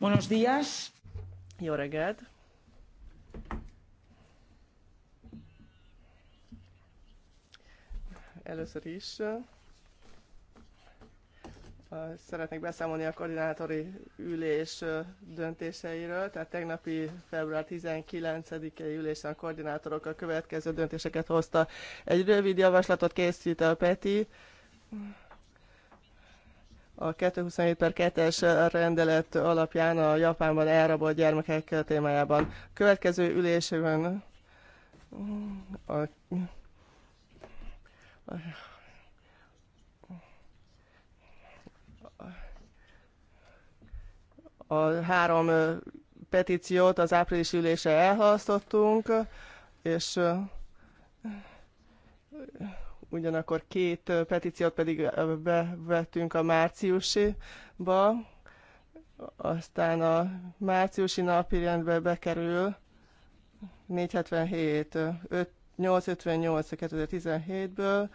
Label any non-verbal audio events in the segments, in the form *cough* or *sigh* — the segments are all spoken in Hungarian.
Buenos días. Jó reggelt. Először is szeretnék beszámolni a koordinátori ülés döntéseiről. Tehát tegnapi február 19-i ülésen a koordinátorok a következő döntéseket hozta. Egy rövid javaslatot készít a Peti a 227 per 2-es rendelet alapján a Japánban elrabolt gyermekek témájában. Következő ülésében a, a, a, a három petíciót az április ülése elhalasztottunk, és ugyanakkor két petíciót pedig bevettünk a márciusiba, aztán a márciusi napirendbe bekerül 477, 5, 858 2017-ből,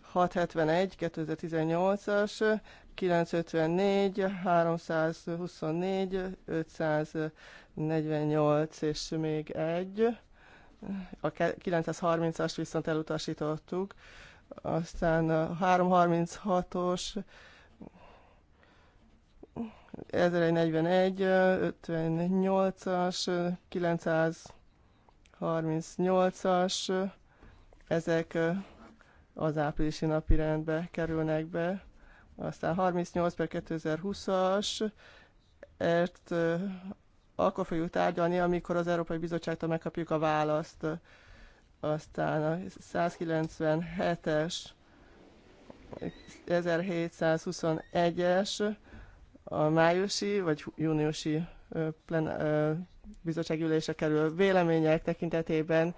671 2018-as, 954, 324, 548 és még egy. A 930-ast viszont elutasítottuk aztán a 336-os, 1141, 58-as, 938-as, ezek az áprilisi napi rendbe kerülnek be. Aztán 38 per 2020-as, ezt akkor fogjuk tárgyalni, amikor az Európai Bizottságtól megkapjuk a választ aztán a 197-es, 1721-es, a májusi vagy júniusi plen, bizottságülése kerül vélemények tekintetében,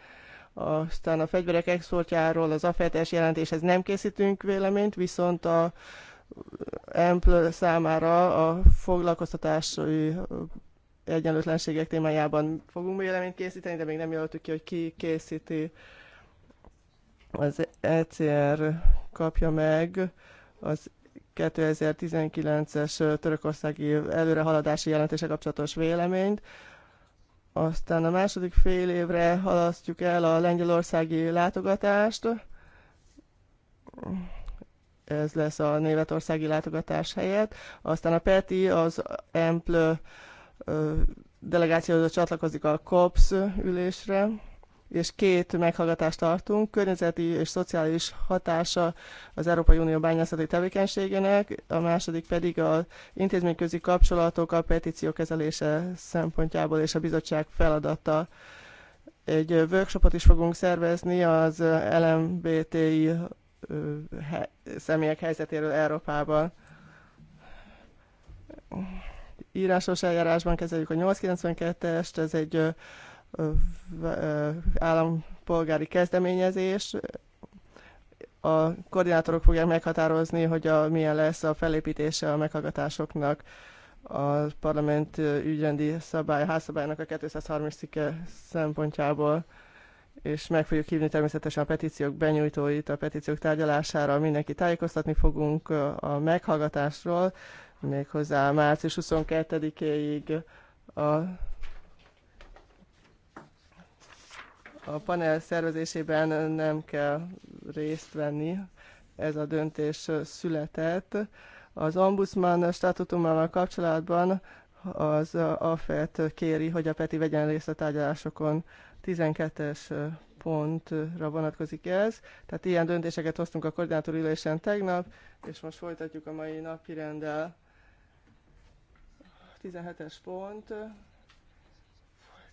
aztán a fegyverek exportjáról az afetes jelentéshez nem készítünk véleményt, viszont a EMPL számára a foglalkoztatási egyenlőtlenségek témájában fogunk véleményt készíteni, de még nem jelöltük ki, hogy ki készíti. Az ECR kapja meg az 2019-es törökországi előrehaladási jelentése kapcsolatos véleményt. Aztán a második fél évre halasztjuk el a lengyelországi látogatást. Ez lesz a németországi látogatás helyett. Aztán a PETI, az EMPL delegációhoz csatlakozik a COPS ülésre, és két meghallgatást tartunk, környezeti és szociális hatása az Európai Unió bányászati tevékenységének, a második pedig az intézményközi kapcsolatok, a petíció kezelése szempontjából és a bizottság feladata. Egy workshopot is fogunk szervezni az LMBTI személyek helyzetéről Európában írásos eljárásban kezeljük a 892-est, ez egy állampolgári kezdeményezés. A koordinátorok fogják meghatározni, hogy a, milyen lesz a felépítése a meghallgatásoknak a parlament ügyrendi szabály, házszabálynak a 230 cikke szempontjából és meg fogjuk hívni természetesen a petíciók benyújtóit a petíciók tárgyalására, mindenki tájékoztatni fogunk a meghallgatásról, méghozzá március 22 éig a a panel szervezésében nem kell részt venni, ez a döntés született. Az ombudsman statutumával kapcsolatban az AFET kéri, hogy a Peti vegyen részt a tárgyalásokon 12-es pontra vonatkozik ez. Tehát ilyen döntéseket hoztunk a koordinátor ülésen tegnap, és most folytatjuk a mai napi rendel. 17-es pont,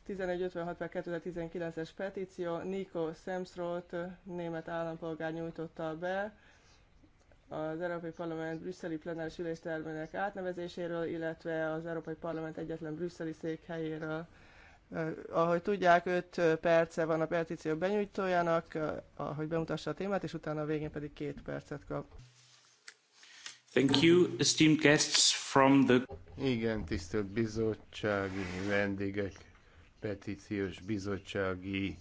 1156 per 2019-es petíció, Niko Semsroth, német állampolgár nyújtotta be az Európai Parlament brüsszeli plenáris üléstermének átnevezéséről, illetve az Európai Parlament egyetlen brüsszeli székhelyéről. Eh, ahogy tudják, 5 eh, perce van a petíció benyújtójának, eh, ahogy bemutassa a témát, és utána a végén pedig 2 percet kap. Thank you, esteemed guests from the... Igen, tisztelt bizottsági vendégek, petíciós bizottsági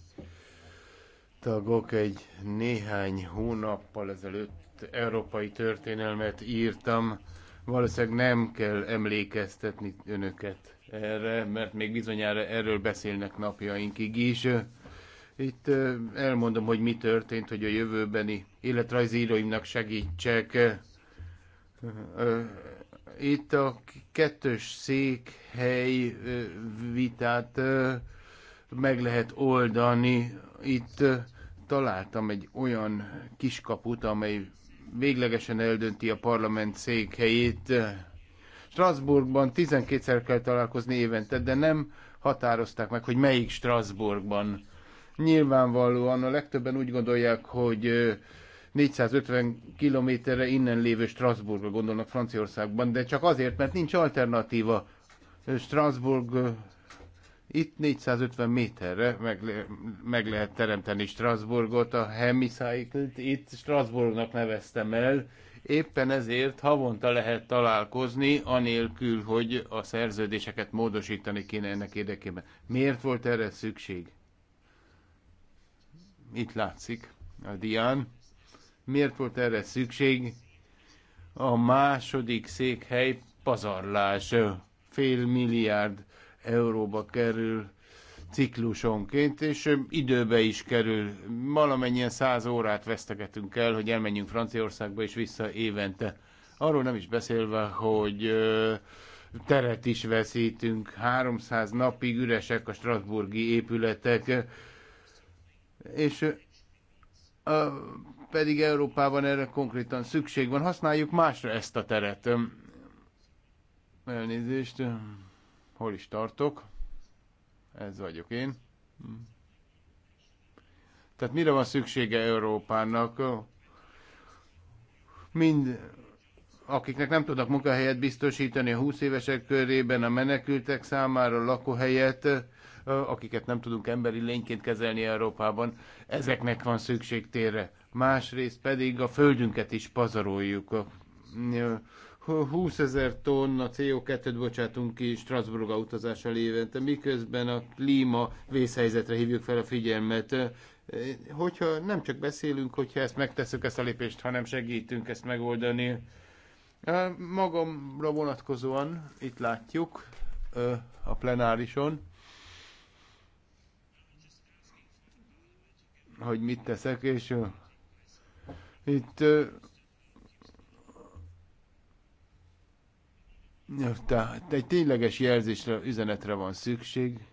tagok egy néhány hónappal ezelőtt európai történelmet írtam. Valószínűleg nem kell emlékeztetni önöket erre, mert még bizonyára erről beszélnek napjainkig is. Itt elmondom, hogy mi történt, hogy a jövőbeni életrajzíróimnak segítsek itt a kettős székhely vitát meg lehet oldani. Itt találtam egy olyan kiskaput, amely véglegesen eldönti a parlament székhelyét. Strasbourgban 12-szer kell találkozni évente, de nem határozták meg, hogy melyik Strasbourgban. Nyilvánvalóan a legtöbben úgy gondolják, hogy 450 kilométerre innen lévő Strasbourgra gondolnak Franciaországban, de csak azért, mert nincs alternatíva. Strasbourg itt 450 méterre meg, meg lehet teremteni Strasbourgot, a Hemicycle-t itt Strasbourgnak neveztem el. Éppen ezért havonta lehet találkozni, anélkül, hogy a szerződéseket módosítani kéne ennek érdekében. Miért volt erre szükség? Itt látszik a dián. Miért volt erre szükség? A második székhely pazarlás. Fél milliárd euróba kerül ciklusonként, és időbe is kerül. Valamennyien száz órát vesztegetünk el, hogy elmenjünk Franciaországba és vissza évente. Arról nem is beszélve, hogy teret is veszítünk, 300 napig üresek a strasburgi épületek, és a pedig Európában erre konkrétan szükség van. Használjuk másra ezt a teret. Elnézést, hol is tartok? Ez vagyok én. Tehát mire van szüksége Európának? Mind, akiknek nem tudnak munkahelyet biztosítani a 20 évesek körében, a menekültek számára, a lakóhelyet, akiket nem tudunk emberi lényként kezelni Európában, ezeknek van szükség térre. Másrészt pedig a földünket is pazaroljuk. 20 ezer tonna CO2-t bocsátunk ki Strasbourg utazással évente, miközben a klíma vészhelyzetre hívjuk fel a figyelmet. Hogyha nem csak beszélünk, hogyha ezt megteszük ezt a lépést, hanem segítünk ezt megoldani. Magamra vonatkozóan itt látjuk a plenárison, hogy mit teszek, és uh, itt uh, tehát egy tényleges jelzésre, üzenetre van szükség.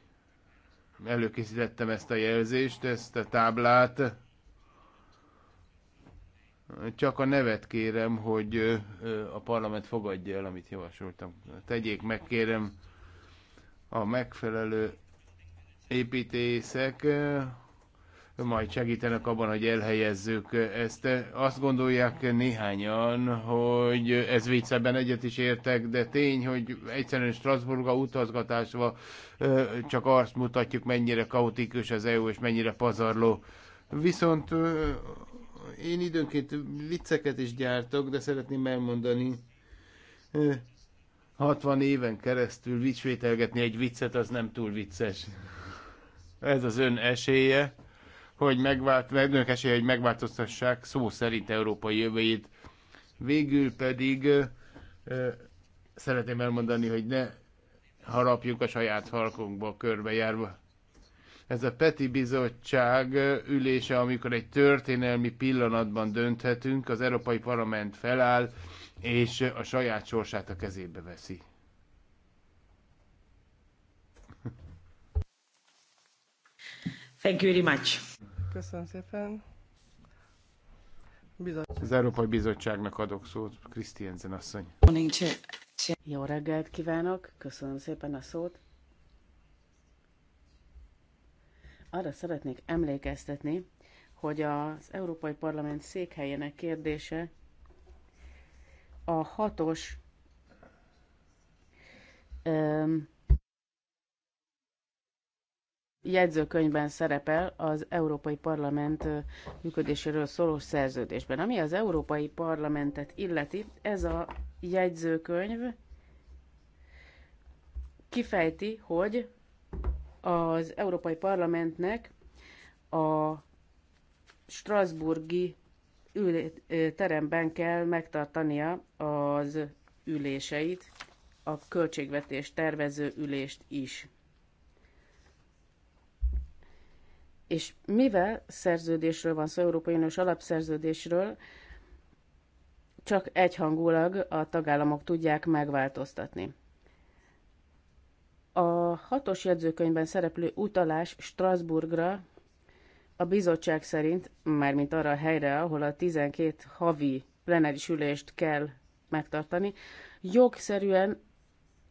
Előkészítettem ezt a jelzést, ezt a táblát. Csak a nevet kérem, hogy a parlament fogadja el, amit javasoltam. Tegyék meg, kérem, a megfelelő építészek, majd segítenek abban, hogy elhelyezzük ezt. Azt gondolják néhányan, hogy ez viccben egyet is értek, de tény, hogy egyszerűen Strasbourga utazgatásva csak azt mutatjuk, mennyire kaotikus az EU, és mennyire pazarló. Viszont én időnként vicceket is gyártok, de szeretném elmondani, 60 éven keresztül viccsvételgetni egy viccet, az nem túl vicces. Ez az ön esélye hogy megvált, nők esélye, hogy megváltoztassák szó szerint európai jövőjét. Végül pedig szeretném elmondani, hogy ne harapjuk a saját halkunkba körbejárva. Ez a Peti Bizottság ülése, amikor egy történelmi pillanatban dönthetünk, az Európai Parlament feláll, és a saját sorsát a kezébe veszi. Thank you very much. Köszönöm szépen. Bizottság. Az Európai Bizottságnak adok szót, Krisztiánzen asszony. Jó reggelt kívánok, köszönöm szépen a szót. Arra szeretnék emlékeztetni, hogy az Európai Parlament székhelyének kérdése a hatos jegyzőkönyvben szerepel az Európai Parlament működéséről szóló szerződésben. Ami az Európai Parlamentet illeti, ez a jegyzőkönyv kifejti, hogy az Európai Parlamentnek a Strasburgi teremben kell megtartania az üléseit, a költségvetés tervező ülést is. És mivel szerződésről van szó, Európai Uniós alapszerződésről, csak egyhangulag a tagállamok tudják megváltoztatni. A hatos jegyzőkönyvben szereplő utalás Strasbourgra a bizottság szerint, mármint arra a helyre, ahol a 12 havi plenáris ülést kell megtartani, jogszerűen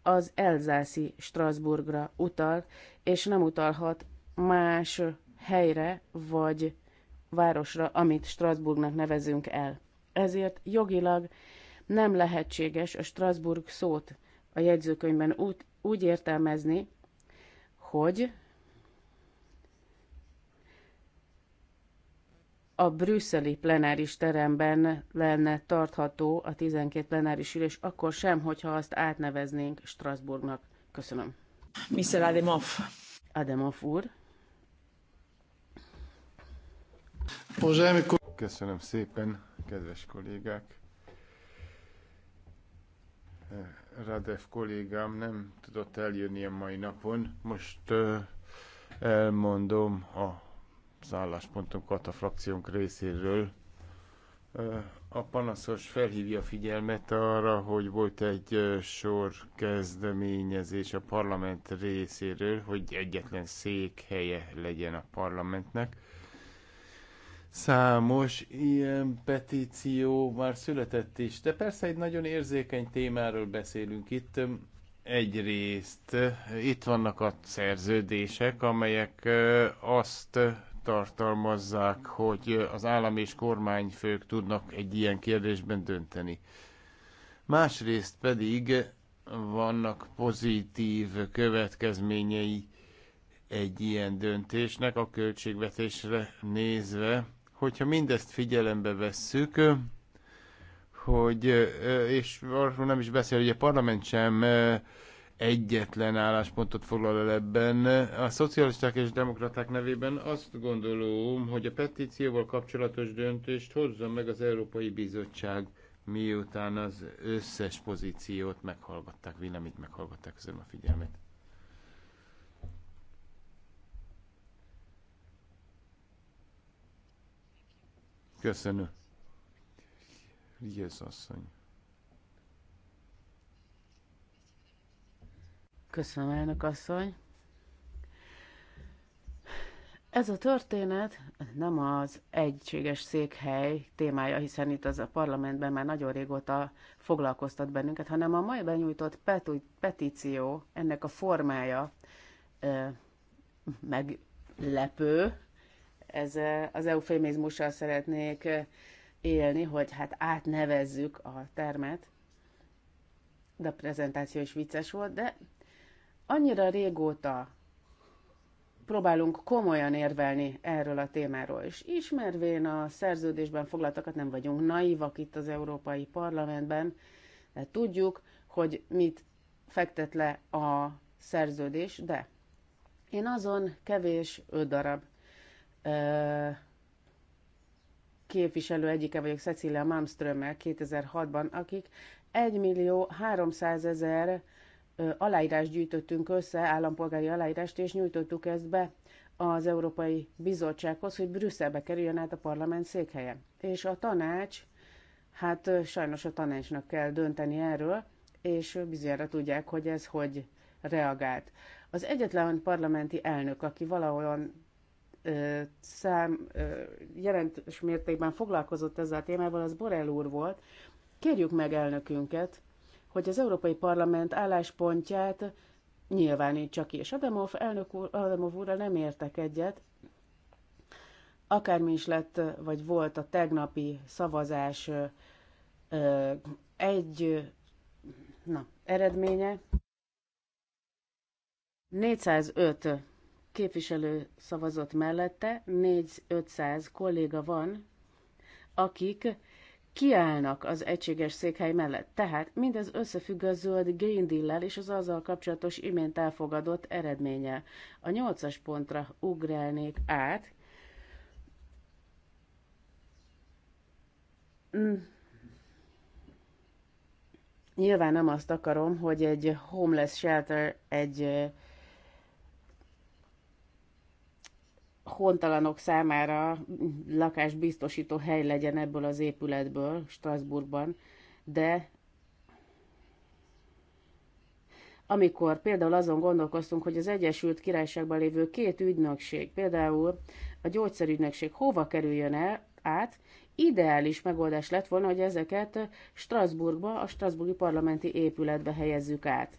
az elzászi Strasbourgra utal, és nem utalhat más helyre vagy városra, amit Strasbourgnak nevezünk el. Ezért jogilag nem lehetséges a Strasbourg szót a jegyzőkönyvben úgy, úgy értelmezni, hogy a brüsszeli plenáris teremben lenne tartható a 12 plenáris ülés, akkor sem, hogyha azt átneveznénk Strasbourgnak. Köszönöm. Mr. Ademov. Ademov úr. Köszönöm szépen, kedves kollégák! Eh, Radev kollégám nem tudott eljönni a mai napon. Most eh, elmondom a szálláspontunkat a frakciónk részéről. Eh, a panaszos felhívja figyelmet arra, hogy volt egy sor kezdeményezés a parlament részéről, hogy egyetlen székhelye legyen a parlamentnek Számos ilyen petíció már született is, de persze egy nagyon érzékeny témáról beszélünk itt. Egyrészt itt vannak a szerződések, amelyek azt tartalmazzák, hogy az állam és kormányfők tudnak egy ilyen kérdésben dönteni. Másrészt pedig vannak pozitív következményei egy ilyen döntésnek a költségvetésre nézve, Hogyha mindezt figyelembe vesszük, hogy, és arról nem is beszél, hogy a parlament sem egyetlen álláspontot foglal el ebben. A szocialisták és demokraták nevében azt gondolom, hogy a petícióval kapcsolatos döntést hozza meg az Európai Bizottság, miután az összes pozíciót meghallgatták, véleményt meghallgatták. Köszönöm a figyelmet. Köszönöm. Vigyázz, asszony. Köszönöm, elnök asszony. Ez a történet nem az egységes székhely témája, hiszen itt az a parlamentben már nagyon régóta foglalkoztat bennünket, hanem a mai benyújtott petíció, ennek a formája meglepő, ez az eufémizmussal szeretnék élni, hogy hát átnevezzük a termet, de a prezentáció is vicces volt, de annyira régóta próbálunk komolyan érvelni erről a témáról, és ismervén a szerződésben foglaltakat nem vagyunk naivak itt az Európai Parlamentben, de tudjuk, hogy mit fektet le a szerződés, de én azon kevés öt darab képviselő egyike vagyok, Cecilia Malmströmmel 2006-ban, akik 1 millió 300 ezer aláírás gyűjtöttünk össze, állampolgári aláírást, és nyújtottuk ezt be az Európai Bizottsághoz, hogy Brüsszelbe kerüljön át a parlament székhelye. És a tanács, hát sajnos a tanácsnak kell dönteni erről, és bizonyára tudják, hogy ez hogy reagált. Az egyetlen parlamenti elnök, aki valahol szám jelentős mértékben foglalkozott ezzel a témával, az Borel úr volt. Kérjük meg elnökünket, hogy az Európai Parlament álláspontját nyilvánítsa ki. És Adamov, elnök úr, Adamov úrral nem értek egyet, akármi is lett, vagy volt a tegnapi szavazás egy na, eredménye. 405 képviselő szavazott mellette, 4-500 kolléga van, akik kiállnak az egységes székhely mellett. Tehát mindez összefügg a zöld Green Deal-lel és az azzal kapcsolatos imént elfogadott eredménye, A nyolcas pontra ugrálnék át. Mm. Nyilván nem azt akarom, hogy egy homeless shelter, egy hontalanok számára lakásbiztosító hely legyen ebből az épületből Strasbourgban, de amikor például azon gondolkoztunk, hogy az Egyesült Királyságban lévő két ügynökség, például a gyógyszerügynökség hova kerüljön el, át, ideális megoldás lett volna, hogy ezeket Strasbourgba, a Strasburgi parlamenti épületbe helyezzük át.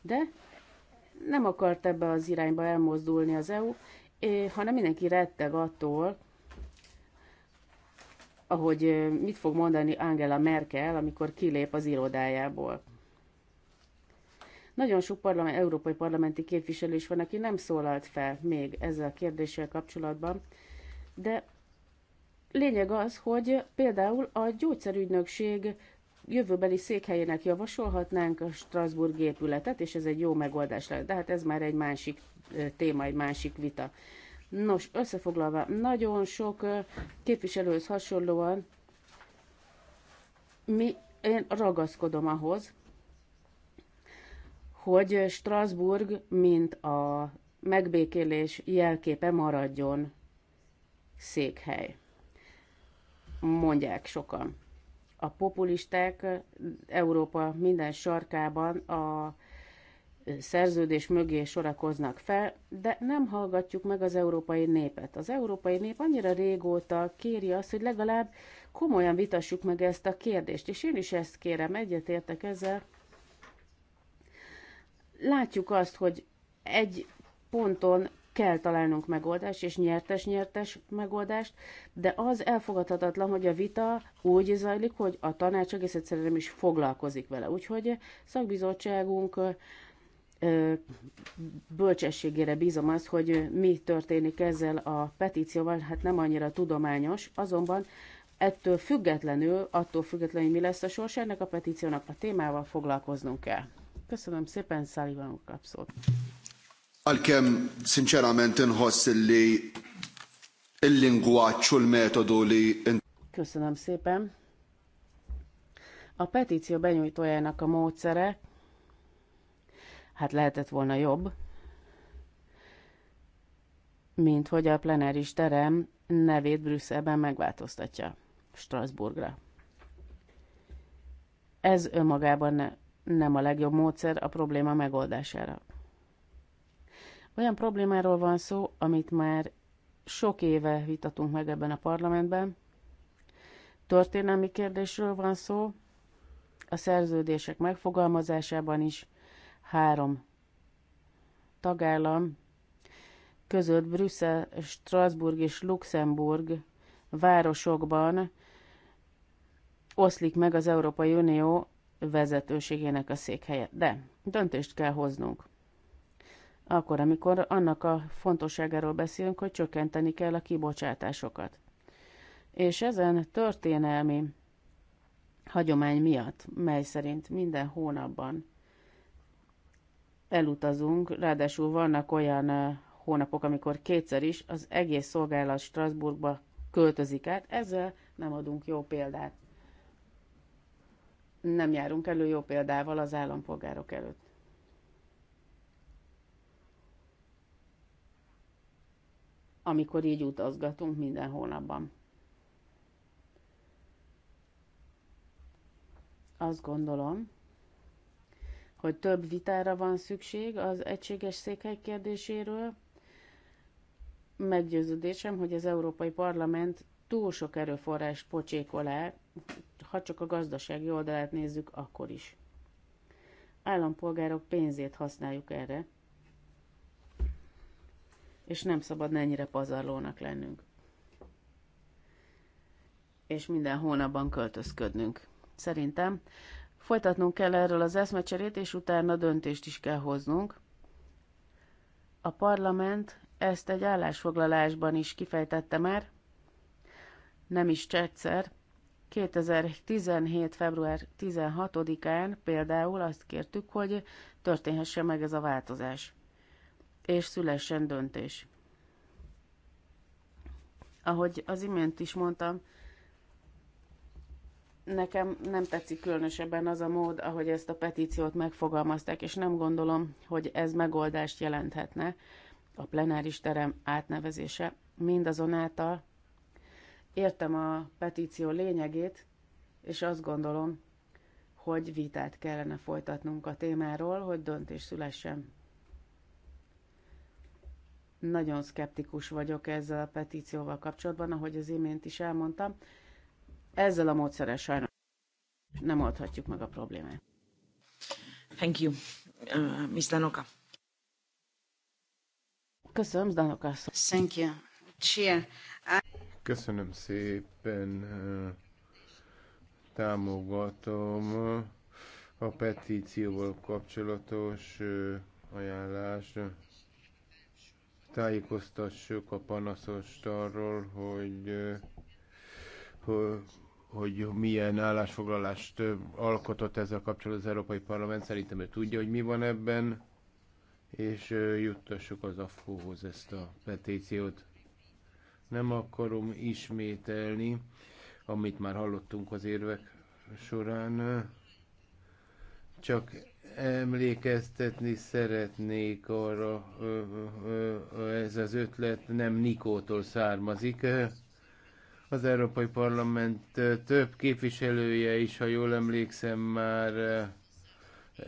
De nem akart ebbe az irányba elmozdulni az EU, Eh, hanem mindenki retteg attól, ahogy eh, mit fog mondani Angela Merkel, amikor kilép az irodájából. Nagyon sok parlament, európai parlamenti képviselő is van, aki nem szólalt fel még ezzel a kérdéssel kapcsolatban, de lényeg az, hogy például a gyógyszerügynökség jövőbeli székhelyének javasolhatnánk a Strasbourg épületet, és ez egy jó megoldás lehet. De hát ez már egy másik téma, egy másik vita. Nos, összefoglalva, nagyon sok képviselőhöz hasonlóan mi, én ragaszkodom ahhoz, hogy Strasbourg, mint a megbékélés jelképe maradjon székhely. Mondják sokan a populisták Európa minden sarkában a szerződés mögé sorakoznak fel, de nem hallgatjuk meg az európai népet. Az európai nép annyira régóta kéri azt, hogy legalább komolyan vitassuk meg ezt a kérdést, és én is ezt kérem, egyetértek ezzel. Látjuk azt, hogy egy ponton kell találnunk megoldást, és nyertes-nyertes megoldást, de az elfogadhatatlan, hogy a vita úgy zajlik, hogy a tanács egész egyszerűen nem is foglalkozik vele. Úgyhogy szakbizottságunk bölcsességére bízom azt, hogy mi történik ezzel a petícióval, hát nem annyira tudományos, azonban ettől függetlenül, attól függetlenül, hogy mi lesz a sors ennek a petíciónak, a témával foglalkoznunk kell. Köszönöm szépen, Sullivan úr għalkemm sinċerament nħoss li il-lingwaġġ u l-metodu li Köszönöm szépen. A petíció benyújtójának a módszere, hát lehetett volna jobb, mint hogy a plenáris terem nevét Brüsszelben megváltoztatja Strasbourgra. Ez önmagában ne, nem a legjobb módszer a probléma megoldására. Olyan problémáról van szó, amit már sok éve vitatunk meg ebben a parlamentben. Történelmi kérdésről van szó, a szerződések megfogalmazásában is három tagállam között Brüsszel, Strasbourg és Luxemburg városokban oszlik meg az Európai Unió vezetőségének a székhelye. De döntést kell hoznunk akkor, amikor annak a fontosságáról beszélünk, hogy csökkenteni kell a kibocsátásokat. És ezen történelmi hagyomány miatt, mely szerint minden hónapban elutazunk, ráadásul vannak olyan hónapok, amikor kétszer is az egész szolgálat Strasbourgba költözik át, ezzel nem adunk jó példát. Nem járunk elő jó példával az állampolgárok előtt. amikor így utazgatunk minden hónapban. Azt gondolom, hogy több vitára van szükség az egységes székhely kérdéséről. Meggyőződésem, hogy az Európai Parlament túl sok erőforrás pocsékol el, ha csak a gazdasági oldalát nézzük, akkor is. Állampolgárok pénzét használjuk erre, és nem szabad ennyire pazarlónak lennünk. És minden hónapban költözködnünk. Szerintem folytatnunk kell erről az eszmecserét, és utána döntést is kell hoznunk. A parlament ezt egy állásfoglalásban is kifejtette már, nem is egyszer, 2017. február 16-án például azt kértük, hogy történhesse meg ez a változás és szülessen döntés. Ahogy az imént is mondtam, nekem nem tetszik különösebben az a mód, ahogy ezt a petíciót megfogalmazták, és nem gondolom, hogy ez megoldást jelenthetne a plenáris terem átnevezése. Mindazonáltal értem a petíció lényegét, és azt gondolom, hogy vitát kellene folytatnunk a témáról, hogy döntés szülessen. Nagyon szkeptikus vagyok ezzel a petícióval kapcsolatban, ahogy az imént is elmondtam. Ezzel a módszerrel sajnos nem oldhatjuk meg a problémát. Thank you, uh, Ms. Danoka. Köszönöm, Danoka. Thank you. Cheer. Köszönöm szépen. Támogatom a petícióval kapcsolatos uh, ajánlást tájékoztassuk a panaszost arról, hogy, hogy, hogy milyen állásfoglalást alkotott ezzel kapcsolatban az Európai Parlament. Szerintem ő tudja, hogy mi van ebben, és juttassuk az AFO-hoz ezt a petíciót. Nem akarom ismételni, amit már hallottunk az érvek során, csak emlékeztetni szeretnék arra, ez az ötlet nem Nikótól származik. Az Európai Parlament több képviselője is, ha jól emlékszem, már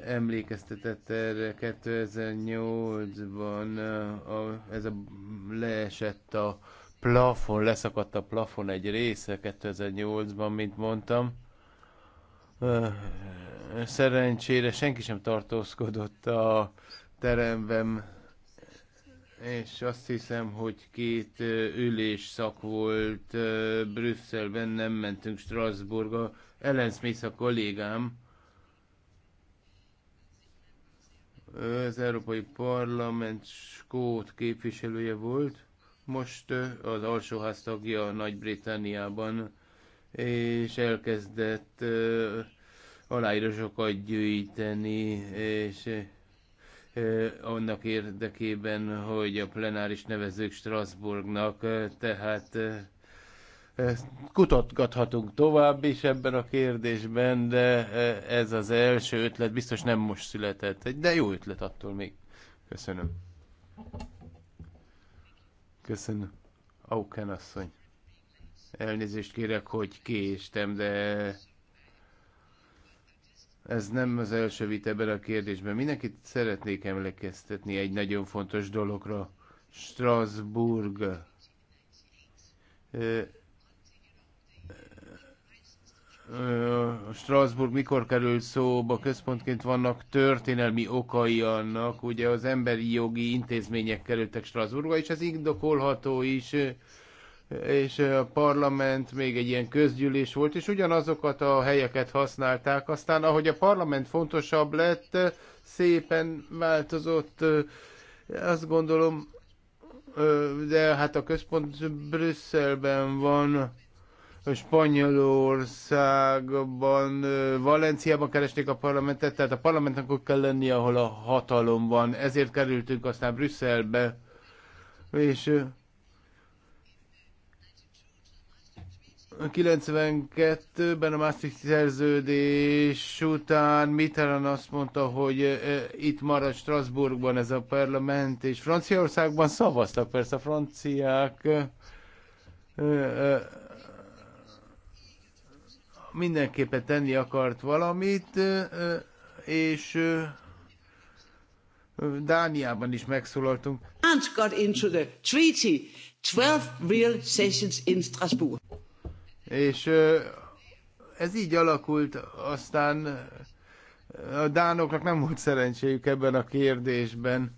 emlékeztetett erre 2008-ban, a, ez a, leesett a plafon, leszakadt a plafon egy része 2008-ban, mint mondtam Szerencsére senki sem tartózkodott a teremben, és azt hiszem, hogy két ülés szak volt Brüsszelben, nem mentünk Strasbourgba. Ellen Smith a kollégám, az Európai Parlament skót képviselője volt, most az alsóház tagja Nagy-Britanniában, és elkezdett aláírásokat gyűjteni, és annak érdekében, hogy a plenáris nevezők Strasbourgnak, tehát kutatgathatunk tovább is ebben a kérdésben, de ez az első ötlet biztos nem most született, de jó ötlet attól még. Köszönöm. Köszönöm. Auken asszony. Elnézést kérek, hogy késtem, de ez nem az első vita ebben a kérdésben. Mindenkit szeretnék emlékeztetni egy nagyon fontos dologra. Strasbourg. Strasbourg mikor kerül szóba, központként vannak történelmi okai annak, ugye az emberi jogi intézmények kerültek Strasbourgba, és ez indokolható is, és a parlament még egy ilyen közgyűlés volt, és ugyanazokat a helyeket használták. Aztán, ahogy a parlament fontosabb lett, szépen változott, azt gondolom, de hát a központ Brüsszelben van, Spanyolországban, Valenciában keresték a parlamentet, tehát a parlamentnek ott kell lennie, ahol a hatalom van. Ezért kerültünk aztán Brüsszelbe, és 92-ben a Maastricht szerződés után Mitterrand azt mondta, hogy itt marad Strasbourgban ez a parlament, és Franciaországban szavaztak persze a franciák. Mindenképpen tenni akart valamit, és Dániában is megszólaltunk. got into the treaty 12 real sessions in Strasbourg. És ez így alakult, aztán a dánoknak nem volt szerencséjük ebben a kérdésben.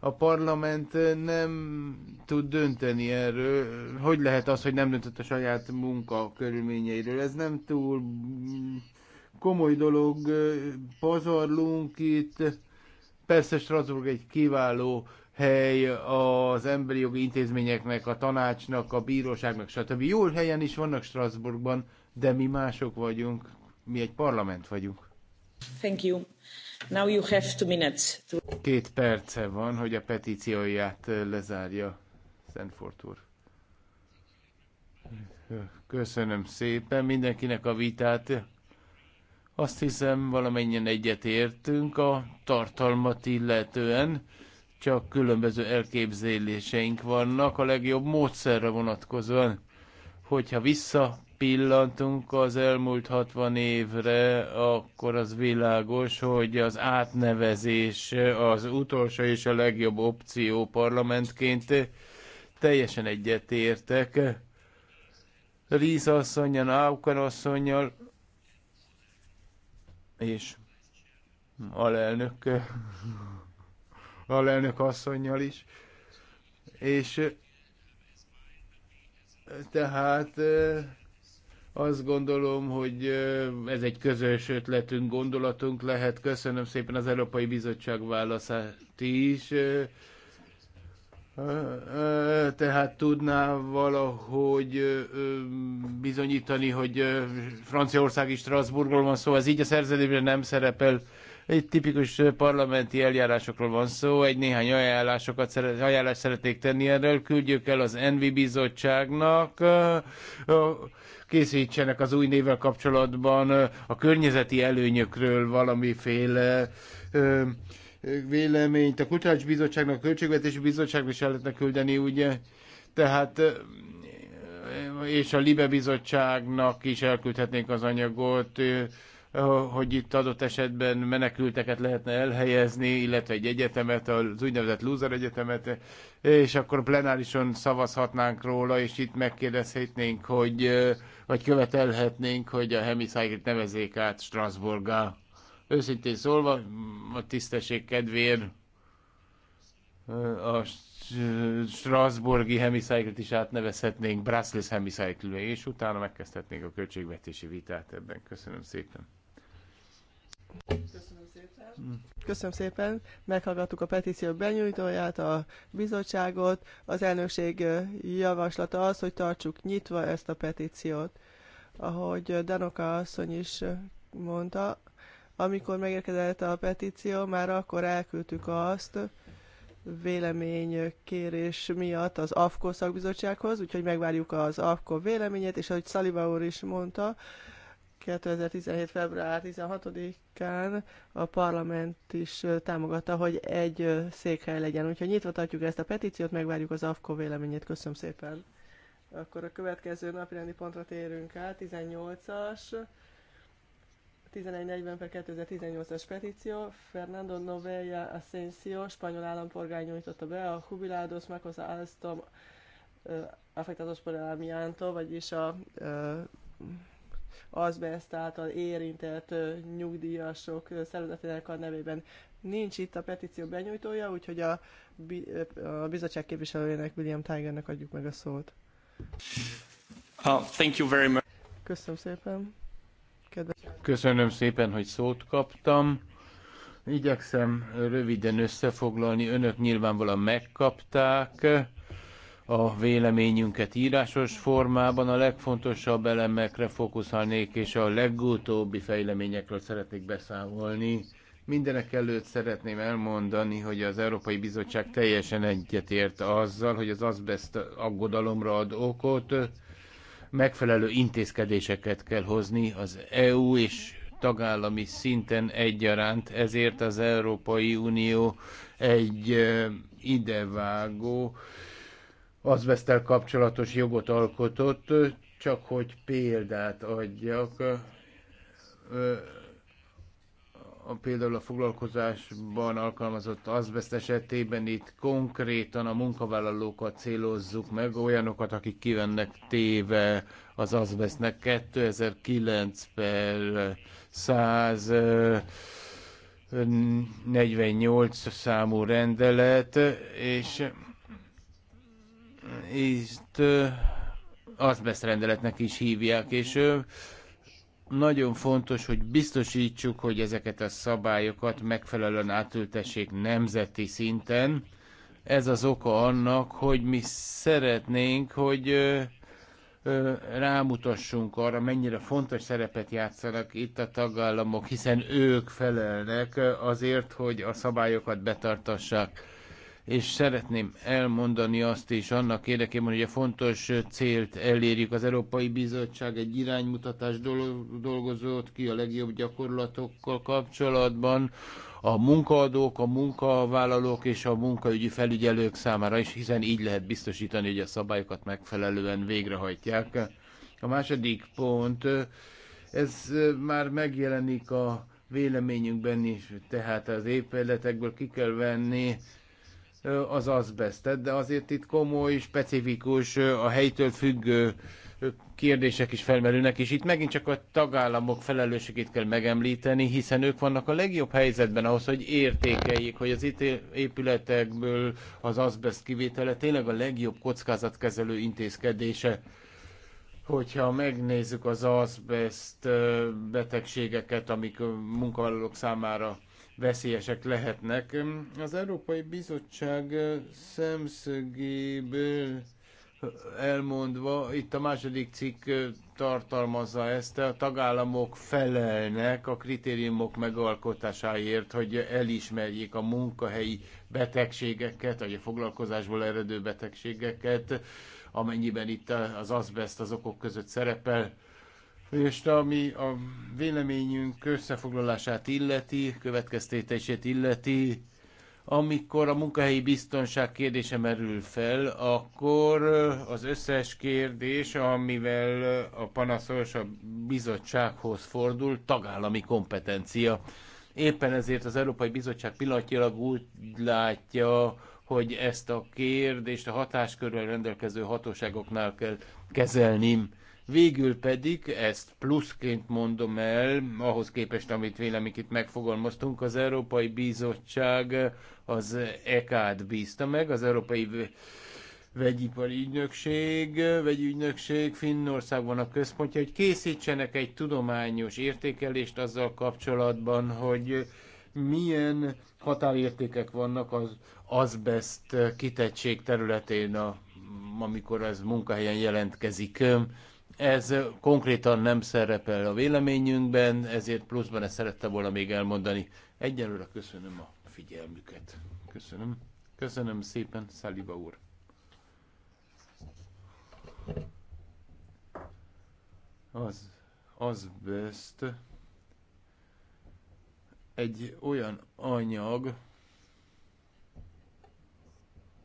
A parlament nem tud dönteni erről. Hogy lehet az, hogy nem döntött a saját munka körülményeiről? Ez nem túl mm, komoly dolog, pazarlunk itt. Persze Strasbourg egy kiváló hely az emberi jogi intézményeknek, a tanácsnak, a bíróságnak, stb. Jó helyen is vannak Strasbourgban, de mi mások vagyunk, mi egy parlament vagyunk. Thank you. Now you have two minutes to... Két perce van, hogy a petícióját lezárja Szentfort úr. Köszönöm szépen mindenkinek a vitát. Azt hiszem, valamennyien egyetértünk a tartalmat illetően csak különböző elképzeléseink vannak a legjobb módszerre vonatkozóan. Hogyha visszapillantunk az elmúlt 60 évre, akkor az világos, hogy az átnevezés az utolsó és a legjobb opció parlamentként teljesen egyetértek. Ríz asszonyan, Auker asszonyjal, és alelnökkel alelnök asszonynal is. És tehát azt gondolom, hogy ez egy közös ötletünk, gondolatunk lehet. Köszönöm szépen az Európai Bizottság válaszát is. Tehát tudná valahogy bizonyítani, hogy Franciaország és Strasbourgról van szó, ez így a szerződésben nem szerepel. Egy tipikus parlamenti eljárásokról van szó, egy néhány ajánlásokat szeret, ajánlást szeretnék tenni erről, küldjük el az Envi Bizottságnak, készítsenek az új nével kapcsolatban a környezeti előnyökről valamiféle véleményt. A Kulturális Bizottságnak, a Költségvetési Bizottságnak is el lehetne küldeni, ugye? Tehát és a Libe Bizottságnak is elküldhetnénk az anyagot, hogy itt adott esetben menekülteket lehetne elhelyezni, illetve egy egyetemet, az úgynevezett loser egyetemet, és akkor plenárison szavazhatnánk róla, és itt megkérdezhetnénk, hogy, vagy követelhetnénk, hogy a Hemiszájkét nevezék át Strasbourgá. Őszintén szólva, a tisztesség kedvéért a Strasbourgi hemicycle is átnevezhetnénk Brussels hemicycle és utána megkezdhetnénk a költségvetési vitát ebben. Köszönöm szépen. Köszönöm szépen. Köszönöm szépen. Meghallgattuk a petíció benyújtóját, a bizottságot. Az elnökség javaslata az, hogy tartsuk nyitva ezt a petíciót. Ahogy Danoka asszony is mondta, amikor megérkezett a petíció, már akkor elküldtük azt véleménykérés miatt az AFKO szakbizottsághoz, úgyhogy megvárjuk az AFKO véleményét, és ahogy Szaliva úr is mondta, 2017. február 16-án a parlament is támogatta, hogy egy székhely legyen. Úgyhogy nyitva tartjuk ezt a petíciót, megvárjuk az AFKO véleményét. Köszönöm szépen. Akkor a következő napirendi pontra térünk át, 18-as, 1140 per 2018-as petíció. Fernando Novella Asensio, spanyol állampolgár nyújtotta be a Jubilados Macosa Alstom uh, Afectados por el Amianto, vagyis a uh, azbest által érintett nyugdíjasok szervezetének a nevében. Nincs itt a petíció benyújtója, úgyhogy a, a bizottság képviselőjének, William Tigernek adjuk meg a szót. Uh, thank you very much. Köszönöm szépen. Kedves. Köszönöm szépen, hogy szót kaptam. Igyekszem röviden összefoglalni. Önök nyilvánvalóan megkapták a véleményünket írásos formában. A legfontosabb elemekre fókuszálnék, és a legutóbbi fejleményekről szeretnék beszámolni. Mindenek előtt szeretném elmondani, hogy az Európai Bizottság teljesen egyetért azzal, hogy az azbest aggodalomra ad okot, megfelelő intézkedéseket kell hozni az EU és tagállami szinten egyaránt, ezért az Európai Unió egy idevágó azbesztel kapcsolatos jogot alkotott, csak hogy példát adjak. A, például a foglalkozásban alkalmazott azbest esetében itt konkrétan a munkavállalókat célozzuk meg, olyanokat, akik kivennek téve az azbestnek 2009 per 100 48 számú rendelet, és ízt azbest rendeletnek is hívják, és nagyon fontos, hogy biztosítsuk, hogy ezeket a szabályokat megfelelően átültessék nemzeti szinten. Ez az oka annak, hogy mi szeretnénk, hogy rámutassunk arra, mennyire fontos szerepet játszanak itt a tagállamok, hiszen ők felelnek azért, hogy a szabályokat betartassák és szeretném elmondani azt is annak érdekében, hogy a fontos célt elérjük. Az Európai Bizottság egy iránymutatás dolgozott ki a legjobb gyakorlatokkal kapcsolatban a munkaadók, a munkavállalók és a munkaügyi felügyelők számára is, hiszen így lehet biztosítani, hogy a szabályokat megfelelően végrehajtják. A második pont, ez már megjelenik a véleményünkben is, tehát az épületekből ki kell venni az azbesztet, de azért itt komoly, specifikus, a helytől függő kérdések is felmerülnek, és itt megint csak a tagállamok felelősségét kell megemlíteni, hiszen ők vannak a legjobb helyzetben ahhoz, hogy értékeljék, hogy az itt épületekből az azbest kivétele tényleg a legjobb kockázatkezelő intézkedése. Hogyha megnézzük az azbest betegségeket, amik munkavállalók számára veszélyesek lehetnek. Az Európai Bizottság szemszögéből elmondva, itt a második cikk tartalmazza ezt, a tagállamok felelnek a kritériumok megalkotásáért, hogy elismerjék a munkahelyi betegségeket, vagy a foglalkozásból eredő betegségeket, amennyiben itt az azbest az okok között szerepel és ami a véleményünk összefoglalását illeti, következtétését illeti, amikor a munkahelyi biztonság kérdése merül fel, akkor az összes kérdés, amivel a panaszos a bizottsághoz fordul, tagállami kompetencia. Éppen ezért az Európai Bizottság pillanatilag úgy látja, hogy ezt a kérdést a hatáskörrel rendelkező hatóságoknál kell kezelni. Végül pedig, ezt pluszként mondom el, ahhoz képest, amit vélemik itt megfogalmaztunk, az Európai Bizottság az EK-t bízta meg, az Európai Vegyipari Ügynökség, Vegyügynökség Finnországban a központja, hogy készítsenek egy tudományos értékelést azzal kapcsolatban, hogy milyen határértékek vannak az azbest kitettség területén, a, amikor ez munkahelyen jelentkezik. Ez konkrétan nem szerepel a véleményünkben, ezért pluszban ezt szerette volna még elmondani. Egyelőre köszönöm a figyelmüket. Köszönöm. Köszönöm szépen, Szaliba úr. Az, az best egy olyan anyag,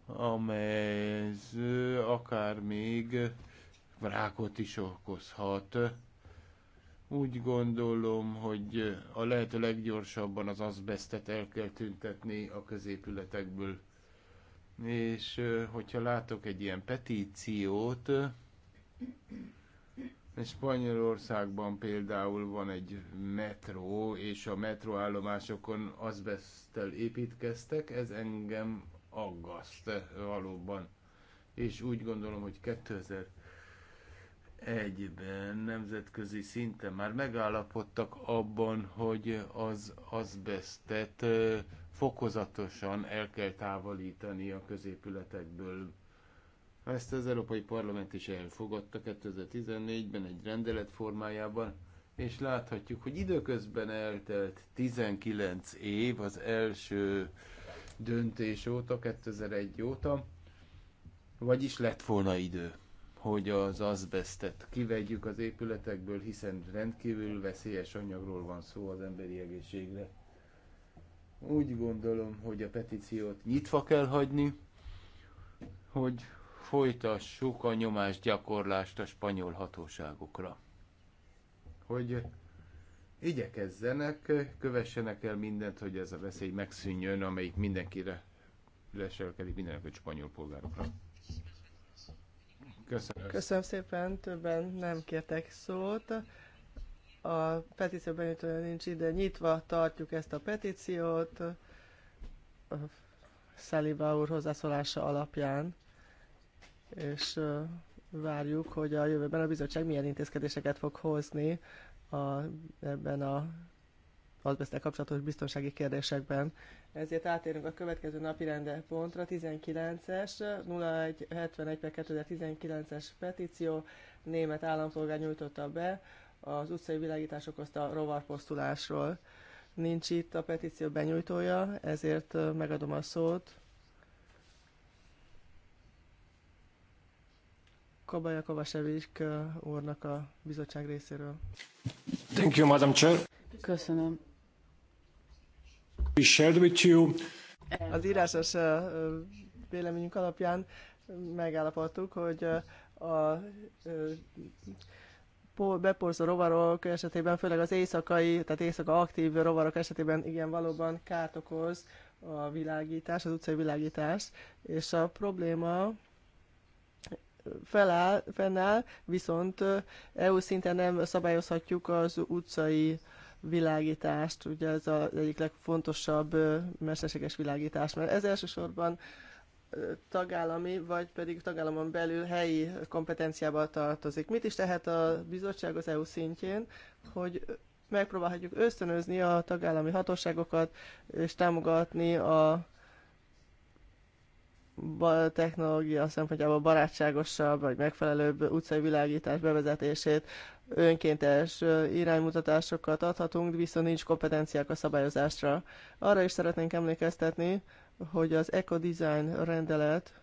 amely akár még rákot is okozhat. Úgy gondolom, hogy a lehető leggyorsabban az azbestet el kell tüntetni a középületekből. És hogyha látok egy ilyen petíciót, Spanyolországban például van egy metró, és a metróállomásokon azbesztel építkeztek, ez engem aggaszt valóban. És úgy gondolom, hogy 2000 egyben nemzetközi szinten már megállapodtak abban, hogy az azbestet fokozatosan el kell távolítani a középületekből. Ezt az Európai Parlament is elfogadta 2014-ben egy rendelet formájában, és láthatjuk, hogy időközben eltelt 19 év az első döntés óta, 2001 óta, vagyis lett volna idő hogy az azbesztet kivegyük az épületekből, hiszen rendkívül veszélyes anyagról van szó az emberi egészségre. Úgy gondolom, hogy a petíciót nyitva kell hagyni, hogy folytassuk a nyomásgyakorlást a spanyol hatóságokra. Hogy igyekezzenek, kövessenek el mindent, hogy ez a veszély megszűnjön, amelyik mindenkire leselkedik, mindenek a spanyol polgárokra. Köszönöm. Köszönöm szépen, többen nem kértek szót. A petíció benyújtója nincs ide, nyitva tartjuk ezt a petíciót. Szeliba úr hozzászólása alapján, és várjuk, hogy a jövőben a bizottság milyen intézkedéseket fog hozni a, ebben a azbesztel kapcsolatos biztonsági kérdésekben. Ezért átérünk a következő napi pontra, 19-es, 0171 2019-es petíció, német állampolgár nyújtotta be az utcai világítás okozta rovarposztulásról. Nincs itt a petíció benyújtója, ezért megadom a szót Kabaja Kovasevik úrnak a bizottság részéről. Thank you, Madam Chair. Köszönöm. Az írásos véleményünk alapján megállapodtuk, hogy a beporzó rovarok esetében, főleg az éjszakai, tehát éjszaka aktív rovarok esetében igen, valóban kárt okoz a világítás, az utcai világítás, és a probléma feláll, fennáll, viszont EU szinten nem szabályozhatjuk az utcai világítást, ugye ez az egyik legfontosabb mesterséges világítás, mert ez elsősorban tagállami, vagy pedig tagállamon belül helyi kompetenciába tartozik. Mit is tehet a bizottság az EU szintjén, hogy megpróbálhatjuk ösztönözni a tagállami hatóságokat, és támogatni a technológia szempontjából barátságosabb, vagy megfelelőbb utcai világítás bevezetését, önkéntes iránymutatásokat adhatunk, viszont nincs kompetenciák a szabályozásra. Arra is szeretnénk emlékeztetni, hogy az eco-design rendelet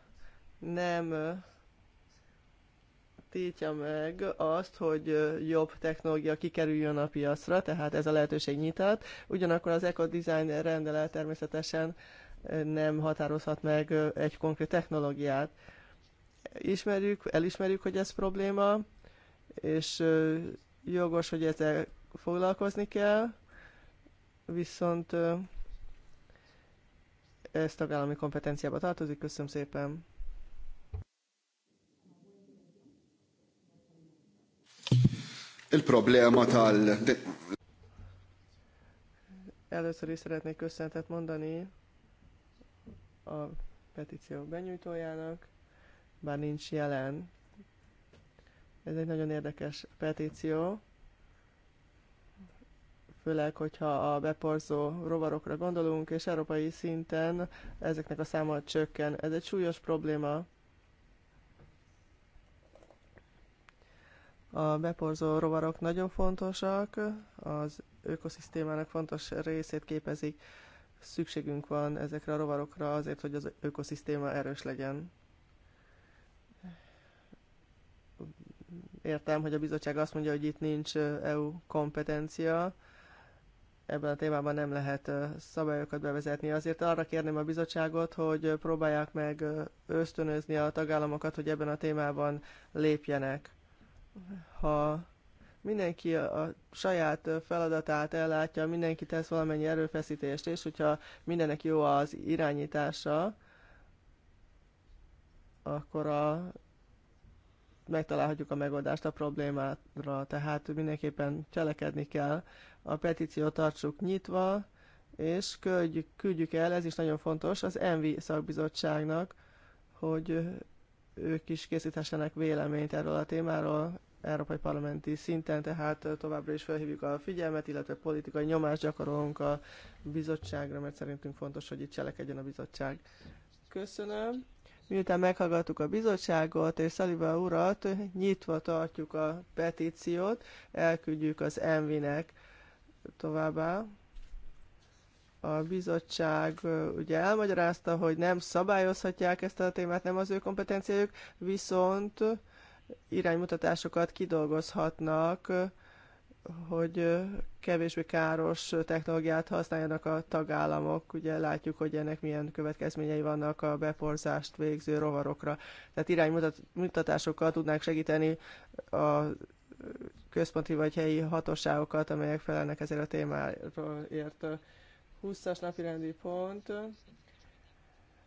nem tiltja meg azt, hogy jobb technológia kikerüljön a piacra, tehát ez a lehetőség nyitott. Ugyanakkor az eco-design rendelet természetesen nem határozhat meg egy konkrét technológiát. Ismerjük, elismerjük, hogy ez probléma, és jogos, hogy ezzel foglalkozni kell, viszont ez tagállami kompetenciába tartozik. Köszönöm szépen! El problema tal... Először is szeretnék köszönetet mondani a petíció benyújtójának, bár nincs jelen, ez egy nagyon érdekes petíció, főleg, hogyha a beporzó rovarokra gondolunk, és európai szinten ezeknek a száma csökken. Ez egy súlyos probléma. A beporzó rovarok nagyon fontosak, az ökoszisztémának fontos részét képezik. Szükségünk van ezekre a rovarokra azért, hogy az ökoszisztéma erős legyen. Értem, hogy a bizottság azt mondja, hogy itt nincs EU kompetencia, ebben a témában nem lehet szabályokat bevezetni. Azért arra kérném a bizottságot, hogy próbálják meg ösztönözni a tagállamokat, hogy ebben a témában lépjenek. Ha mindenki a saját feladatát ellátja, mindenki tesz valamennyi erőfeszítést, és hogyha mindenek jó az irányítása, akkor a megtalálhatjuk a megoldást a problémára, tehát mindenképpen cselekedni kell. A petíciót tartsuk nyitva, és küldjük, küldjük el, ez is nagyon fontos, az ENVI szakbizottságnak, hogy ők is készíthessenek véleményt erről a témáról, Európai Parlamenti szinten, tehát továbbra is felhívjuk a figyelmet, illetve politikai nyomást gyakorolunk a bizottságra, mert szerintünk fontos, hogy itt cselekedjen a bizottság. Köszönöm. Miután meghallgattuk a bizottságot és Szaliba urat, nyitva tartjuk a petíciót, elküldjük az MV-nek továbbá. A bizottság ugye elmagyarázta, hogy nem szabályozhatják ezt a témát, nem az ő kompetenciájuk, viszont iránymutatásokat kidolgozhatnak, hogy kevésbé káros technológiát használjanak a tagállamok. Ugye látjuk, hogy ennek milyen következményei vannak a beporzást végző rovarokra. Tehát iránymutatásokkal tudnánk segíteni a központi vagy helyi hatóságokat, amelyek felelnek ezért a témáról ért. 20-as napi rendi pont.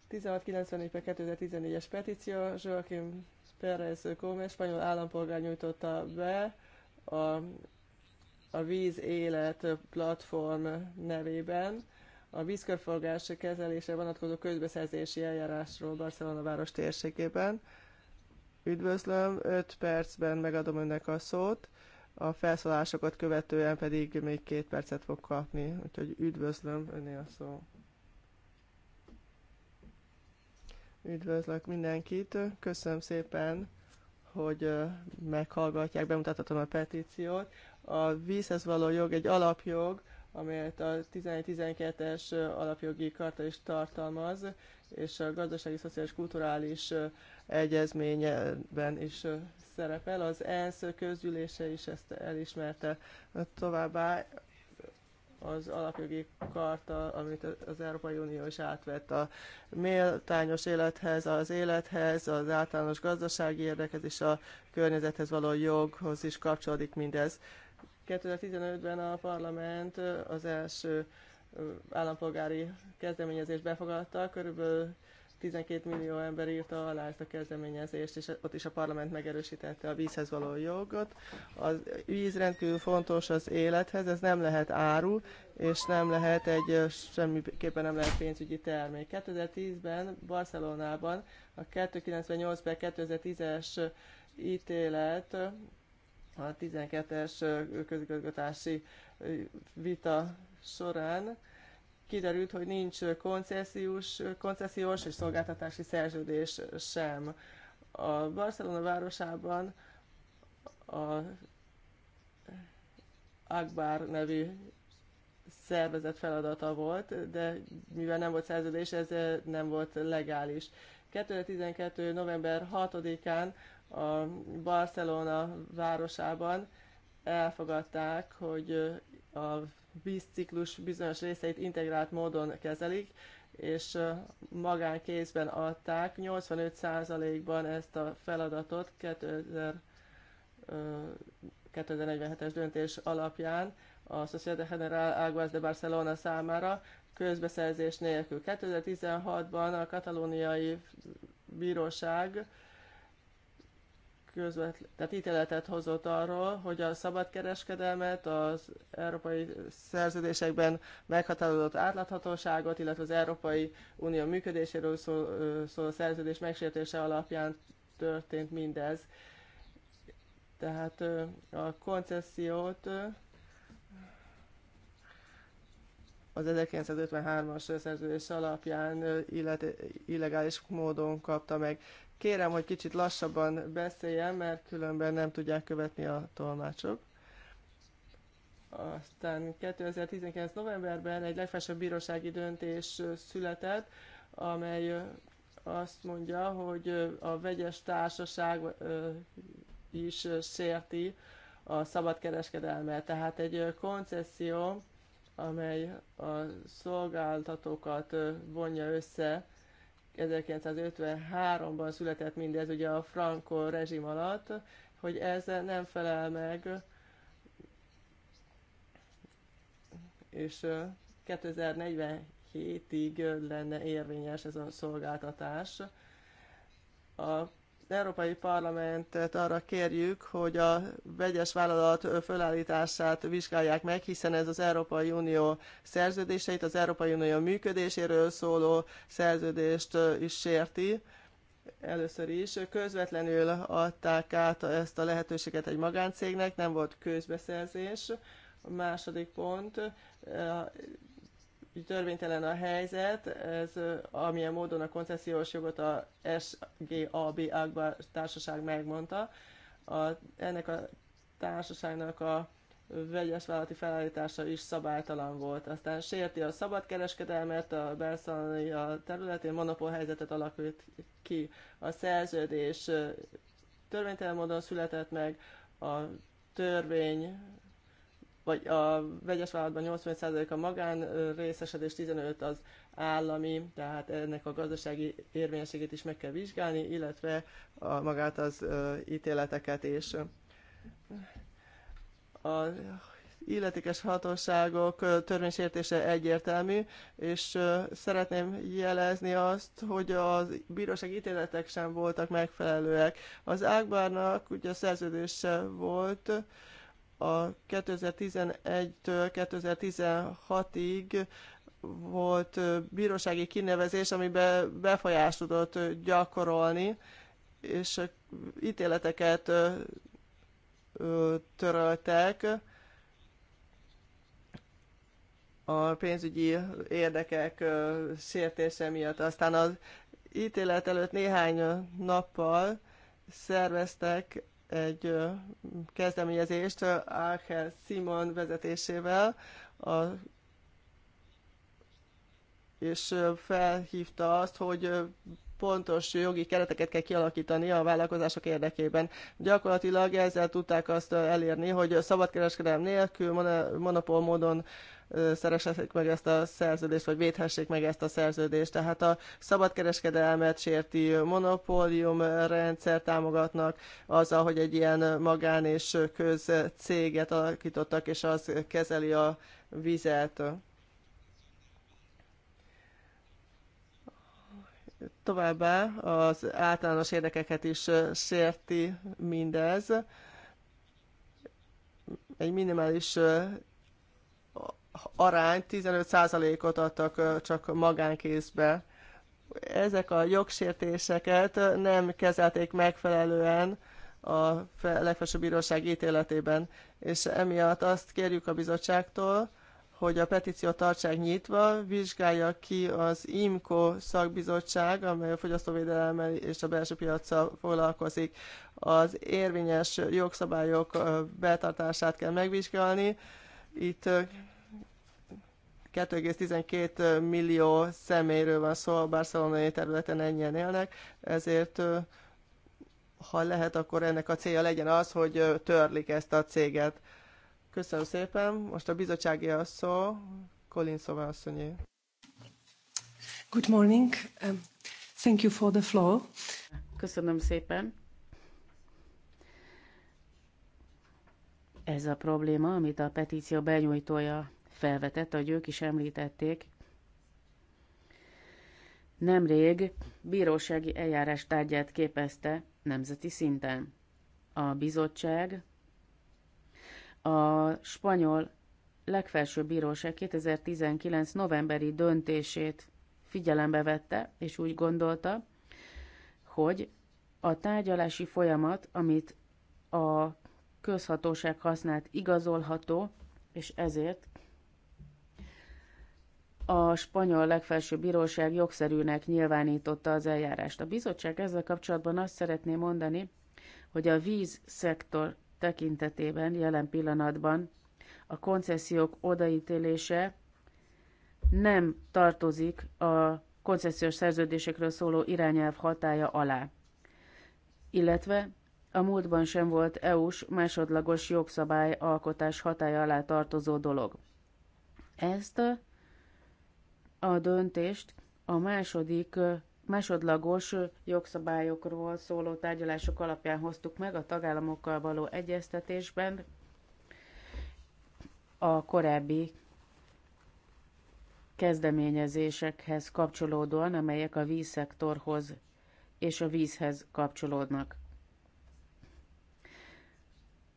1694 2014-es petíció, Joaquim Pérez Gómez, spanyol állampolgár nyújtotta be a a Víz Élet platform nevében a vízkörforgás kezelése vonatkozó közbeszerzési eljárásról Barcelona város térségében. Üdvözlöm, 5 percben megadom önnek a szót, a felszólásokat követően pedig még két percet fog kapni, úgyhogy üdvözlöm, öné a szó. Üdvözlök mindenkit, köszönöm szépen, hogy meghallgatják, bemutathatom a petíciót. A vízhez való jog egy alapjog, amelyet a 11-12-es alapjogi karta is tartalmaz, és a gazdasági, szociális, kulturális egyezményben is szerepel. Az ENSZ közgyűlése is ezt elismerte. Továbbá az alapjogi karta, amit az Európai Unió is átvett a méltányos élethez, az élethez, az általános gazdasági érdekhez és a környezethez való joghoz is kapcsolódik mindez. 2015-ben a parlament az első állampolgári kezdeményezést befogadta, körülbelül 12 millió ember írta alá ezt a kezdeményezést, és ott is a parlament megerősítette a vízhez való jogot. A víz rendkívül fontos az élethez, ez nem lehet áru, és nem lehet egy, semmiképpen nem lehet pénzügyi termék. 2010-ben Barcelonában a 298 per 2010-es ítélet a 12-es közigazgatási vita során kiderült, hogy nincs koncesziós, koncesziós és szolgáltatási szerződés sem. A Barcelona városában a Akbar nevű szervezet feladata volt, de mivel nem volt szerződés, ez nem volt legális. 2012. november 6-án a Barcelona városában elfogadták, hogy a vízciklus bizonyos részeit integrált módon kezelik, és magánkézben adták 85%-ban ezt a feladatot 2047-es döntés alapján a Sociedad General Aguas de Barcelona számára közbeszerzés nélkül. 2016-ban a katalóniai bíróság közvetlen, tehát ítéletet hozott arról, hogy a szabadkereskedelmet, az európai szerződésekben meghatározott átláthatóságot, illetve az Európai Unió működéséről szól, szól a szerződés megsértése alapján történt mindez. Tehát a koncesziót az 1953-as szerződés alapján illet, illegális módon kapta meg. Kérem, hogy kicsit lassabban beszéljen, mert különben nem tudják követni a tolmácsok. Aztán 2019. novemberben egy legfelsőbb bírósági döntés született, amely azt mondja, hogy a vegyes társaság is sérti a szabadkereskedelmet. Tehát egy koncesszió, amely a szolgáltatókat vonja össze, 1953-ban született mindez, ugye a Franco rezsim alatt, hogy ez nem felel meg, és 2047-ig lenne érvényes ez a szolgáltatás. A Európai Parlamentet arra kérjük, hogy a vegyes vállalat fölállítását vizsgálják meg, hiszen ez az Európai Unió szerződéseit, az Európai Unió működéséről szóló szerződést is sérti. Először is közvetlenül adták át ezt a lehetőséget egy magáncégnek, nem volt közbeszerzés. A második pont, törvénytelen a helyzet, ez amilyen módon a koncesziós jogot a SGAB Akbar társaság megmondta. A, ennek a társaságnak a vegyes vállalati felállítása is szabálytalan volt. Aztán sérti a kereskedelmet, a Berszalani a területén helyzetet alakult ki. A szerződés törvénytelen módon született meg, a törvény vagy a vegyes vállalatban 85% a magán részesedés, 15 az állami, tehát ennek a gazdasági érvényességét is meg kell vizsgálni, illetve a, magát az ítéleteket és a illetékes hatóságok törvénysértése egyértelmű, és szeretném jelezni azt, hogy a bíróság ítéletek sem voltak megfelelőek. Az Ágbárnak ugye a szerződése volt, a 2011-től 2016-ig volt bírósági kinevezés, amiben befolyást tudott gyakorolni, és ítéleteket töröltek a pénzügyi érdekek sértése miatt. Aztán az ítélet előtt néhány nappal szerveztek egy kezdeményezést Ángel Simon vezetésével, a, és felhívta azt, hogy pontos jogi kereteket kell kialakítani a vállalkozások érdekében. Gyakorlatilag ezzel tudták azt elérni, hogy szabadkereskedelem nélkül, monopól módon szereshetik meg ezt a szerződést, vagy védhessék meg ezt a szerződést. Tehát a szabadkereskedelmet sérti monopólium rendszer támogatnak, azzal, hogy egy ilyen magán és köz céget alakítottak, és az kezeli a vizet. Továbbá az általános érdekeket is sérti mindez. Egy minimális arány 15%-ot adtak csak magánkézbe. Ezek a jogsértéseket nem kezelték megfelelően a legfelsőbb bíróság ítéletében, és emiatt azt kérjük a bizottságtól, hogy a petíciót tartsák nyitva, vizsgálja ki az IMCO szakbizottság, amely a fogyasztóvédelemmel és a belső piaccal foglalkozik. Az érvényes jogszabályok betartását kell megvizsgálni. Itt 2,12 millió személyről van szó, a barcelonai területen ennyien élnek, ezért ha lehet, akkor ennek a célja legyen az, hogy törlik ezt a céget. Köszönöm szépen. Most a bizottsági asszó, Colin Szová asszonyé. Good morning. Um, thank you for the floor. Köszönöm szépen. Ez a probléma, amit a petíció benyújtója felvetett, ahogy ők is említették, nemrég bírósági eljárás tárgyát képezte nemzeti szinten. A bizottság a spanyol legfelsőbb bíróság 2019. novemberi döntését figyelembe vette, és úgy gondolta, hogy a tárgyalási folyamat, amit a közhatóság használt, igazolható, és ezért a spanyol legfelsőbb bíróság jogszerűnek nyilvánította az eljárást. A bizottság ezzel kapcsolatban azt szeretné mondani, hogy a vízszektor tekintetében jelen pillanatban a koncesziók odaítélése nem tartozik a koncesziós szerződésekről szóló irányelv hatája alá, illetve a múltban sem volt EU-s másodlagos jogszabály alkotás hatája alá tartozó dolog. Ezt a döntést a második másodlagos jogszabályokról szóló tárgyalások alapján hoztuk meg a tagállamokkal való egyeztetésben a korábbi kezdeményezésekhez kapcsolódóan, amelyek a vízszektorhoz és a vízhez kapcsolódnak.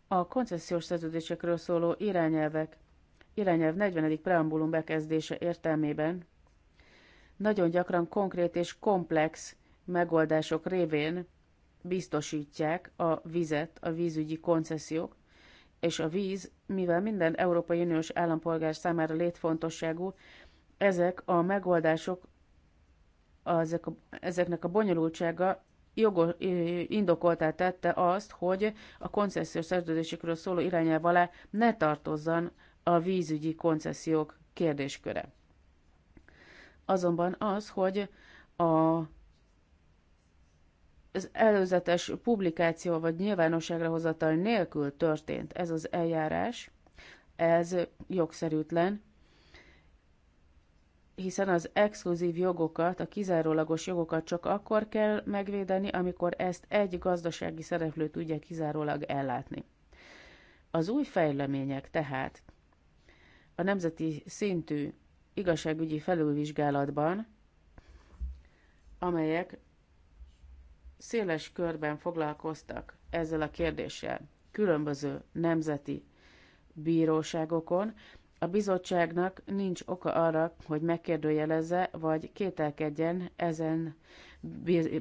A koncesziós szerződésekről szóló irányelvek, irányelv 40. preambulum bekezdése értelmében nagyon gyakran konkrét és komplex megoldások révén biztosítják a vizet, a vízügyi koncesziók, és a víz, mivel minden Európai Uniós állampolgár számára létfontosságú, ezek a megoldások, ezek a, ezeknek a bonyolultsága jogos, indokoltá tette azt, hogy a koncesziós szerződésekről szóló irányelv alá ne tartozzon a vízügyi koncesziók kérdésköre azonban az, hogy a az előzetes publikáció vagy nyilvánosságra hozatal nélkül történt ez az eljárás, ez jogszerűtlen, hiszen az exkluzív jogokat, a kizárólagos jogokat csak akkor kell megvédeni, amikor ezt egy gazdasági szereplő tudja kizárólag ellátni. Az új fejlemények tehát a nemzeti szintű igazságügyi felülvizsgálatban, amelyek széles körben foglalkoztak ezzel a kérdéssel, különböző nemzeti bíróságokon, a bizottságnak nincs oka arra, hogy megkérdőjelezze vagy kételkedjen ezen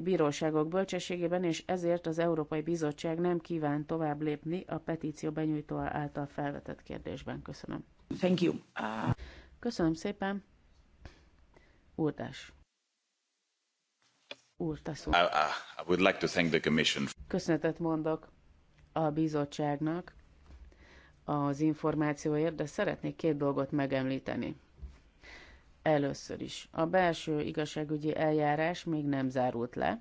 bíróságok bölcsességében, és ezért az Európai Bizottság nem kíván tovább lépni a petíció benyújtó által felvetett kérdésben. Köszönöm. Thank you. Uh... Köszönöm szépen. Úrtás. Úrtaszú. I, I would like to thank the commission. Köszönetet mondok a bizottságnak az információért, de szeretnék két dolgot megemlíteni. Először is, a belső igazságügyi eljárás még nem zárult le,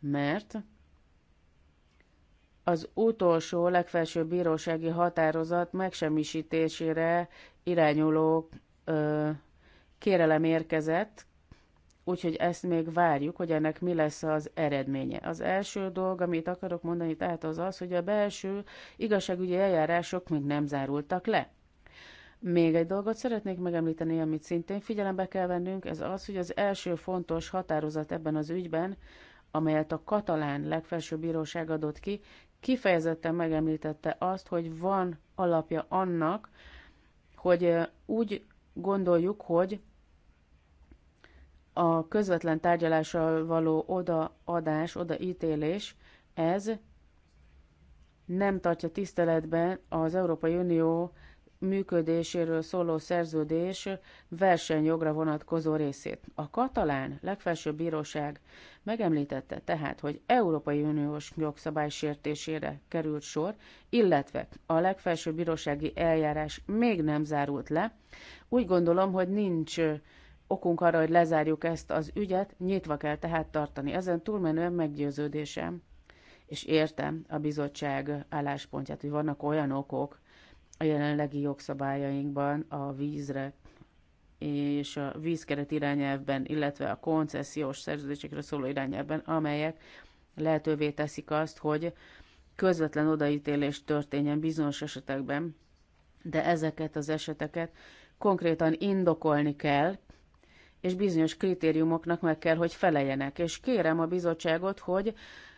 mert az utolsó legfelsőbb bírósági határozat megsemmisítésére irányuló ö, kérelem érkezett, úgyhogy ezt még várjuk, hogy ennek mi lesz az eredménye. Az első dolog, amit akarok mondani, tehát az az, hogy a belső igazságügyi eljárások még nem zárultak le. Még egy dolgot szeretnék megemlíteni, amit szintén figyelembe kell vennünk, ez az, hogy az első fontos határozat ebben az ügyben, amelyet a katalán legfelsőbb bíróság adott ki, kifejezetten megemlítette azt, hogy van alapja annak, hogy úgy gondoljuk, hogy a közvetlen tárgyalással való odaadás, odaítélés, ez nem tartja tiszteletben az Európai Unió működéséről szóló szerződés versenyjogra vonatkozó részét. A katalán legfelsőbb bíróság Megemlítette tehát, hogy Európai Uniós jogszabály sértésére került sor, illetve a legfelsőbb bírósági eljárás még nem zárult le. Úgy gondolom, hogy nincs okunk arra, hogy lezárjuk ezt az ügyet, nyitva kell tehát tartani. Ezen túlmenően meggyőződésem, és értem a bizottság álláspontját, hogy vannak olyan okok a jelenlegi jogszabályainkban a vízre és a vízkeret irányelvben, illetve a koncesziós szerződésekre szóló irányelvben, amelyek lehetővé teszik azt, hogy közvetlen odaítélés történjen bizonyos esetekben, de ezeket az eseteket konkrétan indokolni kell, és bizonyos kritériumoknak meg kell, hogy feleljenek. És kérem a bizottságot, hogy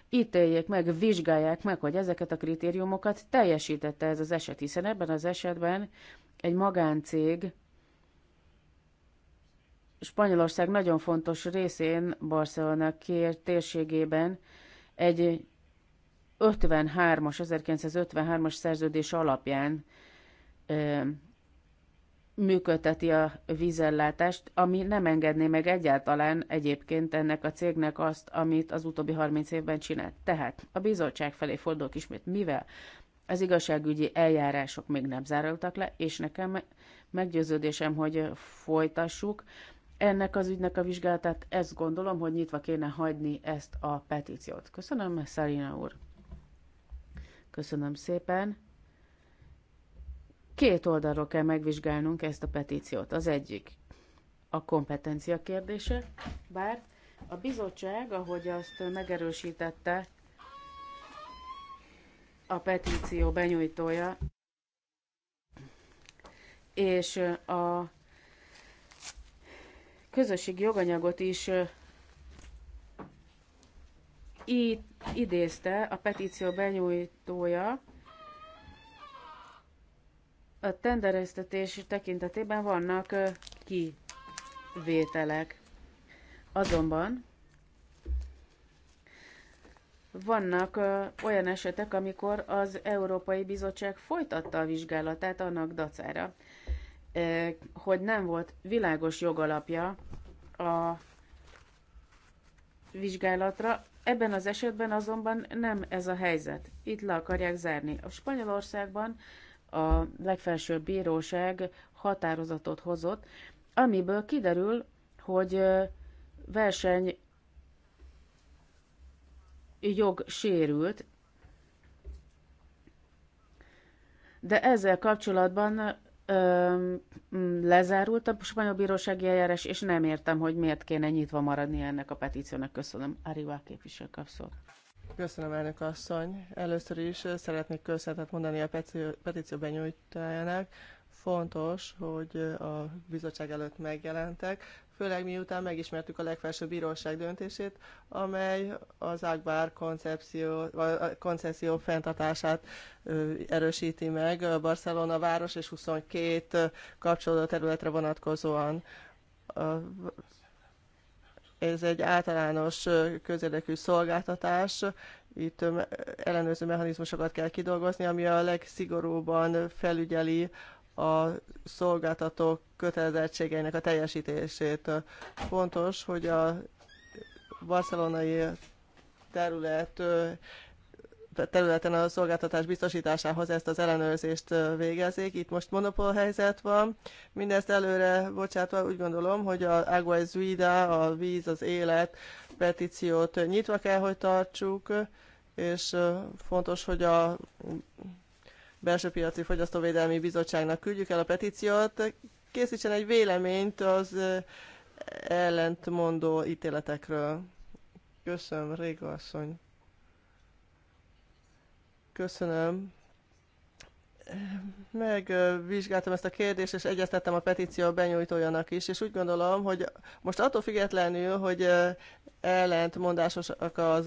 ítéljék meg, vizsgálják meg, hogy ezeket a kritériumokat teljesítette ez az eset, hiszen ebben az esetben egy magáncég Spanyolország nagyon fontos részén, Barcelona térségében egy 53-as, 1953-as szerződés alapján ö, működteti a vízellátást, ami nem engedné meg egyáltalán egyébként ennek a cégnek azt, amit az utóbbi 30 évben csinált. Tehát a bizottság felé fordulok ismét, mivel az igazságügyi eljárások még nem zárultak le, és nekem meggyőződésem, hogy folytassuk, ennek az ügynek a vizsgálatát, ezt gondolom, hogy nyitva kéne hagyni ezt a petíciót. Köszönöm, Szalina úr. Köszönöm szépen. Két oldalról kell megvizsgálnunk ezt a petíciót. Az egyik a kompetencia kérdése, bár a bizottság, ahogy azt megerősítette a petíció benyújtója, és a közösségi joganyagot is itt idézte a petíció benyújtója, a tendereztetés tekintetében vannak kivételek. Azonban vannak olyan esetek, amikor az Európai Bizottság folytatta a vizsgálatát annak dacára, hogy nem volt világos jogalapja a vizsgálatra, ebben az esetben azonban nem ez a helyzet. Itt le akarják zárni. A Spanyolországban a legfelsőbb bíróság határozatot hozott, amiből kiderül, hogy verseny jog sérült, de ezzel kapcsolatban Mm, lezárult a spanyol bírósági eljárás, és nem értem, hogy miért kéne nyitva maradni ennek a petíciónak. Köszönöm. Arivá képviselő kapszol. Köszönöm, elnök asszony. Először is szeretnék köszönetet mondani a petíció benyújtájának. Fontos, hogy a bizottság előtt megjelentek főleg miután megismertük a legfelsőbb bíróság döntését, amely az Ágbár koncepció, fenntartását erősíti meg a Barcelona város és 22 kapcsolódó területre vonatkozóan. Ez egy általános közérdekű szolgáltatás, itt ellenőrző mechanizmusokat kell kidolgozni, ami a legszigorúban felügyeli a szolgáltatók kötelezettségeinek a teljesítését. Fontos, hogy a barcelonai terület területen a szolgáltatás biztosításához ezt az ellenőrzést végezik. Itt most monopól helyzet van. Mindezt előre bocsátva úgy gondolom, hogy a Agua es Vida, a víz, az élet petíciót nyitva kell, hogy tartsuk, és fontos, hogy a Belső Piaci Fogyasztóvédelmi Bizottságnak küldjük el a petíciót, készítsen egy véleményt az ellentmondó ítéletekről. Köszönöm, Réga asszony. Köszönöm megvizsgáltam ezt a kérdést, és egyeztettem a petíció benyújtójának is, és úgy gondolom, hogy most attól függetlenül, hogy ellentmondásosak az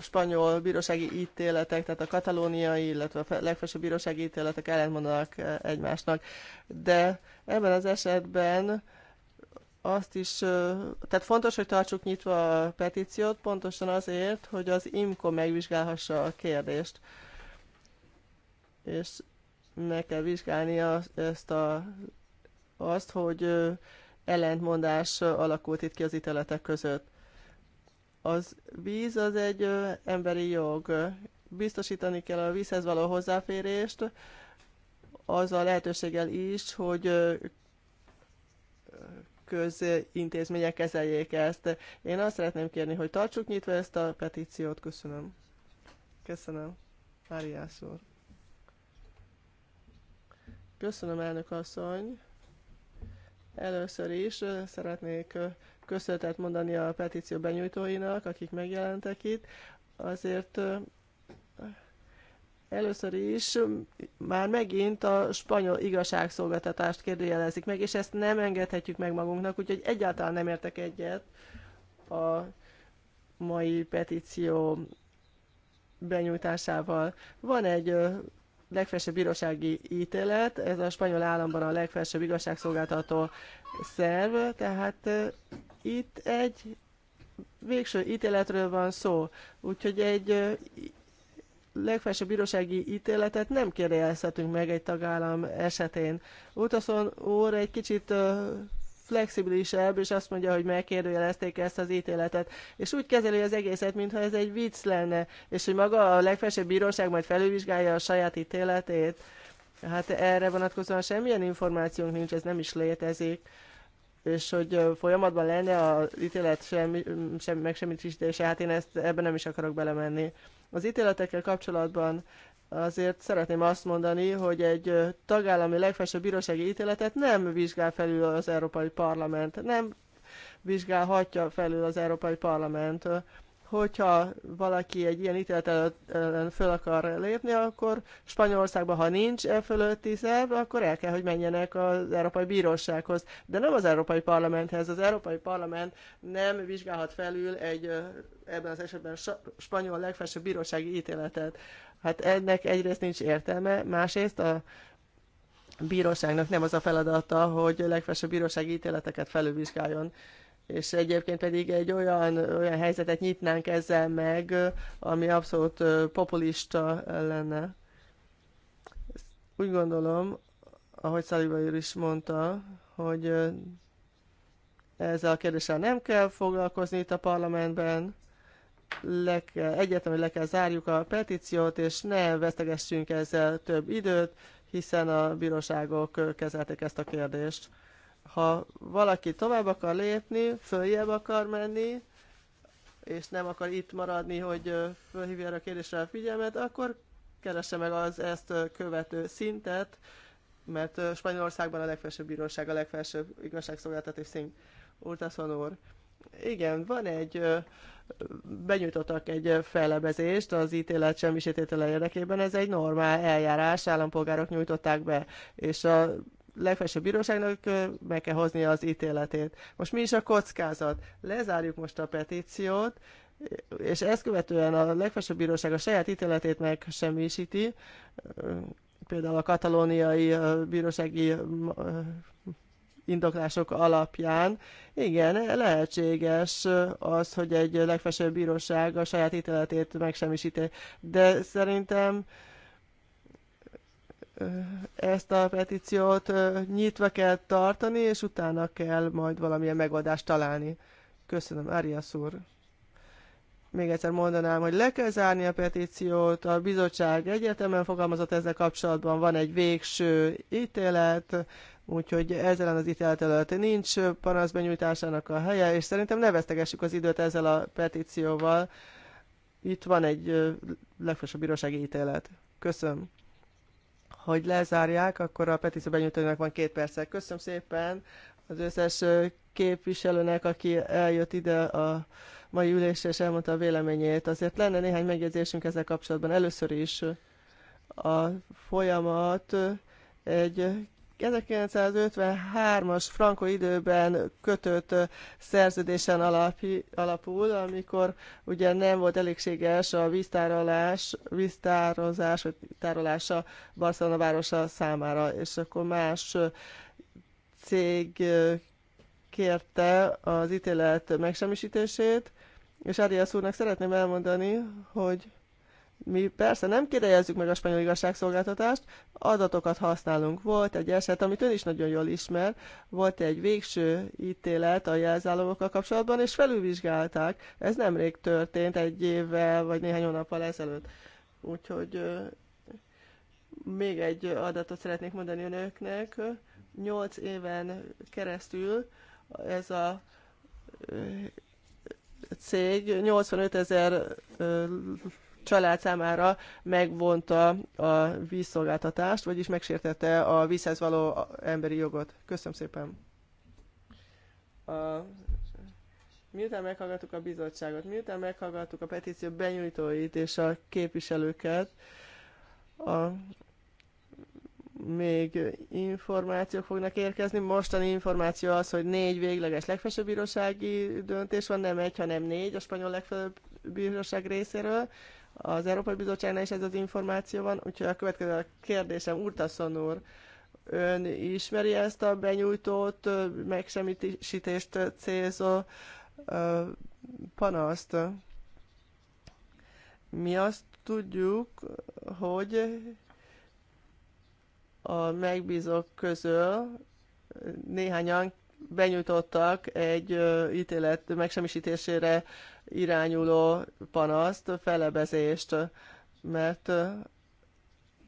spanyol bírósági ítéletek, tehát a katalóniai, illetve a legfelsőbb bírósági ítéletek ellentmondanak egymásnak, de ebben az esetben azt is, tehát fontos, hogy tartsuk nyitva a petíciót, pontosan azért, hogy az IMCO megvizsgálhassa a kérdést. És meg kell vizsgálni ezt a, azt, hogy ellentmondás alakult itt ki az ítéletek között. Az víz az egy emberi jog. Biztosítani kell a vízhez való hozzáférést, az a lehetőséggel is, hogy közintézmények kezeljék ezt. Én azt szeretném kérni, hogy tartsuk nyitva ezt a petíciót. Köszönöm. Köszönöm. Máriás úr. Köszönöm, elnök asszony. Először is szeretnék köszönetet mondani a petíció benyújtóinak, akik megjelentek itt. Azért először is már megint a spanyol igazságszolgáltatást kérdőjelezik meg, és ezt nem engedhetjük meg magunknak, úgyhogy egyáltalán nem értek egyet a mai petíció benyújtásával. Van egy legfelsőbb bírósági ítélet, ez a spanyol államban a legfelsőbb igazságszolgáltató szerv, tehát itt egy végső ítéletről van szó, úgyhogy egy legfelsőbb bírósági ítéletet nem kérdezhetünk meg egy tagállam esetén. Utaszon úr egy kicsit flexibilisebb, és azt mondja, hogy megkérdőjelezték ezt az ítéletet. És úgy kezeli az egészet, mintha ez egy vicc lenne, és hogy maga a legfelsőbb bíróság majd felülvizsgálja a saját ítéletét. Hát erre vonatkozóan semmilyen információnk nincs, ez nem is létezik és hogy folyamatban lenne a ítélet semmi, sem, megsemmisítése, hát én ezt, ebben nem is akarok belemenni. Az ítéletekkel kapcsolatban azért szeretném azt mondani, hogy egy tagállami legfelsőbb bírósági ítéletet nem vizsgál felül az Európai Parlament, nem vizsgálhatja felül az Európai Parlament. Hogyha valaki egy ilyen ítélet ellen föl akar lépni, akkor Spanyolországban, ha nincs e fölötti szerv, akkor el kell, hogy menjenek az Európai Bírósághoz. De nem az Európai Parlamenthez. Az Európai Parlament nem vizsgálhat felül egy ebben az esetben spanyol legfelsőbb bírósági ítéletet. Hát ennek egyrészt nincs értelme, másrészt a bíróságnak nem az a feladata, hogy a legfelsőbb bírósági ítéleteket felülvizsgáljon. És egyébként pedig egy olyan, olyan helyzetet nyitnánk ezzel meg, ami abszolút populista lenne. úgy gondolom, ahogy Szaliba is mondta, hogy ezzel a kérdéssel nem kell foglalkozni itt a parlamentben, le kell, le kell zárjuk a petíciót, és ne vesztegessünk ezzel több időt, hiszen a bíróságok kezelték ezt a kérdést. Ha valaki tovább akar lépni, följebb akar menni, és nem akar itt maradni, hogy fölhívja a kérdésre a figyelmet, akkor keresse meg az ezt követő szintet, mert Spanyolországban a legfelsőbb bíróság, a legfelsőbb igazságszolgáltatás szint. Urtaszon úr, igen, van egy benyújtottak egy fellebezést az ítélet semmisítétele érdekében, ez egy normál eljárás, állampolgárok nyújtották be, és a legfelsőbb bíróságnak meg kell hoznia az ítéletét. Most mi is a kockázat? Lezárjuk most a petíciót, és ezt követően a legfelsőbb bíróság a saját ítéletét megsemmisíti, például a katalóniai bírósági indoklások alapján. Igen, lehetséges az, hogy egy legfelsőbb bíróság a saját ítéletét megsemmisíti, de szerintem eh, ezt a petíciót eh, nyitva kell tartani, és utána kell majd valamilyen megoldást találni. Köszönöm, Arias úr. Még egyszer mondanám, hogy le kell zárni a petíciót, a bizottság egyértelműen fogalmazott ezzel kapcsolatban, van egy végső ítélet, Úgyhogy ezzel az ítélet előtt nincs panasz benyújtásának a helye, és szerintem ne vesztegessük az időt ezzel a petícióval. Itt van egy legfelsőbb bírósági ítélet. Köszönöm. Hogy lezárják, akkor a petíció benyújtónak van két perce Köszönöm szépen az összes képviselőnek, aki eljött ide a mai ülésre és elmondta a véleményét. Azért lenne néhány megjegyzésünk ezzel kapcsolatban. Először is a folyamat egy 1953-as franco időben kötött szerződésen alapi, alapul, amikor ugye nem volt elégséges a víztárolás, víztározás, vagy tárolása Barcelona városa számára, és akkor más cég kérte az ítélet megsemmisítését, és Arias úrnak szeretném elmondani, hogy mi persze nem kérdejezzük meg a spanyol igazságszolgáltatást, adatokat használunk. Volt egy eset, amit ön is nagyon jól ismer, volt egy végső ítélet a jelzálogokkal kapcsolatban, és felülvizsgálták. Ez nemrég történt, egy évvel vagy néhány hónappal ezelőtt. Úgyhogy még egy adatot szeretnék mondani önöknek. Nyolc éven keresztül ez a cég 85 ezer család számára megvonta a vízszolgáltatást, vagyis megsértette a vízhez való emberi jogot. Köszönöm szépen. A, miután meghallgattuk a bizottságot, miután meghallgattuk a petíció benyújtóit és a képviselőket, a, még információk fognak érkezni. Mostani információ az, hogy négy végleges legfelsőbb bírósági döntés van, nem egy, hanem négy a spanyol legfelsőbb bíróság részéről. Az Európai Bizottságnál is ez az információ van, úgyhogy a következő a kérdésem, Urtaszon úr, ön ismeri ezt a benyújtót, megsemmisítést célzó panaszt? Mi azt tudjuk, hogy a megbízók közül néhányan benyújtottak egy ítélet megsemmisítésére irányuló panaszt, felebezést, mert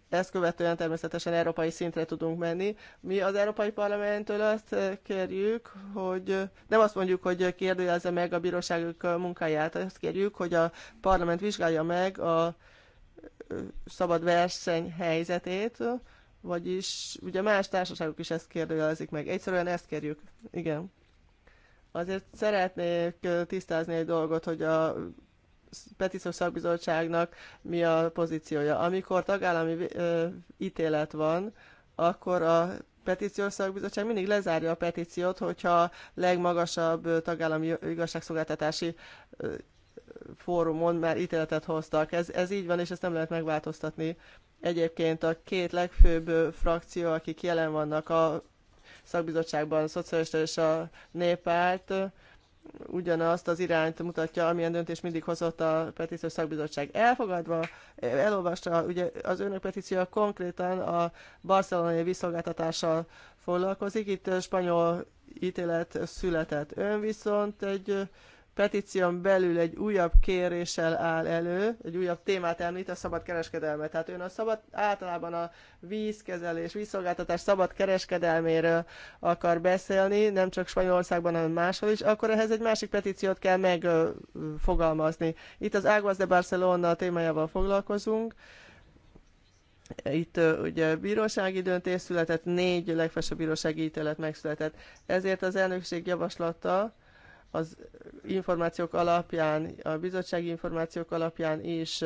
ezt követően természetesen európai szintre tudunk menni. Mi az Európai Parlamenttől azt kérjük, hogy nem azt mondjuk, hogy kérdőjelezze meg a bíróságok munkáját, azt kérjük, hogy a parlament vizsgálja meg a szabad verseny helyzetét, vagyis ugye más társaságok is ezt kérdőjelezik meg. Egyszerűen ezt kérjük. Igen. Azért szeretnék tisztázni egy dolgot, hogy a petíciós szakbizottságnak mi a pozíciója. Amikor tagállami ítélet van, akkor a petíciós szakbizottság mindig lezárja a petíciót, hogyha a legmagasabb tagállami igazságszolgáltatási fórumon már ítéletet hoztak. Ez, ez így van, és ezt nem lehet megváltoztatni. Egyébként a két legfőbb frakció, akik jelen vannak a szakbizottságban, a szocialista és a néppárt, ugyanazt az irányt mutatja, amilyen döntés mindig hozott a petíciós szakbizottság. Elfogadva, elolvasta, ugye az önök petíciója konkrétan a barcelonai visszolgáltatással foglalkozik, itt spanyol ítélet született. Ön viszont egy petíción belül egy újabb kéréssel áll elő, egy újabb témát említ, a szabad kereskedelmet. Tehát ön a szabad, általában a vízkezelés, vízszolgáltatás szabad kereskedelméről akar beszélni, nem csak Spanyolországban, hanem máshol is, akkor ehhez egy másik petíciót kell megfogalmazni. Itt az Águas de Barcelona témájával foglalkozunk, itt ugye bírósági döntés született, négy legfelsőbb bírósági ítélet megszületett. Ezért az elnökség javaslata, az információk alapján, a bizottsági információk alapján is,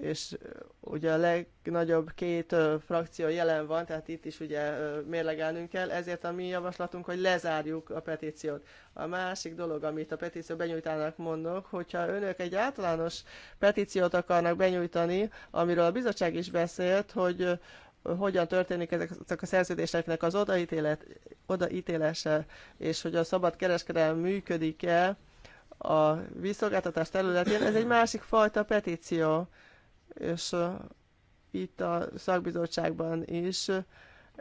és ugye a legnagyobb két frakció jelen van, tehát itt is ugye mérlegelnünk kell, ezért a mi javaslatunk, hogy lezárjuk a petíciót. A másik dolog, amit a petíció benyújtának mondok, hogyha önök egy általános petíciót akarnak benyújtani, amiről a bizottság is beszélt, hogy hogyan történik ezek a szerződéseknek az odaítélet, odaítélése, és hogy a szabad kereskedelem működik-e a vízszolgáltatás területén, ez egy másik fajta petíció, és itt a szakbizottságban is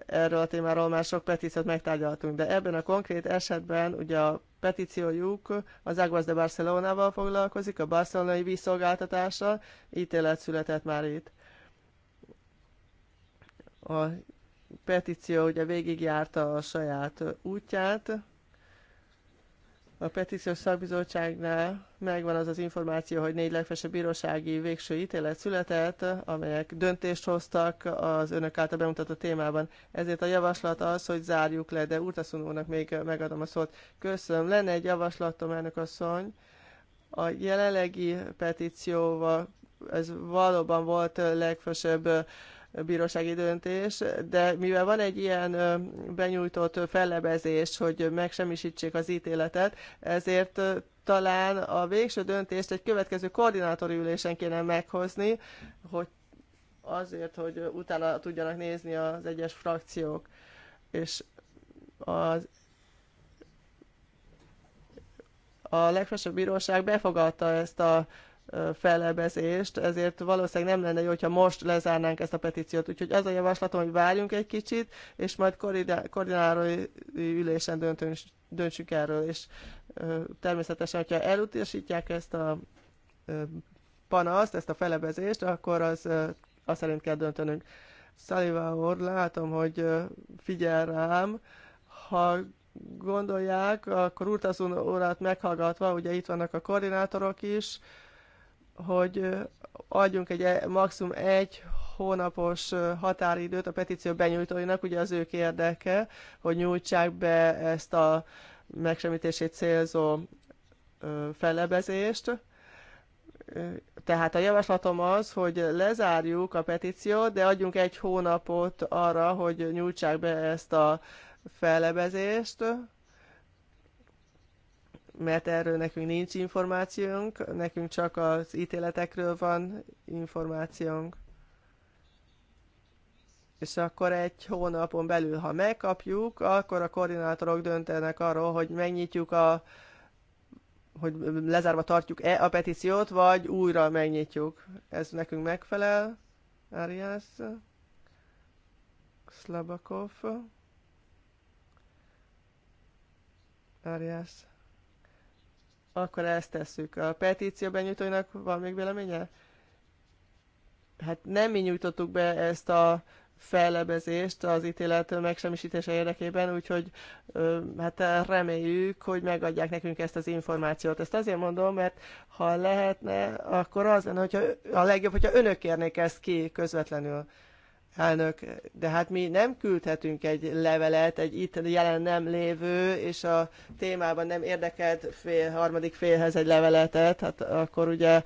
erről a témáról már sok petíciót megtárgyaltunk, de ebben a konkrét esetben ugye a petíciójuk az Aguas de Barcelonával foglalkozik, a barcelonai vízszolgáltatással, ítélet született már itt. A petíció ugye végigjárta a saját útját. A petíciós szakbizottságnál megvan az az információ, hogy négy legfelsőbb bírósági végső ítélet született, amelyek döntést hoztak az önök által bemutatott témában. Ezért a javaslat az, hogy zárjuk le, de úrtaszunónak még megadom a szót. Köszönöm. Lenne egy javaslatom, elnök asszony. A jelenlegi petícióval ez valóban volt legfelsőbb bírósági döntés, de mivel van egy ilyen benyújtott fellebezés, hogy megsemmisítsék az ítéletet, ezért talán a végső döntést egy következő koordinátori ülésen kéne meghozni, hogy azért, hogy utána tudjanak nézni az egyes frakciók. És az a legfelsőbb bíróság befogadta ezt a fellebezést, ezért valószínűleg nem lenne jó, hogyha most lezárnánk ezt a petíciót. Úgyhogy az a javaslatom, hogy várjunk egy kicsit, és majd koordinálói ülésen döntsük erről, és természetesen, hogyha elutasítják ezt a panaszt, ezt a felebezést, akkor az, az szerint kell döntenünk. Szaliva úr, látom, hogy figyel rám, ha gondolják, akkor Urtaszun órát meghallgatva, ugye itt vannak a koordinátorok is, hogy adjunk egy e, maximum egy hónapos határidőt a petíció benyújtóinak, ugye az ők érdeke, hogy nyújtsák be ezt a megsemmitését célzó fellebezést. Tehát a javaslatom az, hogy lezárjuk a petíciót, de adjunk egy hónapot arra, hogy nyújtsák be ezt a fellebezést, mert erről nekünk nincs információnk, nekünk csak az ítéletekről van információnk. És akkor egy hónapon belül, ha megkapjuk, akkor a koordinátorok döntenek arról, hogy megnyitjuk a hogy lezárva tartjuk-e a petíciót, vagy újra megnyitjuk. Ez nekünk megfelel. Arias Slabakov Arias akkor ezt tesszük. A petíció benyújtóinak van még véleménye? Hát nem mi nyújtottuk be ezt a fellebezést az ítélet megsemmisítése érdekében, úgyhogy hát reméljük, hogy megadják nekünk ezt az információt. Ezt azért mondom, mert ha lehetne, akkor az lenne, hogyha a legjobb, hogyha önök kérnék ezt ki közvetlenül. Elnök, de hát mi nem küldhetünk egy levelet egy itt jelen nem lévő és a témában nem érdekelt fél, harmadik félhez egy leveletet, hát akkor ugye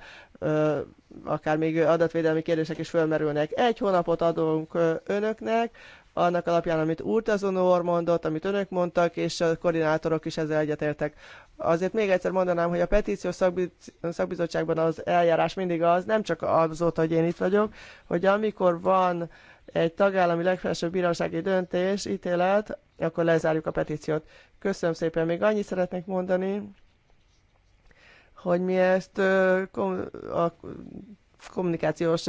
akár még adatvédelmi kérdések is fölmerülnek. Egy hónapot adunk önöknek, annak alapján, amit Urtazon úr mondott, amit önök mondtak, és a koordinátorok is ezzel egyetértek. Azért még egyszer mondanám, hogy a petíció szakbizottságban az eljárás mindig az, nem csak azóta, hogy én itt vagyok, hogy amikor van egy tagállami legfelsőbb bírósági döntés, ítélet, akkor lezárjuk a petíciót. Köszönöm szépen, még annyit szeretnék mondani, hogy mi ezt a kommunikációs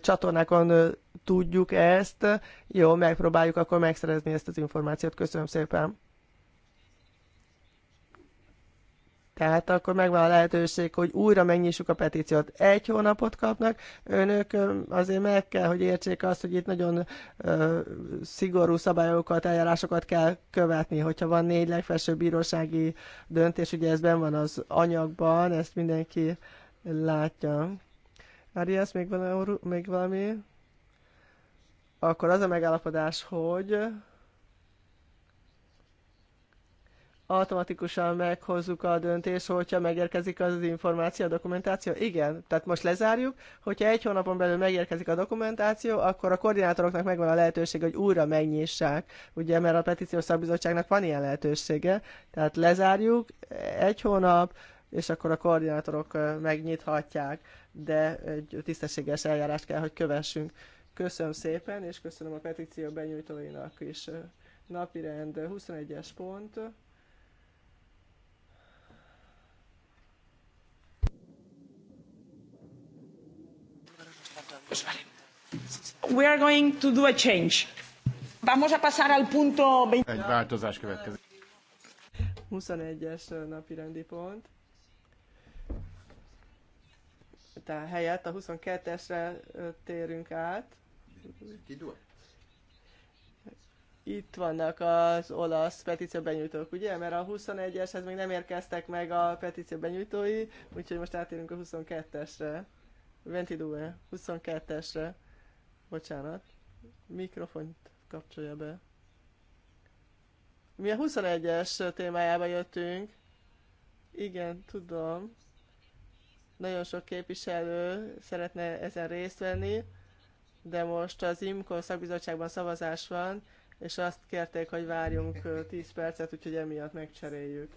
csatornákon tudjuk ezt. Jó, megpróbáljuk akkor megszerezni ezt az információt. Köszönöm szépen. Tehát akkor megvan a lehetőség, hogy újra megnyissuk a petíciót. Egy hónapot kapnak, önök azért meg kell, hogy értsék azt, hogy itt nagyon ö, szigorú szabályokat, eljárásokat kell követni. Hogyha van négy legfelsőbb bírósági döntés, ugye ez ben van az anyagban, ezt mindenki látja. Arias, még valami? Még valami? Akkor az a megállapodás, hogy automatikusan meghozzuk a döntést, hogyha megérkezik az információ, a dokumentáció? Igen. Tehát most lezárjuk, hogyha egy hónapon belül megérkezik a dokumentáció, akkor a koordinátoroknak megvan a lehetőség, hogy újra megnyissák, ugye, mert a petíciós szakbizottságnak van ilyen lehetősége. Tehát lezárjuk, egy hónap, és akkor a koordinátorok megnyithatják, de egy tisztességes eljárást kell, hogy kövessünk. Köszönöm szépen, és köszönöm a petíció benyújtóinak is. Napirend 21-es pont. We are going to do a change. Vamos a pasar al punto 20. Egy változás következik. 21-es napi rendi pont. Tehát helyett a 22-esre térünk át. Itt vannak az olasz petíció benyújtók, ugye? Mert a 21-eshez még nem érkeztek meg a petíció benyújtói, úgyhogy most átérünk a 22-esre. Ventidue 22-esre. Bocsánat. Mikrofont kapcsolja be. Mi a 21-es témájába jöttünk. Igen, tudom. Nagyon sok képviselő szeretne ezen részt venni, de most az IMKO szakbizottságban szavazás van, és azt kérték, hogy várjunk 10 percet, úgyhogy emiatt megcseréljük.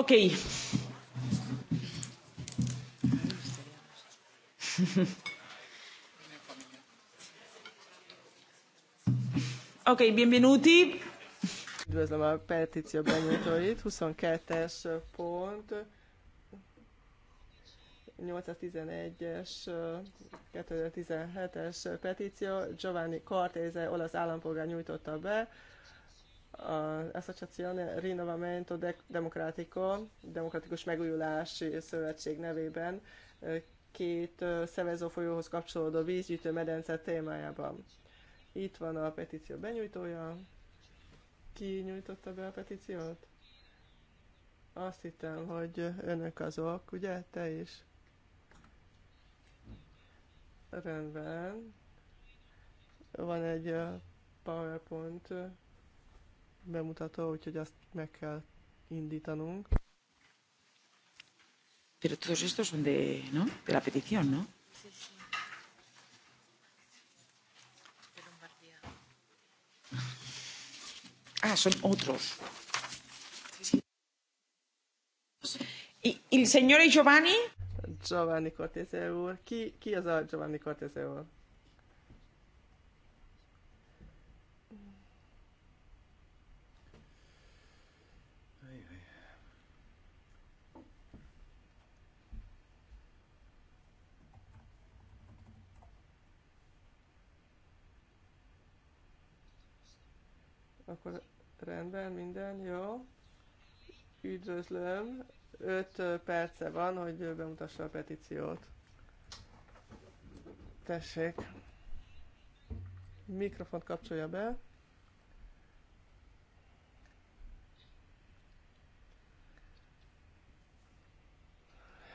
Okay. *laughs* ok, benvenuti. Üdvözlöm a petíció benyújtóit, 22-es pont, 811-es, 2017-es petíció, Giovanni Cortese olasz állampolgár nyújtotta be, Associazione Rinnovamento Democratico, Demokratikus Megújulási Szövetség nevében két szevező folyóhoz kapcsolódó vízgyűjtő medence témájában. Itt van a petíció benyújtója. Ki nyújtotta be a petíciót? Azt hittem, hogy önök azok, ugye? Te is. Rendben. Van egy PowerPoint bemutató, úgyhogy azt meg kell indítanunk. Pero todos estos son de, ¿no? De la petición, ¿no? *laughs* Ah, son otros. ¿Y, ¿Y el señor Giovanni? Giovanni Cortese ¿quién Ki, ki Giovanni Cortese Rendben, minden, jó. Üdvözlöm. 5 perce van, hogy bemutassa a petíciót. Tessék. Mikrofont kapcsolja be.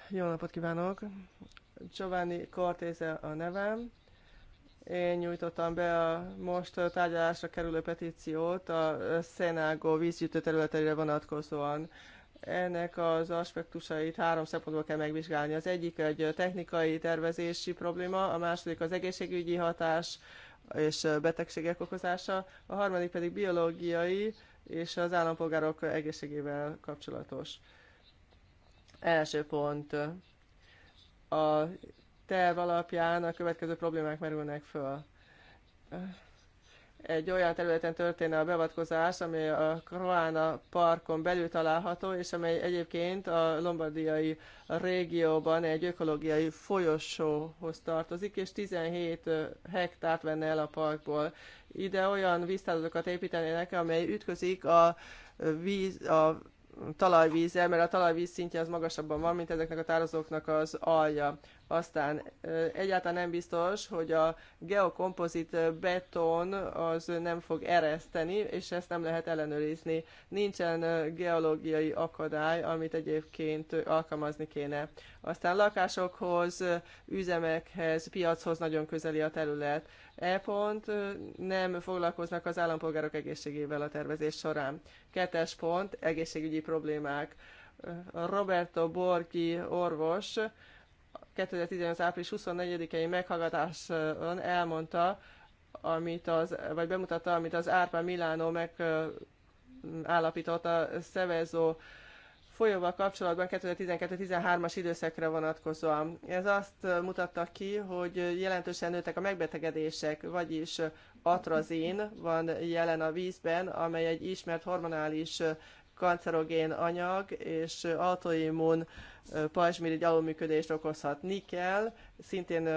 Jó napot kívánok! Giovanni Cortéze a nevem én nyújtottam be a most tárgyalásra kerülő petíciót a Szenágó vízgyűjtő területeire vonatkozóan. Ennek az aspektusait három szempontból kell megvizsgálni. Az egyik egy technikai tervezési probléma, a második az egészségügyi hatás és betegségek okozása, a harmadik pedig biológiai és az állampolgárok egészségével kapcsolatos. Első pont. A terv alapján a következő problémák merülnek föl. Egy olyan területen történne a beavatkozás, ami a Kroána parkon belül található, és amely egyébként a lombardiai régióban egy ökológiai folyosóhoz tartozik, és 17 hektárt venne el a parkból. Ide olyan víztározókat építenének, amely ütközik a víz, a talajvízzel, mert a talajvíz szintje az magasabban van, mint ezeknek a tározóknak az alja. Aztán egyáltalán nem biztos, hogy a geokompozit beton az nem fog ereszteni, és ezt nem lehet ellenőrizni. Nincsen geológiai akadály, amit egyébként alkalmazni kéne. Aztán lakásokhoz, üzemekhez, piachoz nagyon közeli a terület. E pont nem foglalkoznak az állampolgárok egészségével a tervezés során. Kettes pont, egészségügyi problémák. Roberto Borgi orvos 2015. április 24-i meghallgatáson elmondta, amit az, vagy bemutatta, amit az Árpa Milánó meg a Szevezó folyóval kapcsolatban 2012-13-as időszakra vonatkozóan. Ez azt mutatta ki, hogy jelentősen nőttek a megbetegedések, vagyis atrazin van jelen a vízben, amely egy ismert hormonális kancerogén anyag, és autoimmun pajzsmirigy alulműködést okozhat. nikkel, szintén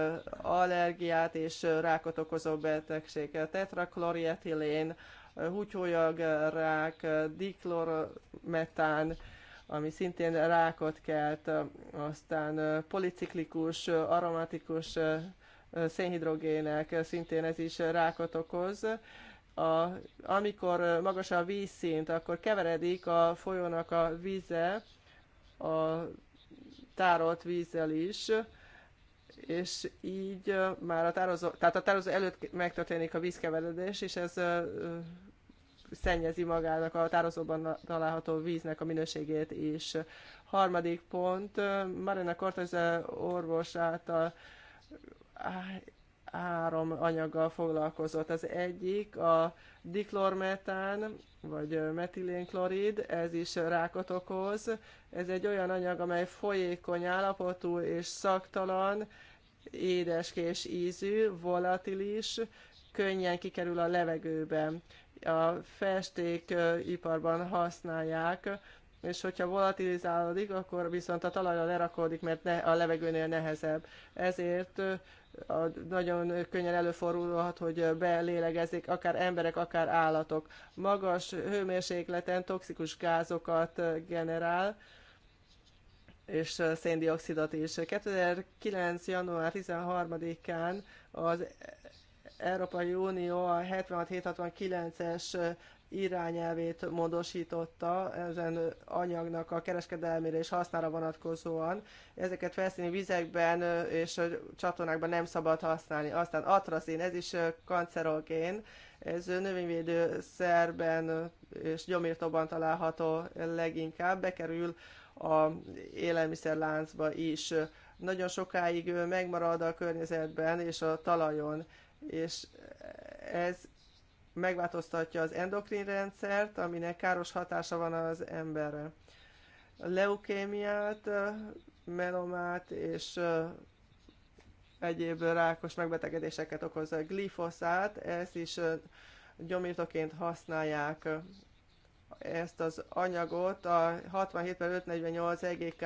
allergiát és rákot okozó betegség. Tetrakloretilén, húgyhólyag rák, diklormetán, ami szintén rákot kelt, aztán policiklikus, aromatikus szénhidrogének, szintén ez is rákot okoz, a, amikor magas a vízszint, akkor keveredik a folyónak a vize a tárolt vízzel is, és így már a tározó, tehát a tározó előtt megtörténik a vízkeveredés, és ez szennyezi magának a tározóban található víznek a minőségét is. Harmadik pont, Marina Cortez orvos által három anyaggal foglalkozott. Az egyik a diklormetán, vagy metilénklorid, ez is rákot okoz. Ez egy olyan anyag, amely folyékony állapotú és szaktalan, édeskés ízű, volatilis, könnyen kikerül a levegőbe. A festékiparban használják, és hogyha volatilizálódik, akkor viszont a talajra lerakódik, mert ne, a levegőnél nehezebb. Ezért a, nagyon könnyen előfordulhat, hogy belélegezik akár emberek, akár állatok. Magas hőmérsékleten toxikus gázokat generál, és széndiokszidot is. 2009. január 13-án az Európai Unió a 76-769-es irányelvét módosította ezen anyagnak a kereskedelmére és hasznára vonatkozóan. Ezeket felszíni vizekben és csatornákban nem szabad használni. Aztán atrazin, ez is kancerogén, ez növényvédő szerben és gyomírtóban található leginkább, bekerül a élelmiszerláncba is. Nagyon sokáig megmarad a környezetben és a talajon és ez megváltoztatja az endokrin rendszert, aminek káros hatása van az emberre. A leukémiát, melomát és egyéb rákos megbetegedéseket okoz a glifoszát, ezt is gyomírtóként használják ezt az anyagot. A 67 58 EGK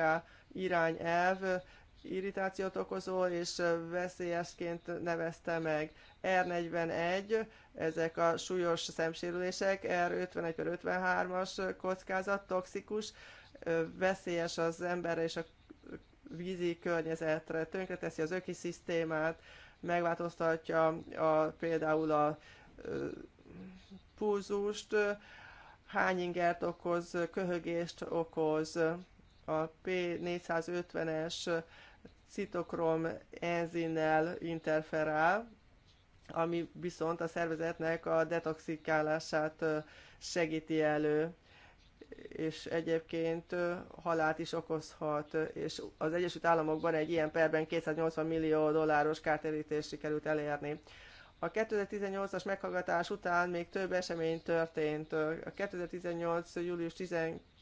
irányelv irritációt okozó és veszélyesként nevezte meg. R41, ezek a súlyos szemsérülések, R51 53-as kockázat, toxikus, veszélyes az emberre és a vízi környezetre, tönkreteszi az ökoszisztémát, megváltoztatja a, például a pulzust, hány ingert okoz, köhögést okoz, a P450-es citokrom enzinnel interferál, ami viszont a szervezetnek a detoxikálását segíti elő, és egyébként halált is okozhat, és az Egyesült Államokban egy ilyen perben 280 millió dolláros kártérítést sikerült elérni. A 2018-as meghallgatás után még több esemény történt. A 2018. július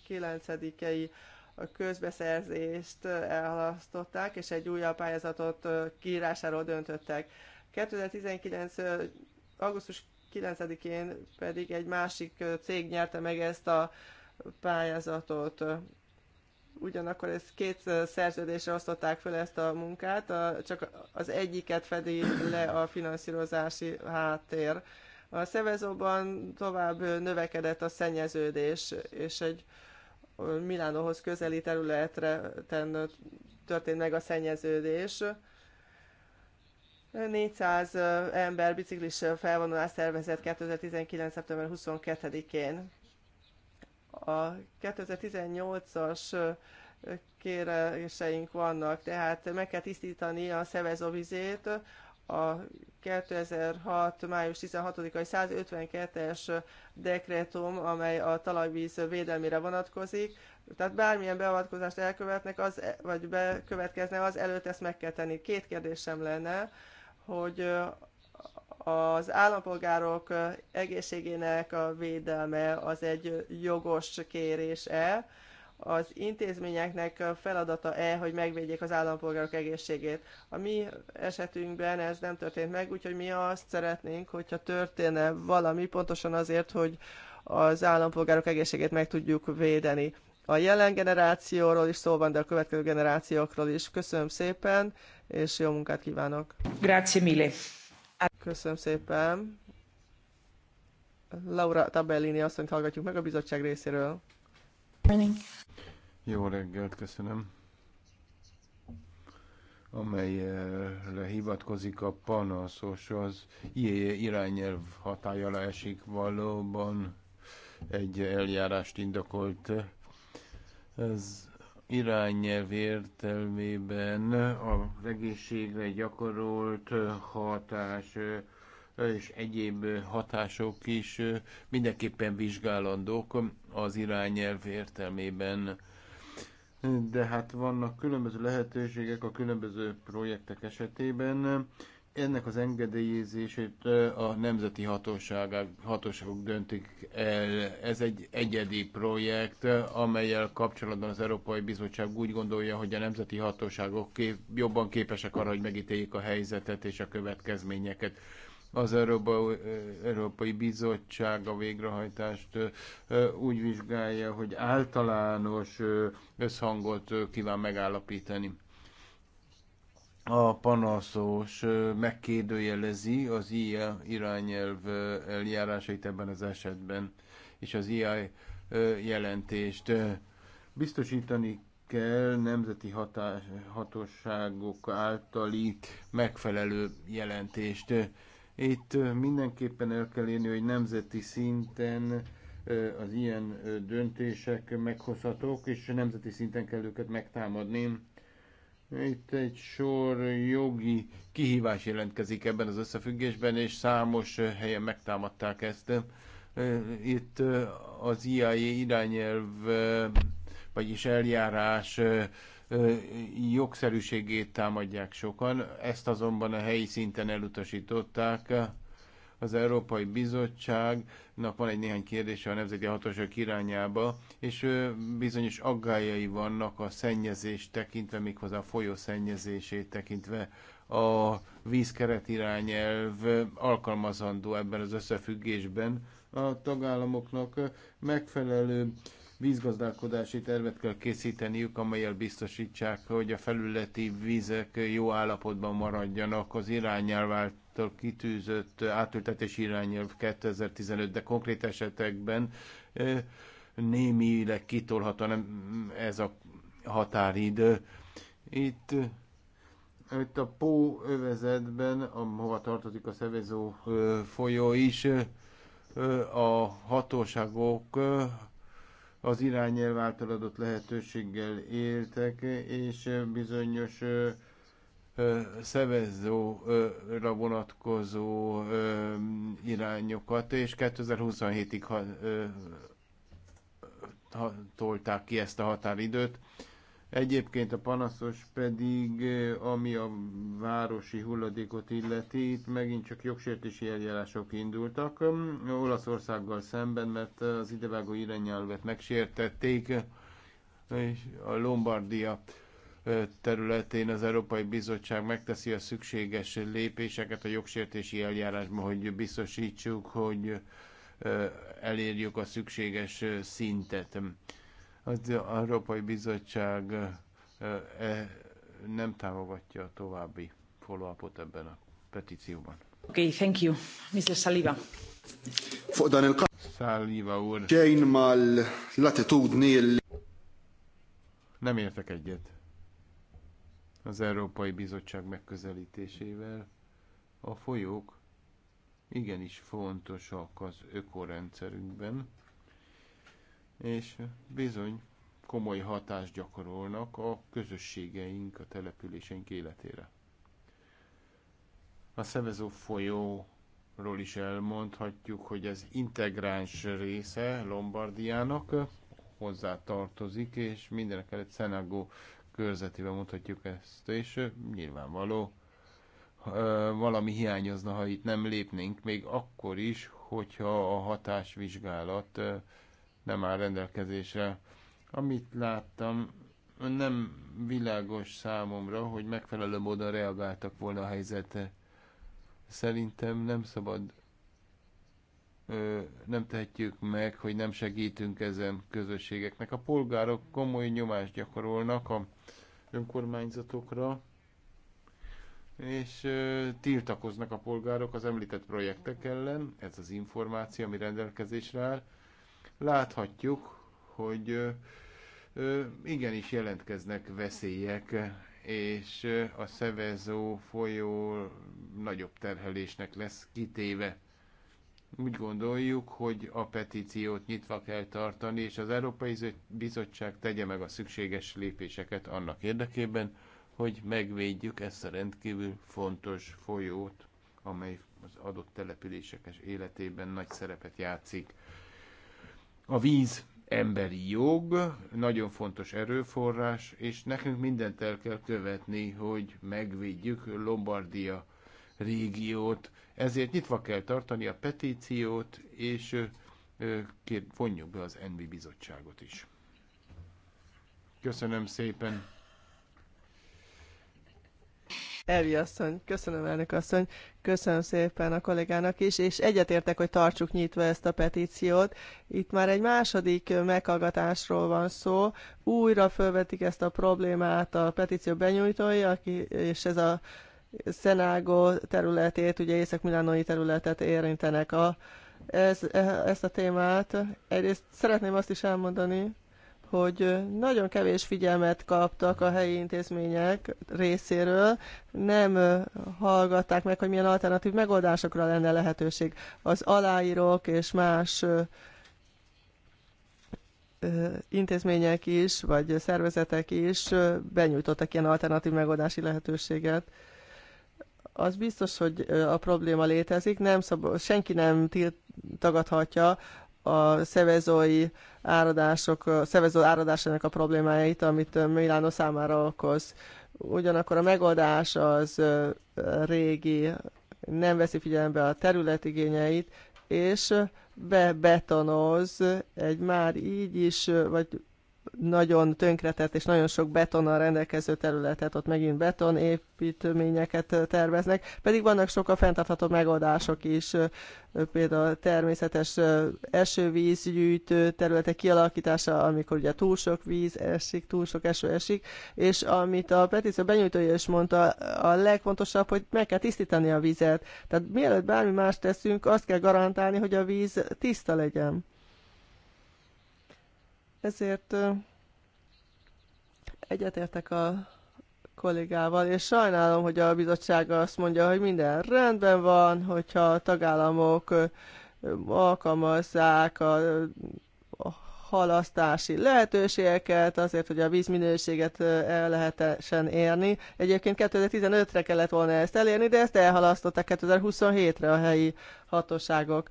19-i a közbeszerzést elhalasztották, és egy újabb pályázatot kiírásáról döntöttek. 2019. augusztus 9-én pedig egy másik cég nyerte meg ezt a pályázatot. Ugyanakkor ez két szerződésre osztották fel ezt a munkát, csak az egyiket fedi le a finanszírozási háttér. A szevezóban tovább növekedett a szennyeződés, és egy Milánóhoz közeli területre történt meg a szennyeződés. 400 ember biciklis felvonulás szervezett 2019. szeptember 22-én. A 2018-as kéréseink vannak, tehát meg kell tisztítani a szevezóvizét, a 2006. május 16-ai 152-es dekrétum, amely a talajvíz védelmére vonatkozik. Tehát bármilyen beavatkozást elkövetnek, az, vagy bekövetkezne, az előtt ezt meg kell tenni. Két kérdésem lenne, hogy az állampolgárok egészségének a védelme az egy jogos kérés-e, az intézményeknek feladata-e, hogy megvédjék az állampolgárok egészségét. A mi esetünkben ez nem történt meg, úgyhogy mi azt szeretnénk, hogyha történne valami, pontosan azért, hogy az állampolgárok egészségét meg tudjuk védeni. A jelen generációról is szó van, de a következő generációkról is. Köszönöm szépen, és jó munkát kívánok! Grazie mille! Köszönöm szépen! Laura Tabellini asszonyt hallgatjuk meg a bizottság részéről. Jó reggelt, köszönöm. Amelyre hivatkozik a panaszos, az IE irányelv hatájára esik valóban egy eljárást indokolt. Ez irányelv értelmében a egészségre gyakorolt hatás és egyéb hatások is mindenképpen vizsgálandók az irányelv értelmében. De hát vannak különböző lehetőségek a különböző projektek esetében. Ennek az engedélyezését a nemzeti hatóságok, hatóságok döntik el. Ez egy egyedi projekt, amelyel kapcsolatban az Európai Bizottság úgy gondolja, hogy a nemzeti hatóságok kép, jobban képesek arra, hogy megítéljék a helyzetet és a következményeket az Európa, Európai Bizottság a végrehajtást úgy vizsgálja, hogy általános összhangot kíván megállapítani. A panaszos megkérdőjelezi az IA irányelv eljárásait ebben az esetben, és az IA jelentést biztosítani kell nemzeti hatás, hatóságok általi megfelelő jelentést itt mindenképpen el kell érni, hogy nemzeti szinten az ilyen döntések meghozhatók, és nemzeti szinten kell őket megtámadni. Itt egy sor jogi kihívás jelentkezik ebben az összefüggésben, és számos helyen megtámadták ezt. Itt az IAE irányelv, vagyis eljárás jogszerűségét támadják sokan, ezt azonban a helyi szinten elutasították. Az Európai Bizottságnak van egy néhány kérdése a nemzeti hatóság irányába, és bizonyos aggályai vannak a szennyezés tekintve, méghozzá a folyó szennyezését tekintve a vízkeret irányelv alkalmazandó ebben az összefüggésben a tagállamoknak megfelelő vízgazdálkodási tervet kell készíteniük, amelyel biztosítsák, hogy a felületi vizek jó állapotban maradjanak. Az irányelváltal kitűzött átültetési irányelv 2015, de konkrét esetekben némileg kitolható nem ez a határidő. Itt itt a Pó övezetben, ahova tartozik a Szevezó folyó is, a hatóságok az irányelv által adott lehetőséggel éltek, és bizonyos szevezőra vonatkozó irányokat, és 2027-ig ha, ha, tolták ki ezt a határidőt. Egyébként a panaszos pedig, eh, ami a városi hulladékot illeti, itt megint csak jogsértési eljárások indultak mm, Olaszországgal szemben, mert az idevágó irányelvet megsértették, és a Lombardia eh, területén az Európai Bizottság megteszi a szükséges lépéseket a jogsértési eljárásban, hogy biztosítsuk, hogy eh, elérjük a szükséges szintet. Az Európai Bizottság e, nem támogatja a további follow-upot ebben a petícióban. Okay, thank you. Mr. Saliba. Fodan Saliba úr. Jane mal Nem értek egyet az Európai Bizottság megközelítésével. A folyók igenis fontosak az ökorendszerünkben, és bizony komoly hatást gyakorolnak a közösségeink, a településeink életére. A Szevezó folyóról is elmondhatjuk, hogy ez integráns része Lombardiának hozzá tartozik, és mindenek előtt Szenágó körzetében mondhatjuk ezt, és nyilvánvaló, valami hiányozna, ha itt nem lépnénk, még akkor is, hogyha a hatásvizsgálat nem áll rendelkezésre. Amit láttam, nem világos számomra, hogy megfelelő módon reagáltak volna a helyzetre. Szerintem nem szabad, ö, nem tehetjük meg, hogy nem segítünk ezen közösségeknek. A polgárok komoly nyomást gyakorolnak a önkormányzatokra, és ö, tiltakoznak a polgárok az említett projektek ellen, ez az információ, ami rendelkezésre áll, láthatjuk, hogy igenis jelentkeznek veszélyek, és a szevezó folyó nagyobb terhelésnek lesz kitéve. Úgy gondoljuk, hogy a petíciót nyitva kell tartani, és az Európai Bizottság tegye meg a szükséges lépéseket annak érdekében, hogy megvédjük ezt a rendkívül fontos folyót, amely az adott települések életében nagy szerepet játszik. A víz emberi jog, nagyon fontos erőforrás, és nekünk mindent el kell követni, hogy megvédjük Lombardia régiót. Ezért nyitva kell tartani a petíciót, és vonjuk be az Envi bizottságot is. Köszönöm szépen! Elvi asszony, köszönöm elnök asszony, köszönöm szépen a kollégának is, és egyetértek, hogy tartsuk nyitva ezt a petíciót. Itt már egy második meghallgatásról van szó, újra felvetik ezt a problémát a petíció benyújtói, aki, és ez a Szenágó területét, ugye észak-milánói területet érintenek a, ez, e, ezt a témát. Egyrészt szeretném azt is elmondani, hogy nagyon kevés figyelmet kaptak a helyi intézmények részéről, nem hallgatták meg, hogy milyen alternatív megoldásokra lenne lehetőség. Az aláírók és más intézmények is, vagy szervezetek is benyújtottak ilyen alternatív megoldási lehetőséget. Az biztos, hogy a probléma létezik, nem szab- senki nem tagadhatja a szevezói áradások, a szevezó áradásának a problémáit, amit Milánó számára okoz. Ugyanakkor a megoldás az régi, nem veszi figyelembe a terület igényeit, és bebetonoz egy már így is, vagy nagyon tönkretett és nagyon sok betonnal rendelkező területet, ott megint beton építményeket terveznek, pedig vannak sokkal fenntartható megoldások is, például természetes esővízgyűjtő területek kialakítása, amikor ugye túl sok víz esik, túl sok eső esik, és amit a petíció benyújtója is mondta, a legfontosabb, hogy meg kell tisztítani a vizet. Tehát mielőtt bármi más teszünk, azt kell garantálni, hogy a víz tiszta legyen. Ezért egyetértek a kollégával, és sajnálom, hogy a bizottság azt mondja, hogy minden rendben van, hogyha a tagállamok alkalmazzák a, halasztási lehetőségeket, azért, hogy a vízminőséget el lehetesen érni. Egyébként 2015-re kellett volna ezt elérni, de ezt elhalasztották 2027-re a helyi hatóságok.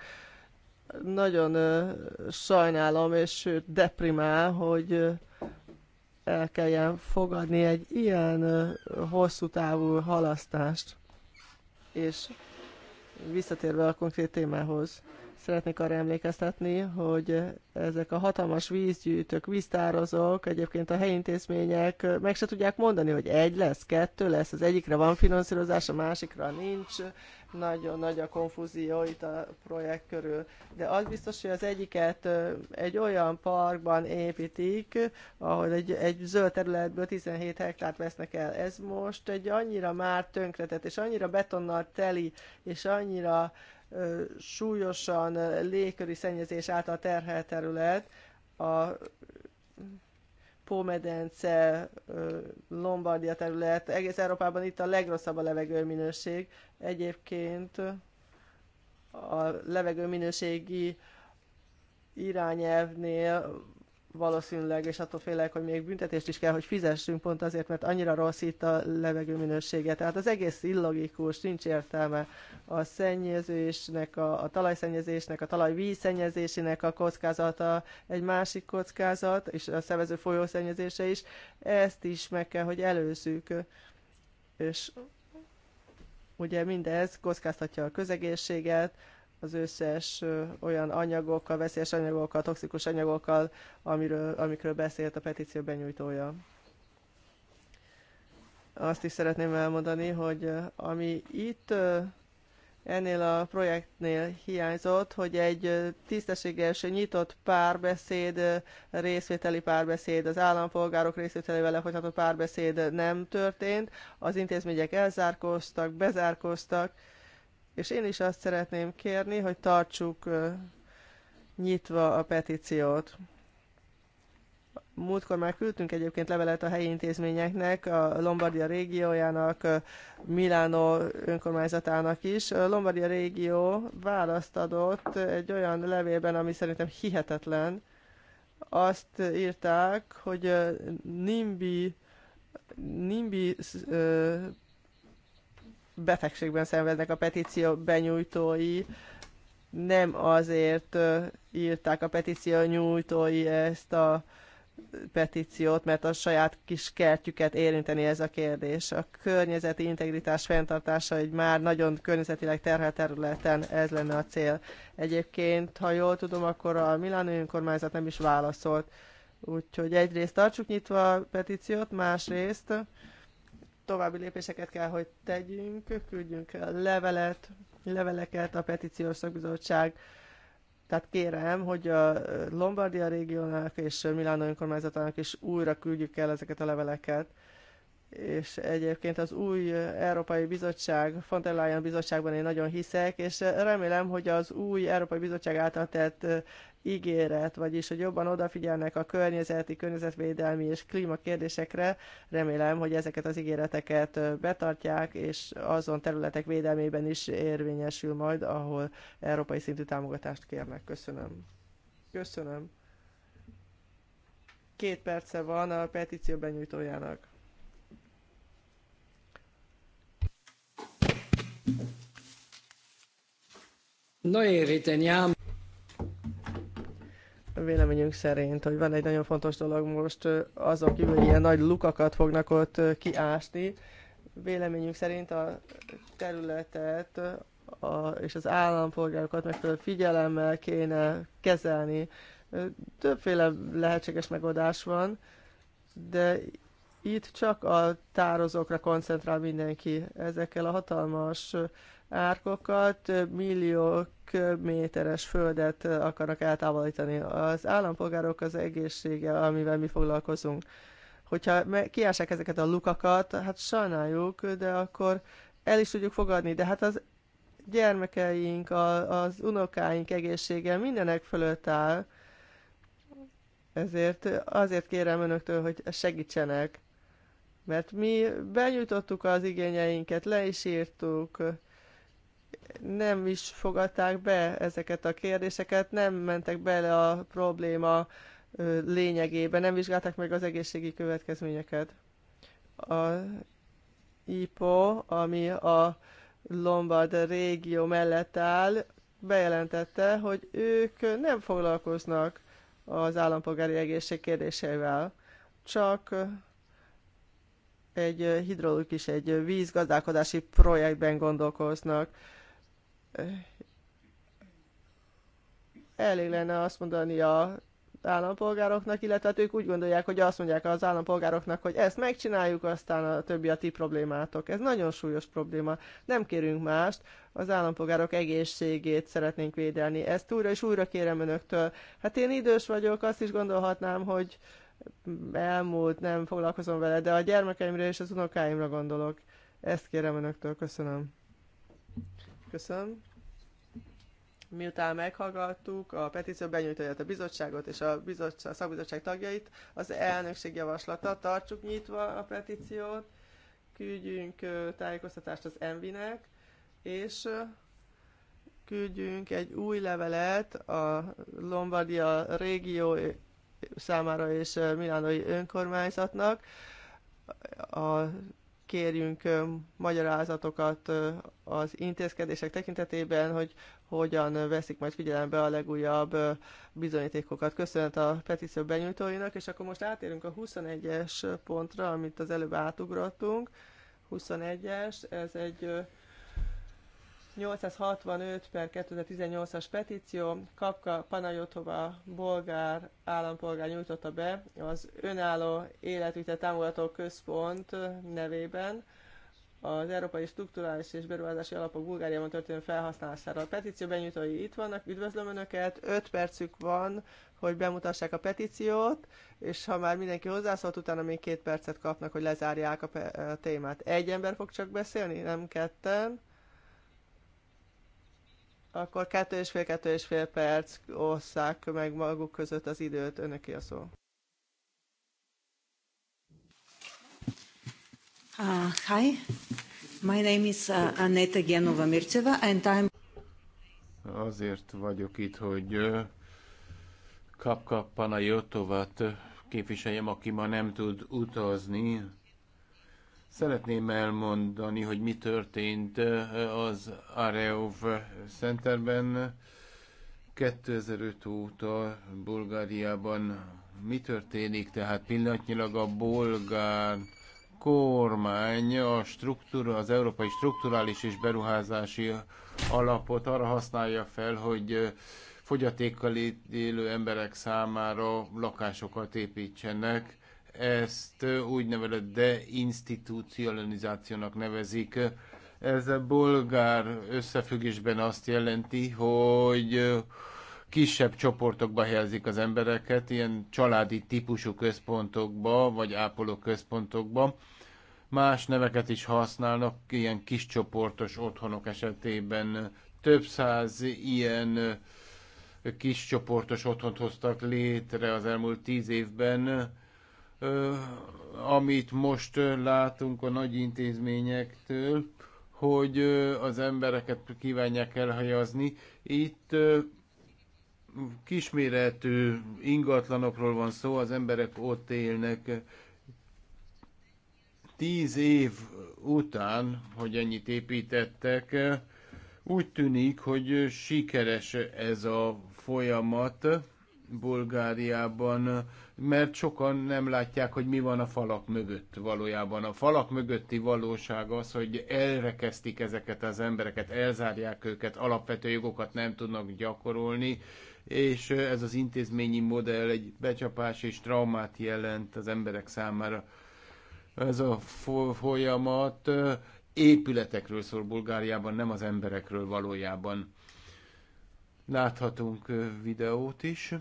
Nagyon sajnálom, és sőt deprimál, hogy el kelljen fogadni egy ilyen hosszú távú halasztást. És visszatérve a konkrét témához, szeretnék arra emlékeztetni, hogy ezek a hatalmas vízgyűjtők, víztározók, egyébként a helyi intézmények meg se tudják mondani, hogy egy lesz, kettő lesz, az egyikre van finanszírozás, a másikra nincs, nagyon nagy a konfúzió itt a projekt körül. De az biztos, hogy az egyiket egy olyan parkban építik, ahol egy, egy zöld területből 17 hektárt vesznek el. Ez most egy annyira már tönkretett, és annyira betonnal teli, és annyira ö, súlyosan légköri szennyezés által terhelt terület, a Pómedence, Lombardia terület, egész Európában itt a legrosszabb a levegőminőség. Egyébként a levegőminőségi irányelvnél valószínűleg, és attól félek, hogy még büntetést is kell, hogy fizessünk pont azért, mert annyira rossz itt a levegő minősége. Tehát az egész illogikus, nincs értelme a szennyezésnek, a, a talajszennyezésnek, a talajvíz szennyezésének a kockázata, egy másik kockázat, és a szervező folyószennyezése is. Ezt is meg kell, hogy előzzük. És ugye mindez kockáztatja a közegészséget, az összes olyan anyagokkal, veszélyes anyagokkal, toxikus anyagokkal, amiről, amikről beszélt a petíció benyújtója. Azt is szeretném elmondani, hogy ami itt ennél a projektnél hiányzott, hogy egy tisztességes, nyitott párbeszéd, részvételi párbeszéd, az állampolgárok részvételével folytatott párbeszéd nem történt, az intézmények elzárkóztak, bezárkóztak, és én is azt szeretném kérni, hogy tartsuk nyitva a petíciót. Múltkor már küldtünk egyébként levelet a helyi intézményeknek, a Lombardia régiójának, Milánó önkormányzatának is. A Lombardia régió választ adott egy olyan levélben, ami szerintem hihetetlen. Azt írták, hogy Nimbi, Nimbi betegségben szenvednek a petíció benyújtói. Nem azért írták a petíció nyújtói ezt a petíciót, mert a saját kis kertjüket érinteni ez a kérdés. A környezeti integritás fenntartása egy már nagyon környezetileg terhelt területen ez lenne a cél. Egyébként, ha jól tudom, akkor a Milánó önkormányzat nem is válaszolt. Úgyhogy egyrészt tartsuk nyitva a petíciót, másrészt további lépéseket kell, hogy tegyünk, küldjünk levelet, leveleket a petíciós szakbizottság. Tehát kérem, hogy a Lombardia régiónak és Milánó önkormányzatának is újra küldjük el ezeket a leveleket és egyébként az új Európai Bizottság, von der Leyen bizottságban én nagyon hiszek, és remélem, hogy az új Európai Bizottság által tett ígéret, vagyis hogy jobban odafigyelnek a környezeti, környezetvédelmi és klímakérdésekre. Remélem, hogy ezeket az ígéreteket betartják, és azon területek védelmében is érvényesül majd, ahol európai szintű támogatást kérnek. Köszönöm. Köszönöm. Két perce van a petíció benyújtójának. véleményünk szerint, hogy van egy nagyon fontos dolog most, azok kívül, hogy ilyen nagy lukakat fognak ott kiásni, véleményünk szerint a területet a, és az állampolgárokat megfelelő figyelemmel kéne kezelni. Többféle lehetséges megoldás van, de itt csak a tározókra koncentrál mindenki. Ezekkel a hatalmas árkokkal több millió köbméteres földet akarnak eltávolítani. Az állampolgárok az egészsége, amivel mi foglalkozunk. Hogyha kiássák ezeket a lukakat, hát sajnáljuk, de akkor el is tudjuk fogadni. De hát az gyermekeink, a, az unokáink egészsége mindenek fölött áll. Ezért azért kérem önöktől, hogy segítsenek. Mert mi benyújtottuk az igényeinket, le is írtuk, nem is fogadták be ezeket a kérdéseket, nem mentek bele a probléma lényegébe, nem vizsgálták meg az egészségi következményeket. A IPO, ami a Lombard régió mellett áll, bejelentette, hogy ők nem foglalkoznak az állampolgári egészség kérdésével, csak egy hidraulik is, egy vízgazdálkodási projektben gondolkoznak. Elég lenne azt mondani a állampolgároknak, illetve hát ők úgy gondolják, hogy azt mondják az állampolgároknak, hogy ezt megcsináljuk, aztán a többi a ti problémátok. Ez nagyon súlyos probléma. Nem kérünk mást, az állampolgárok egészségét szeretnénk védelni. Ezt újra és újra kérem önöktől. Hát én idős vagyok, azt is gondolhatnám, hogy elmúlt, nem foglalkozom vele, de a gyermekeimre és az unokáimra gondolok. Ezt kérem önöktől, köszönöm. Köszönöm. Miután meghallgattuk a petíció benyújtóját, a bizottságot és a, bizottság, a szakbizottság tagjait, az elnökség javaslata, tartsuk nyitva a petíciót, küldjünk tájékoztatást az Envinek, és küldjünk egy új levelet a Lombardia régió számára és milánói önkormányzatnak. A, kérjünk magyarázatokat az intézkedések tekintetében, hogy hogyan veszik majd figyelembe a legújabb bizonyítékokat. Köszönet a petíció benyújtóinak, és akkor most átérünk a 21-es pontra, amit az előbb átugrottunk. 21-es, ez egy 865 per 2018-as petíció Kapka Panajotova bolgár állampolgár nyújtotta be az önálló életvitel támogató központ nevében az Európai Strukturális és Beruházási Alapok Bulgáriában történő felhasználására. A petíció benyújtói itt vannak, üdvözlöm Önöket, 5 percük van, hogy bemutassák a petíciót, és ha már mindenki hozzászólt, utána még két percet kapnak, hogy lezárják a, a témát. Egy ember fog csak beszélni, nem ketten akkor kettő és fél, kettő és fél perc osszák meg maguk között az időt. Önöki a szó. Uh, hi, my name is uh, Aneta Genova Mirceva, and I'm... Azért vagyok itt, hogy uh, Kapkap Panajotovat uh, képviseljem, aki ma nem tud utazni, Szeretném elmondani, hogy mi történt az Areov Centerben 2005 óta Bulgáriában. Mi történik? Tehát pillanatnyilag a bolgár kormány a struktúra, az európai strukturális és beruházási alapot arra használja fel, hogy fogyatékkal élő emberek számára lakásokat építsenek ezt úgynevezett deinstitucionalizációnak nevezik. Ez a bolgár összefüggésben azt jelenti, hogy kisebb csoportokba helyezik az embereket, ilyen családi típusú központokba, vagy ápoló központokba. Más neveket is használnak, ilyen kis csoportos otthonok esetében. Több száz ilyen kis csoportos otthont hoztak létre az elmúlt tíz évben, amit most látunk a nagy intézményektől, hogy az embereket kívánják elhajazni. Itt kisméretű ingatlanokról van szó, az emberek ott élnek. Tíz év után, hogy ennyit építettek, úgy tűnik, hogy sikeres ez a folyamat Bulgáriában mert sokan nem látják, hogy mi van a falak mögött valójában. A falak mögötti valóság az, hogy elrekesztik ezeket az embereket, elzárják őket, alapvető jogokat nem tudnak gyakorolni, és ez az intézményi modell egy becsapás és traumát jelent az emberek számára. Ez a folyamat épületekről szól Bulgáriában, nem az emberekről valójában. Láthatunk videót is.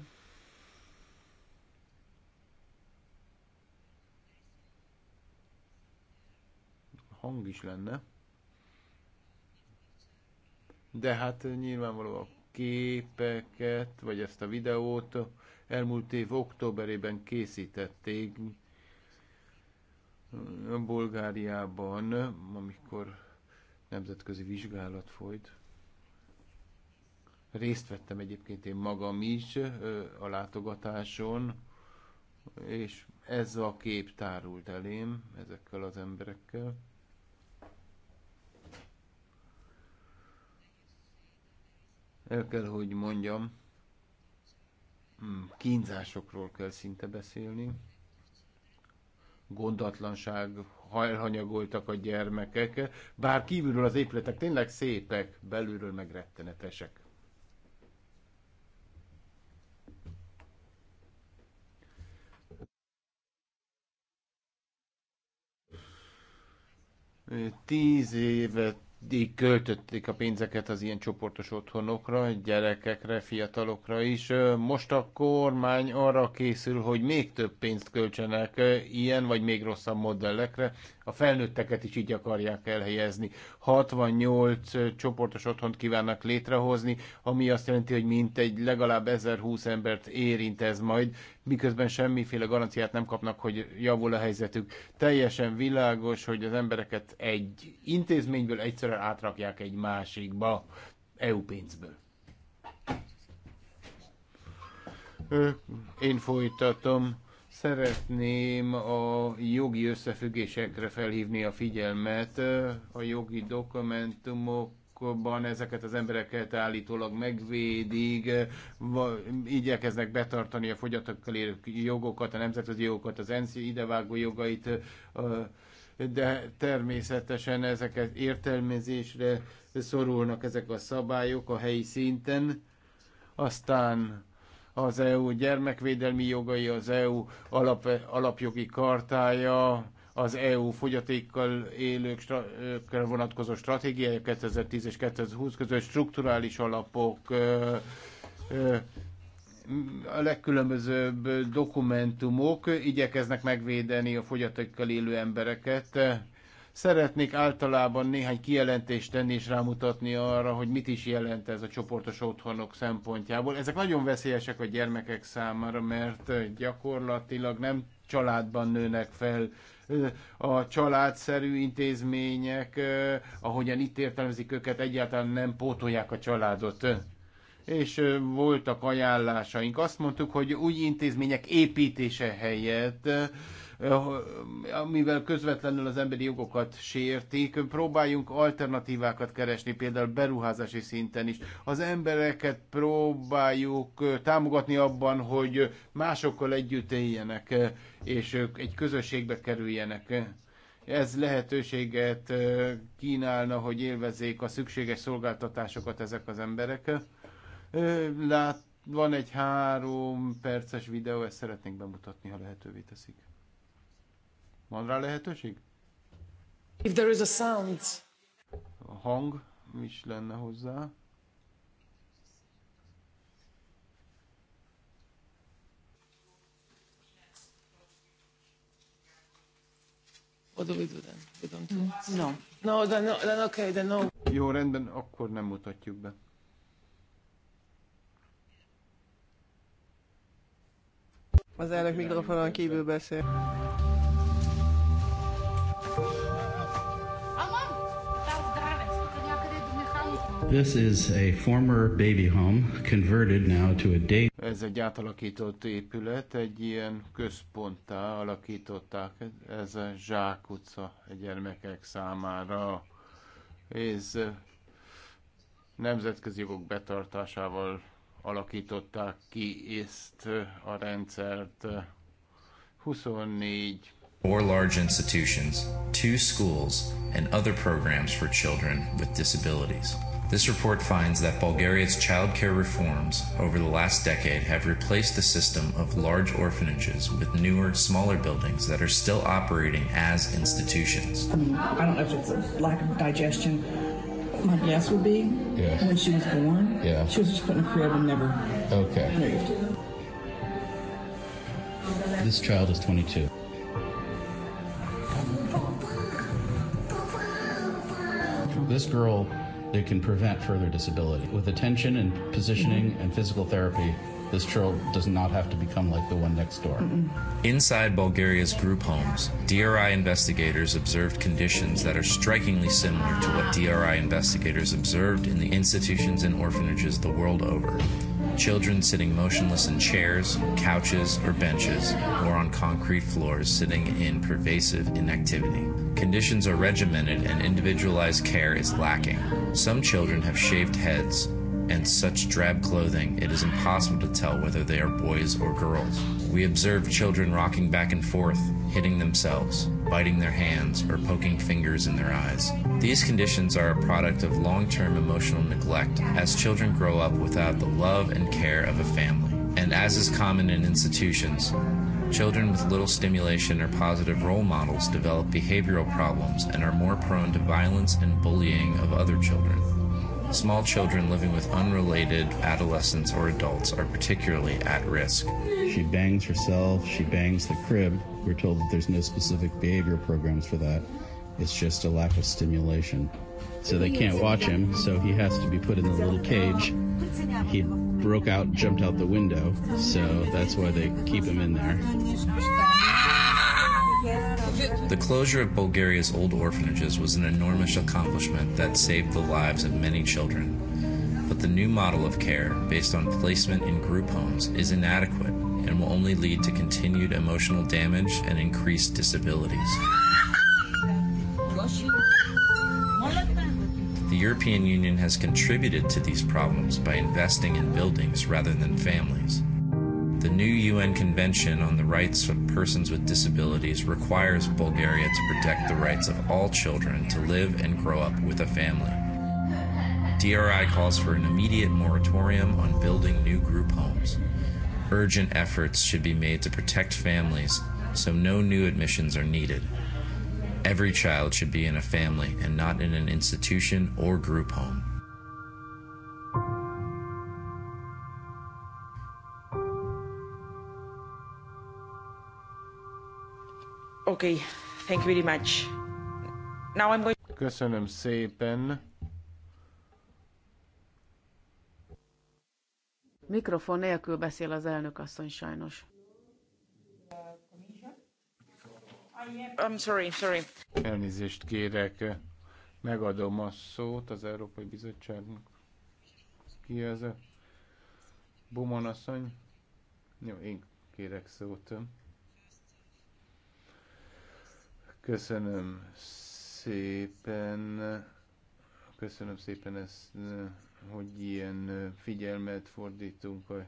hang is lenne. De hát nyilvánvaló a képeket, vagy ezt a videót elmúlt év októberében készítették Bulgáriában, amikor nemzetközi vizsgálat folyt. Részt vettem egyébként én magam is a látogatáson, és ez a kép tárult elém ezekkel az emberekkel. el kell, hogy mondjam, hmm, kínzásokról kell szinte beszélni. Gondatlanság, hajlhanyagoltak a gyermekek, bár kívülről az épületek tényleg szépek, belülről meg rettenetesek. Tíz évet eddig költötték a pénzeket az ilyen csoportos otthonokra, gyerekekre, fiatalokra is. Most a kormány arra készül, hogy még több pénzt költsenek ilyen vagy még rosszabb modellekre. A felnőtteket is így akarják elhelyezni. 68 csoportos otthont kívánnak létrehozni, ami azt jelenti, hogy mintegy legalább 1020 embert érint ez majd, miközben semmiféle garanciát nem kapnak, hogy javul a helyzetük. Teljesen világos, hogy az embereket egy intézményből egyszerre átrakják egy másikba, EU pénzből. Én folytatom. Szeretném a jogi összefüggésekre felhívni a figyelmet. A jogi dokumentumok Marokkoban ezeket az embereket állítólag megvédik, igyekeznek betartani a fogyatokkal élő jogokat, a nemzetközi jogokat, az ENSZ idevágó jogait, de természetesen ezeket értelmezésre szorulnak ezek a szabályok a helyi szinten. Aztán az EU gyermekvédelmi jogai, az EU alap, alapjogi kartája, az EU fogyatékkal élőkre vonatkozó stratégiája 2010 és 2020 között strukturális alapok, a legkülönbözőbb dokumentumok igyekeznek megvédeni a fogyatékkal élő embereket. Szeretnék általában néhány kijelentést tenni és rámutatni arra, hogy mit is jelent ez a csoportos otthonok szempontjából. Ezek nagyon veszélyesek a gyermekek számára, mert gyakorlatilag nem családban nőnek fel, a családszerű intézmények, eh, ahogyan itt értelmezik őket, egyáltalán nem pótolják a családot és voltak ajánlásaink. Azt mondtuk, hogy új intézmények építése helyett, amivel közvetlenül az emberi jogokat sértik, próbáljunk alternatívákat keresni, például beruházási szinten is. Az embereket próbáljuk támogatni abban, hogy másokkal együtt éljenek, és ők egy közösségbe kerüljenek ez lehetőséget kínálna, hogy élvezzék a szükséges szolgáltatásokat ezek az emberek. Lát, van egy három perces videó, ezt szeretnénk bemutatni, ha lehetővé teszik. Van rá lehetőség? If there is a sound. A hang is lenne hozzá. What do we do then? We don't do mm. it. No. No, then, then okay, then no. Jó, rendben, akkor nem mutatjuk be. Az elnök mikrofonon kívül beszél. This is a former baby home converted now to a day. Ez egy átalakított épület, egy ilyen központtá alakították. Ez a Zsák utca a gyermekek számára. Ez nemzetközi jogok betartásával alakították ki ezt a rendszert. 24 or large institutions, two schools, and other programs for children with disabilities. This report finds that Bulgaria's child care reforms over the last decade have replaced the system of large orphanages with newer, smaller buildings that are still operating as institutions. I, mean, I don't know if it's a lack of digestion my guess would be yes. when she was born. Yeah. She was just put in a crib and never okay. moved. This child is 22. This girl, they can prevent further disability with attention and positioning mm-hmm. and physical therapy. This trail does not have to become like the one next door. Mm-mm. Inside Bulgaria's group homes, DRI investigators observed conditions that are strikingly similar to what DRI investigators observed in the institutions and orphanages the world over. Children sitting motionless in chairs, couches, or benches, or on concrete floors sitting in pervasive inactivity. Conditions are regimented and individualized care is lacking. Some children have shaved heads, and such drab clothing, it is impossible to tell whether they are boys or girls. We observe children rocking back and forth, hitting themselves, biting their hands, or poking fingers in their eyes. These conditions are a product of long term emotional neglect as children grow up without the love and care of a family. And as is common in institutions, Children with little stimulation or positive role models develop behavioral problems and are more prone to violence and bullying of other children. Small children living with unrelated adolescents or adults are particularly at risk. She bangs herself, she bangs the crib. We're told that there's no specific behavior programs for that. It's just a lack of stimulation. So they can't watch him, so he has to be put in the little cage. He broke out, jumped out the window, so that's why they keep him in there. Ah! The closure of Bulgaria's old orphanages was an enormous accomplishment that saved the lives of many children. But the new model of care, based on placement in group homes, is inadequate and will only lead to continued emotional damage and increased disabilities. The European Union has contributed to these problems by investing in buildings rather than families. The new UN Convention on the Rights of Persons with Disabilities requires Bulgaria to protect the rights of all children to live and grow up with a family. DRI calls for an immediate moratorium on building new group homes. Urgent efforts should be made to protect families so no new admissions are needed. Every child should be in a family and not in an institution or group home. Okay, thank you very much. Now I'm going... Köszönöm szépen. Mikrofon nélkül beszél az elnök asszony sajnos. I'm sorry, sorry. Elnézést kérek. Megadom a szót az Európai Bizottságnak. Ki ez a Buman asszony? Jó, én kérek szót. Köszönöm szépen. Köszönöm szépen ezt, hogy ilyen figyelmet fordítunk a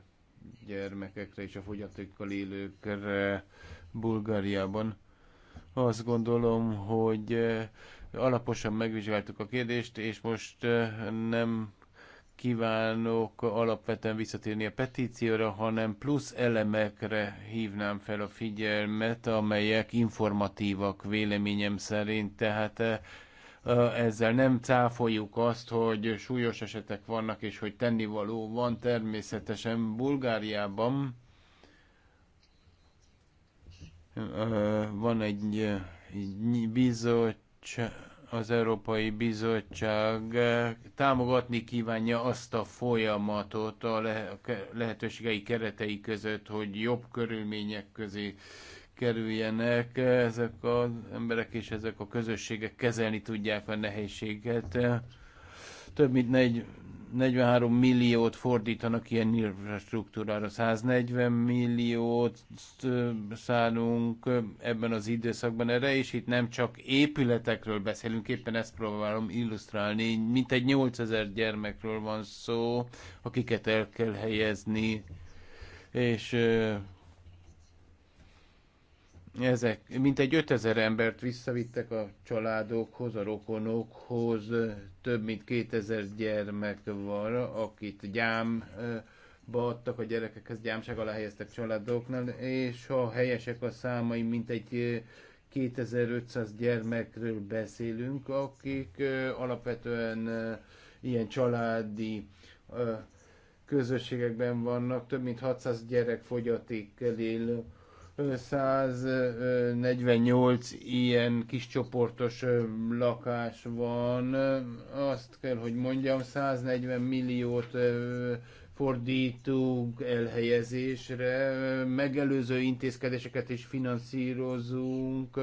gyermekekre és a fogyatékkal élőkre Bulgáriában. Azt gondolom, hogy alaposan megvizsgáltuk a kérdést, és most nem kívánok alapvetően visszatérni a petícióra, hanem plusz elemekre hívnám fel a figyelmet, amelyek informatívak véleményem szerint. Tehát eh, ezzel nem cáfoljuk azt, hogy súlyos esetek vannak, és hogy tennivaló van természetesen Bulgáriában. Eh, van egy eh, bizottság, az Európai Bizottság eh, támogatni kívánja azt a folyamatot a lehetőségei keretei között, hogy jobb körülmények közé kerüljenek ezek az emberek és ezek a közösségek kezelni tudják a nehézséget. Több mint 43 milliót fordítanak ilyen infrastruktúrára, 140 milliót szállunk ebben az időszakban erre, és itt nem csak épületekről beszélünk, éppen ezt próbálom illusztrálni, mint egy 8000 gyermekről van szó, akiket el kell helyezni, és ezek mint egy 5000 embert visszavittek a családokhoz, a rokonokhoz, több mint 2000 gyermek van, akit gyám adtak a gyerekekhez, gyámság alá helyeztek családoknál, és ha helyesek a számai, mint egy 2500 gyermekről beszélünk, akik alapvetően ilyen családi közösségekben vannak, több mint 600 gyerek fogyatékkel él, 148 ilyen kis csoportos lakás van. Azt kell, hogy mondjam, 140 milliót fordítunk elhelyezésre, megelőző intézkedéseket is finanszírozunk,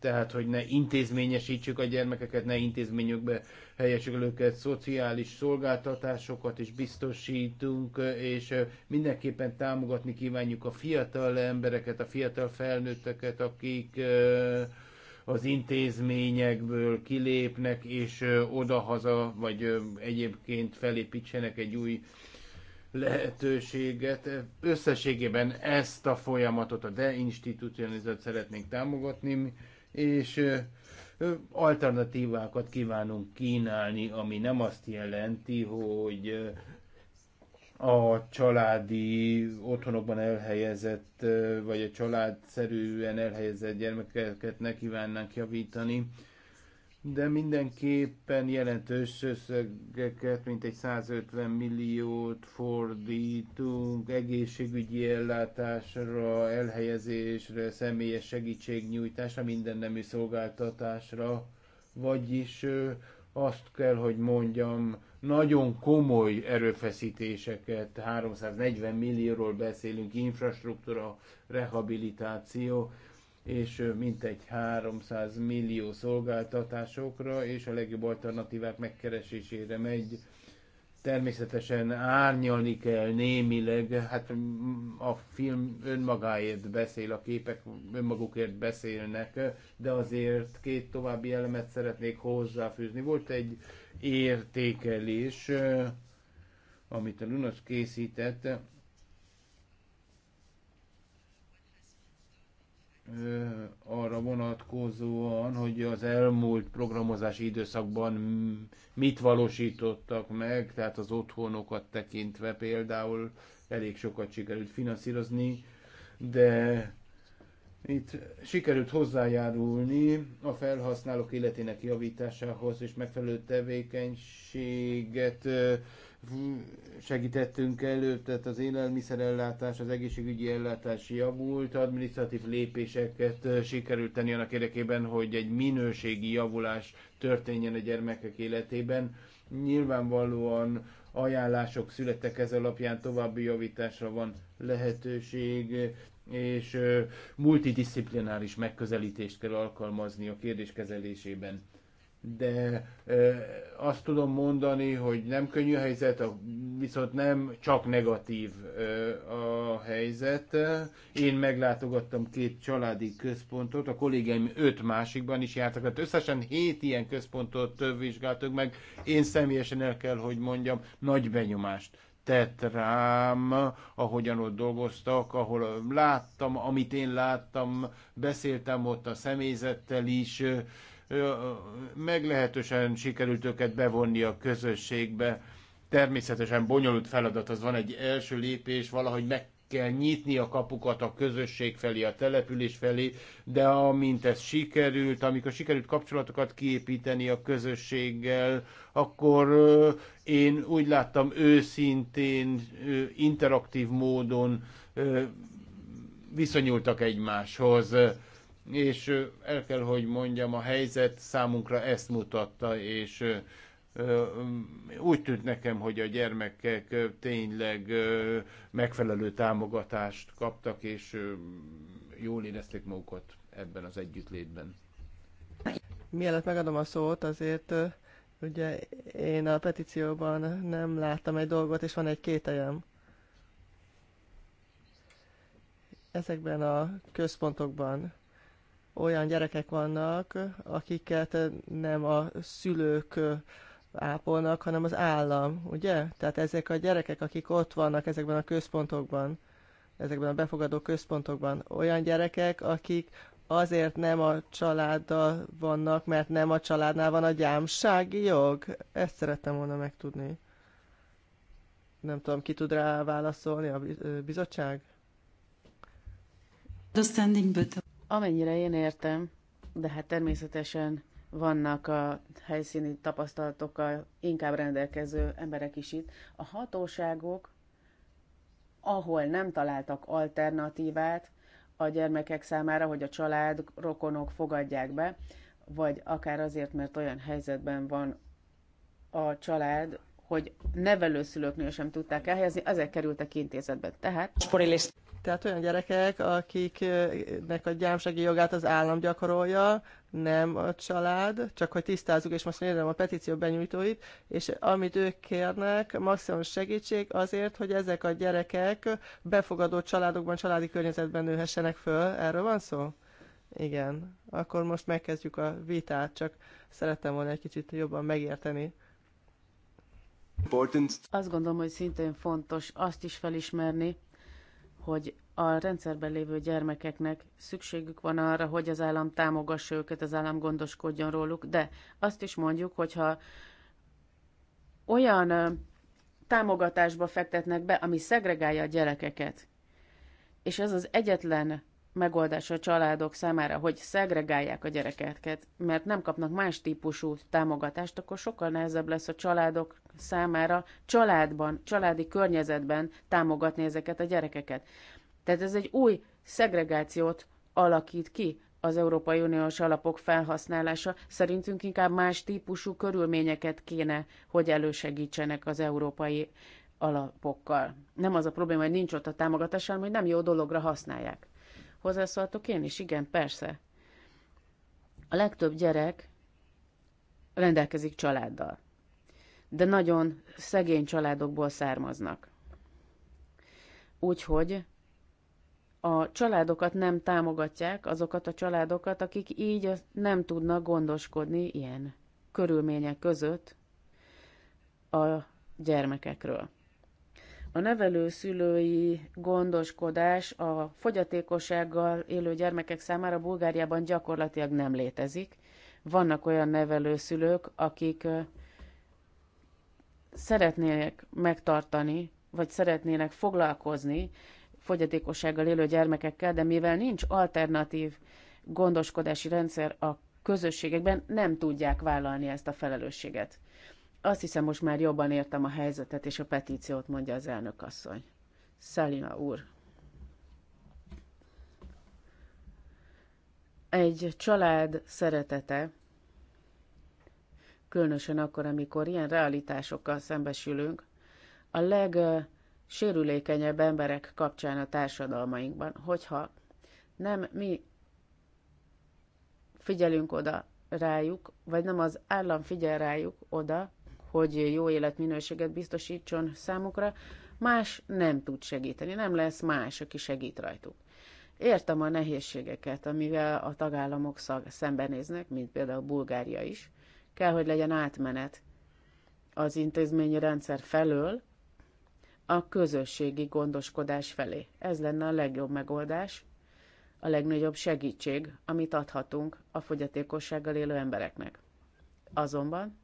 tehát hogy ne intézményesítsük a gyermekeket, ne intézményükbe helyesük őket, szociális szolgáltatásokat is biztosítunk, és mindenképpen támogatni kívánjuk a fiatal embereket, a fiatal felnőtteket, akik az intézményekből kilépnek, és odahaza, vagy egyébként felépítsenek egy új lehetőséget. Összességében ezt a folyamatot, a deinstitucionalizat szeretnénk támogatni és alternatívákat kívánunk kínálni, ami nem azt jelenti, hogy a családi otthonokban elhelyezett, vagy a családszerűen elhelyezett gyermekeket ne kívánnánk javítani, de mindenképpen jelentős összegeket, mint egy 150 milliót fordítunk egészségügyi ellátásra, elhelyezésre, személyes segítségnyújtásra, minden nemű szolgáltatásra, vagyis azt kell, hogy mondjam, nagyon komoly erőfeszítéseket, 340 millióról beszélünk, infrastruktúra, rehabilitáció, és mintegy 300 millió szolgáltatásokra és a legjobb alternatívák megkeresésére megy. Természetesen árnyalni kell némileg, hát a film önmagáért beszél, a képek önmagukért beszélnek, de azért két további elemet szeretnék hozzáfűzni. Volt egy értékelés, amit a Lunas készített, arra vonatkozóan, hogy az elmúlt programozási időszakban mit valósítottak meg, tehát az otthonokat tekintve például elég sokat sikerült finanszírozni, de itt sikerült hozzájárulni a felhasználók életének javításához és megfelelő tevékenységet segítettünk elő, tehát az élelmiszerellátás, az egészségügyi ellátás javult, administratív lépéseket sikerült tenni annak érdekében, hogy egy minőségi javulás történjen a gyermekek életében. Nyilvánvalóan ajánlások születtek ez alapján, további javításra van lehetőség, és multidisziplináris megközelítést kell alkalmazni a kérdés kezelésében de azt tudom mondani, hogy nem könnyű a helyzet, viszont nem csak negatív a helyzet. Én meglátogattam két családi központot, a kollégáim öt másikban is jártak, tehát összesen hét ilyen központot vizsgáltuk meg. Én személyesen el kell, hogy mondjam, nagy benyomást tett rám, ahogyan ott dolgoztak, ahol láttam, amit én láttam, beszéltem ott a személyzettel is, meglehetősen sikerült őket bevonni a közösségbe. Természetesen bonyolult feladat az van egy első lépés, valahogy meg kell nyitni a kapukat a közösség felé, a település felé, de amint ez sikerült, amikor sikerült kapcsolatokat kiépíteni a közösséggel, akkor én úgy láttam őszintén, interaktív módon viszonyultak egymáshoz és el kell, hogy mondjam, a helyzet számunkra ezt mutatta, és úgy tűnt nekem, hogy a gyermekek tényleg megfelelő támogatást kaptak, és jól érezték magukat ebben az együttlétben. Mielőtt megadom a szót, azért ugye én a petícióban nem láttam egy dolgot, és van egy kételjem. Ezekben a központokban olyan gyerekek vannak, akiket nem a szülők ápolnak, hanem az állam, ugye? Tehát ezek a gyerekek, akik ott vannak ezekben a központokban, ezekben a befogadó központokban, olyan gyerekek, akik azért nem a családdal vannak, mert nem a családnál van a gyámsági jog? Ezt szerettem volna megtudni. Nem tudom, ki tud rá válaszolni a bizottság? standing button. Amennyire én értem, de hát természetesen vannak a helyszíni tapasztalatokkal inkább rendelkező emberek is itt. A hatóságok, ahol nem találtak alternatívát a gyermekek számára, hogy a család, rokonok fogadják be, vagy akár azért, mert olyan helyzetben van a család, hogy nevelőszülőknél sem tudták elhelyezni, ezek kerültek intézetbe. Tehát... Tehát olyan gyerekek, akiknek a gyámsági jogát az állam gyakorolja, nem a család, csak hogy tisztázzuk, és most nézem a petíció benyújtóit, és amit ők kérnek, maximum segítség azért, hogy ezek a gyerekek befogadó családokban, családi környezetben nőhessenek föl. Erről van szó? Igen. Akkor most megkezdjük a vitát, csak szerettem volna egy kicsit jobban megérteni. Azt gondolom, hogy szintén fontos azt is felismerni, hogy a rendszerben lévő gyermekeknek szükségük van arra, hogy az állam támogassa őket, az állam gondoskodjon róluk, de azt is mondjuk, hogyha olyan támogatásba fektetnek be, ami szegregálja a gyerekeket, és ez az egyetlen megoldás a családok számára, hogy szegregálják a gyerekeket, mert nem kapnak más típusú támogatást, akkor sokkal nehezebb lesz a családok számára családban, családi környezetben támogatni ezeket a gyerekeket. Tehát ez egy új szegregációt alakít ki az Európai Uniós alapok felhasználása. Szerintünk inkább más típusú körülményeket kéne, hogy elősegítsenek az európai alapokkal. Nem az a probléma, hogy nincs ott a támogatás, hanem hogy nem jó dologra használják. Hozzászóltok én is? Igen, persze. A legtöbb gyerek rendelkezik családdal, de nagyon szegény családokból származnak. Úgyhogy a családokat nem támogatják, azokat a családokat, akik így nem tudnak gondoskodni ilyen körülmények között a gyermekekről. A nevelőszülői gondoskodás a fogyatékossággal élő gyermekek számára Bulgáriában gyakorlatilag nem létezik. Vannak olyan nevelőszülők, akik szeretnének megtartani, vagy szeretnének foglalkozni fogyatékossággal élő gyermekekkel, de mivel nincs alternatív gondoskodási rendszer a közösségekben, nem tudják vállalni ezt a felelősséget. Azt hiszem, most már jobban értem a helyzetet és a petíciót, mondja az elnök asszony. Szalina úr. Egy család szeretete, különösen akkor, amikor ilyen realitásokkal szembesülünk, a legsérülékenyebb emberek kapcsán a társadalmainkban, hogyha nem mi figyelünk oda rájuk, vagy nem az állam figyel rájuk oda, hogy jó életminőséget biztosítson számukra, más nem tud segíteni, nem lesz más, aki segít rajtuk. Értem a nehézségeket, amivel a tagállamok szag szembenéznek, mint például Bulgária is. Kell, hogy legyen átmenet az intézményi rendszer felől a közösségi gondoskodás felé. Ez lenne a legjobb megoldás, a legnagyobb segítség, amit adhatunk a fogyatékossággal élő embereknek. Azonban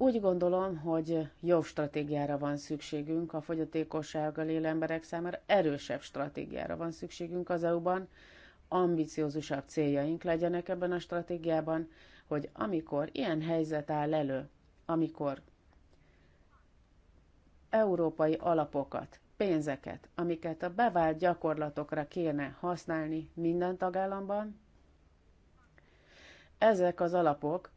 úgy gondolom, hogy jobb stratégiára van szükségünk a fogyatékossággal élő emberek számára, erősebb stratégiára van szükségünk az EU-ban, ambiciózusabb céljaink legyenek ebben a stratégiában, hogy amikor ilyen helyzet áll elő, amikor európai alapokat, pénzeket, amiket a bevált gyakorlatokra kéne használni minden tagállamban, ezek az alapok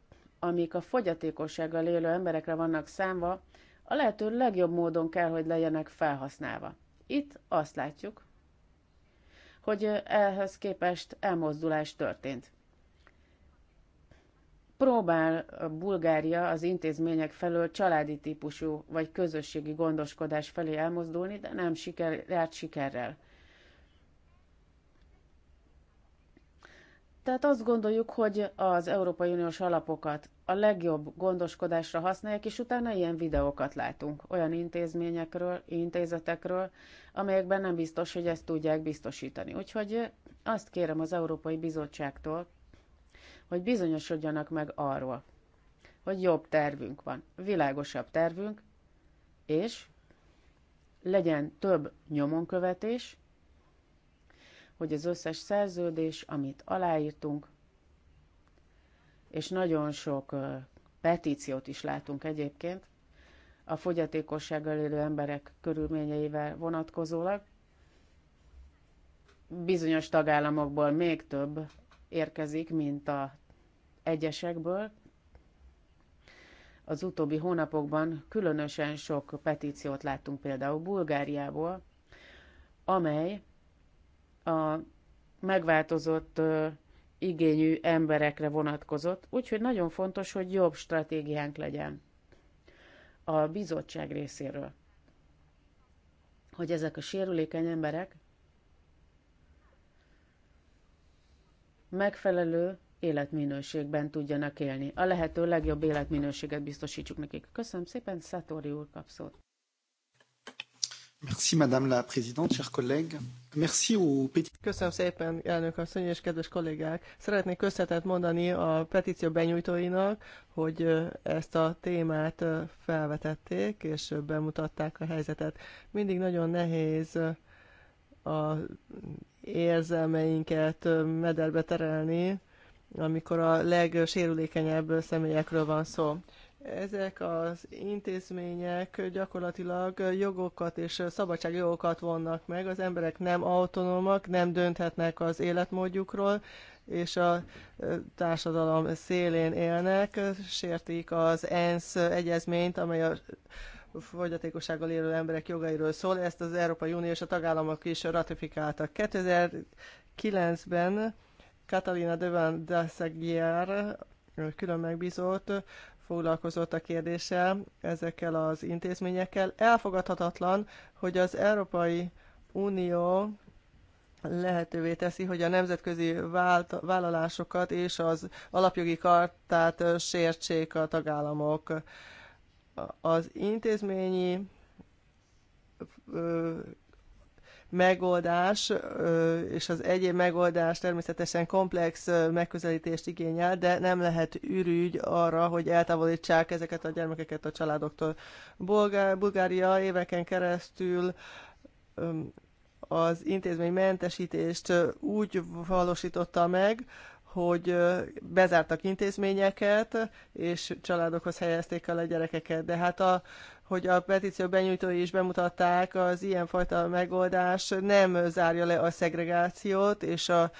amik a fogyatékossággal élő emberekre vannak számva, a lehető legjobb módon kell, hogy legyenek felhasználva. Itt azt látjuk, hogy ehhez képest elmozdulás történt. Próbál Bulgária az intézmények felől családi típusú vagy közösségi gondoskodás felé elmozdulni, de nem siker, járt sikerrel. Tehát azt gondoljuk, hogy az Európai Uniós alapokat a legjobb gondoskodásra használják, és utána ilyen videókat látunk olyan intézményekről, intézetekről, amelyekben nem biztos, hogy ezt tudják biztosítani. Úgyhogy azt kérem az Európai Bizottságtól, hogy bizonyosodjanak meg arról, hogy jobb tervünk van, világosabb tervünk, és legyen több nyomonkövetés, hogy az összes szerződés, amit aláírtunk, és nagyon sok petíciót is látunk egyébként, a fogyatékossággal élő emberek körülményeivel vonatkozólag. Bizonyos tagállamokból még több érkezik, mint a egyesekből. Az utóbbi hónapokban különösen sok petíciót láttunk például Bulgáriából, amely a megváltozott igényű emberekre vonatkozott, úgyhogy nagyon fontos, hogy jobb stratégiánk legyen a bizottság részéről, hogy ezek a sérülékeny emberek megfelelő életminőségben tudjanak élni. A lehető legjobb életminőséget biztosítsuk nekik. Köszönöm szépen, Szatóri úr kapszót. Merci, Madame la Présidente, chers collègues. Merci Köszönöm szépen, elnök asszony és kedves kollégák! Szeretnék köszönetet mondani a petíció benyújtóinak, hogy ezt a témát felvetették és bemutatták a helyzetet. Mindig nagyon nehéz a érzelmeinket mederbe terelni, amikor a legsérülékenyebb személyekről van szó ezek az intézmények gyakorlatilag jogokat és szabadságjogokat vonnak meg, az emberek nem autonómak, nem dönthetnek az életmódjukról, és a társadalom szélén élnek, sértik az ENSZ egyezményt, amely a fogyatékossággal élő emberek jogairól szól, ezt az Európai Unió és a tagállamok is ratifikáltak. 2009-ben Catalina de Van külön megbízott foglalkozott a kérdéssel, ezekkel az intézményekkel. Elfogadhatatlan, hogy az Európai Unió lehetővé teszi, hogy a nemzetközi vállalásokat és az alapjogi kartát sértsék a tagállamok. Az intézményi megoldás, és az egyéb megoldás természetesen komplex megközelítést igényel, de nem lehet ürügy arra, hogy eltávolítsák ezeket a gyermekeket a családoktól. Bulgá- Bulgária éveken keresztül az intézmény mentesítést úgy valósította meg, hogy bezártak intézményeket, és családokhoz helyezték el a gyerekeket. De hát a hogy a petíció benyújtói is bemutatták, az ilyenfajta megoldás nem zárja le a szegregációt, és a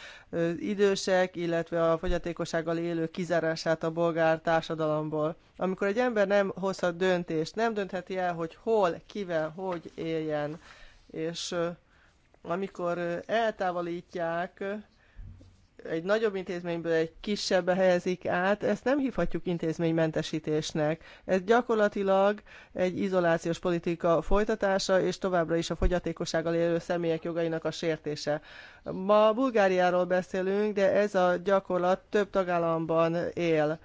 idősek, illetve a fogyatékossággal élő kizárását a bolgár társadalomból. Amikor egy ember nem hozhat döntést, nem döntheti el, hogy hol, kivel, hogy éljen, és amikor eltávolítják egy nagyobb intézményből egy kisebbbe helyezik át, ezt nem hívhatjuk intézménymentesítésnek. Ez gyakorlatilag egy izolációs politika folytatása, és továbbra is a fogyatékossággal élő személyek jogainak a sértése. Ma Bulgáriáról beszélünk, de ez a gyakorlat több tagállamban él.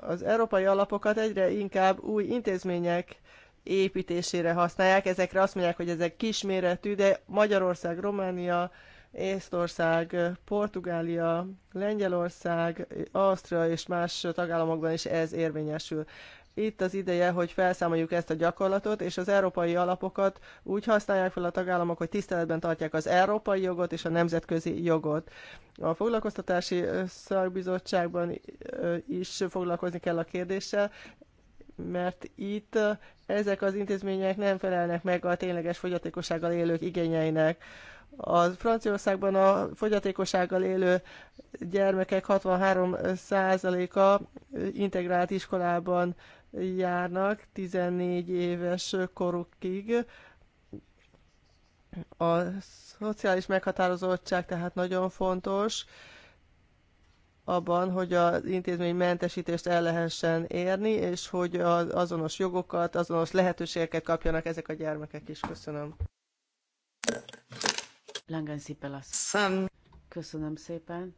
Az európai alapokat egyre inkább új intézmények építésére használják. Ezekre azt mondják, hogy ezek kisméretű, de Magyarország, Románia, Észtország, Portugália, Lengyelország, Ausztria és más tagállamokban is ez érvényesül. Itt az ideje, hogy felszámoljuk ezt a gyakorlatot, és az európai alapokat úgy használják fel a tagállamok, hogy tiszteletben tartják az európai jogot és a nemzetközi jogot. A foglalkoztatási szakbizottságban is foglalkozni kell a kérdéssel, mert itt ezek az intézmények nem felelnek meg a tényleges fogyatékossággal élők igényeinek a Franciaországban a fogyatékossággal élő gyermekek 63%-a integrált iskolában járnak 14 éves korukig. A szociális meghatározottság tehát nagyon fontos abban, hogy az intézmény mentesítést el lehessen érni, és hogy az azonos jogokat, azonos lehetőségeket kapjanak ezek a gyermekek is. Köszönöm. Langenszipel Köszönöm szépen.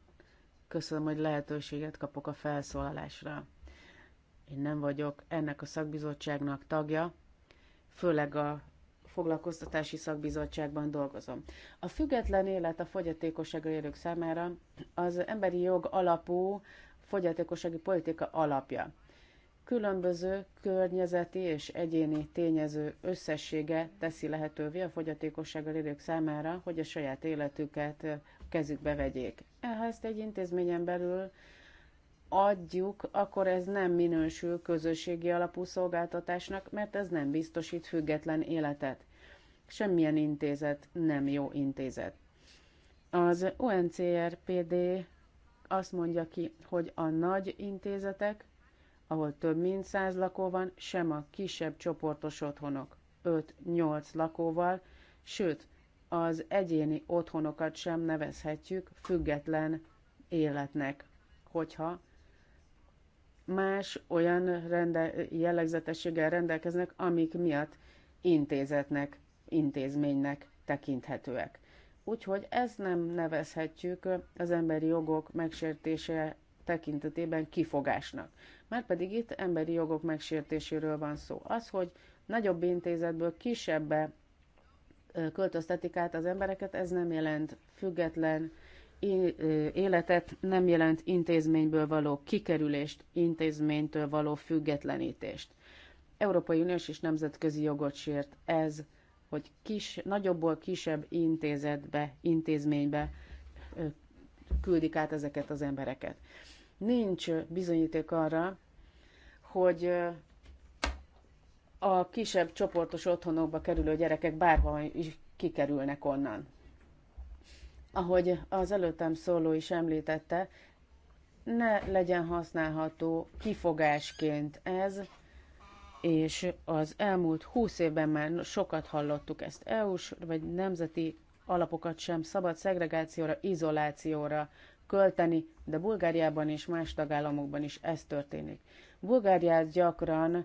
Köszönöm, hogy lehetőséget kapok a felszólalásra. Én nem vagyok ennek a szakbizottságnak tagja, főleg a foglalkoztatási szakbizottságban dolgozom. A független élet a fogyatékossággal élők számára az emberi jog alapú fogyatékossági politika alapja különböző környezeti és egyéni tényező összessége teszi lehetővé a fogyatékossággal élők számára, hogy a saját életüket kezükbe vegyék. Ha ezt egy intézményen belül adjuk, akkor ez nem minősül közösségi alapú szolgáltatásnak, mert ez nem biztosít független életet. Semmilyen intézet nem jó intézet. Az UNCRPD azt mondja ki, hogy a nagy intézetek ahol több mint száz lakó van, sem a kisebb csoportos otthonok 5-8 lakóval, sőt, az egyéni otthonokat sem nevezhetjük független életnek, hogyha más olyan rende, jellegzetességgel rendelkeznek, amik miatt intézetnek, intézménynek tekinthetőek. Úgyhogy ezt nem nevezhetjük az emberi jogok megsértése tekintetében kifogásnak. Márpedig itt emberi jogok megsértéséről van szó. Az, hogy nagyobb intézetből kisebbbe költöztetik át az embereket, ez nem jelent független életet, nem jelent intézményből való kikerülést, intézménytől való függetlenítést. Európai Uniós és nemzetközi jogot sért ez, hogy kis, nagyobbból kisebb intézetbe, intézménybe küldik át ezeket az embereket. Nincs bizonyíték arra, hogy a kisebb csoportos otthonokba kerülő gyerekek bárhol is kikerülnek onnan. Ahogy az előttem szóló is említette, ne legyen használható kifogásként ez, és az elmúlt húsz évben már sokat hallottuk ezt. EU-s vagy nemzeti alapokat sem szabad szegregációra, izolációra költeni, de Bulgáriában és más tagállamokban is ez történik. Bulgáriát gyakran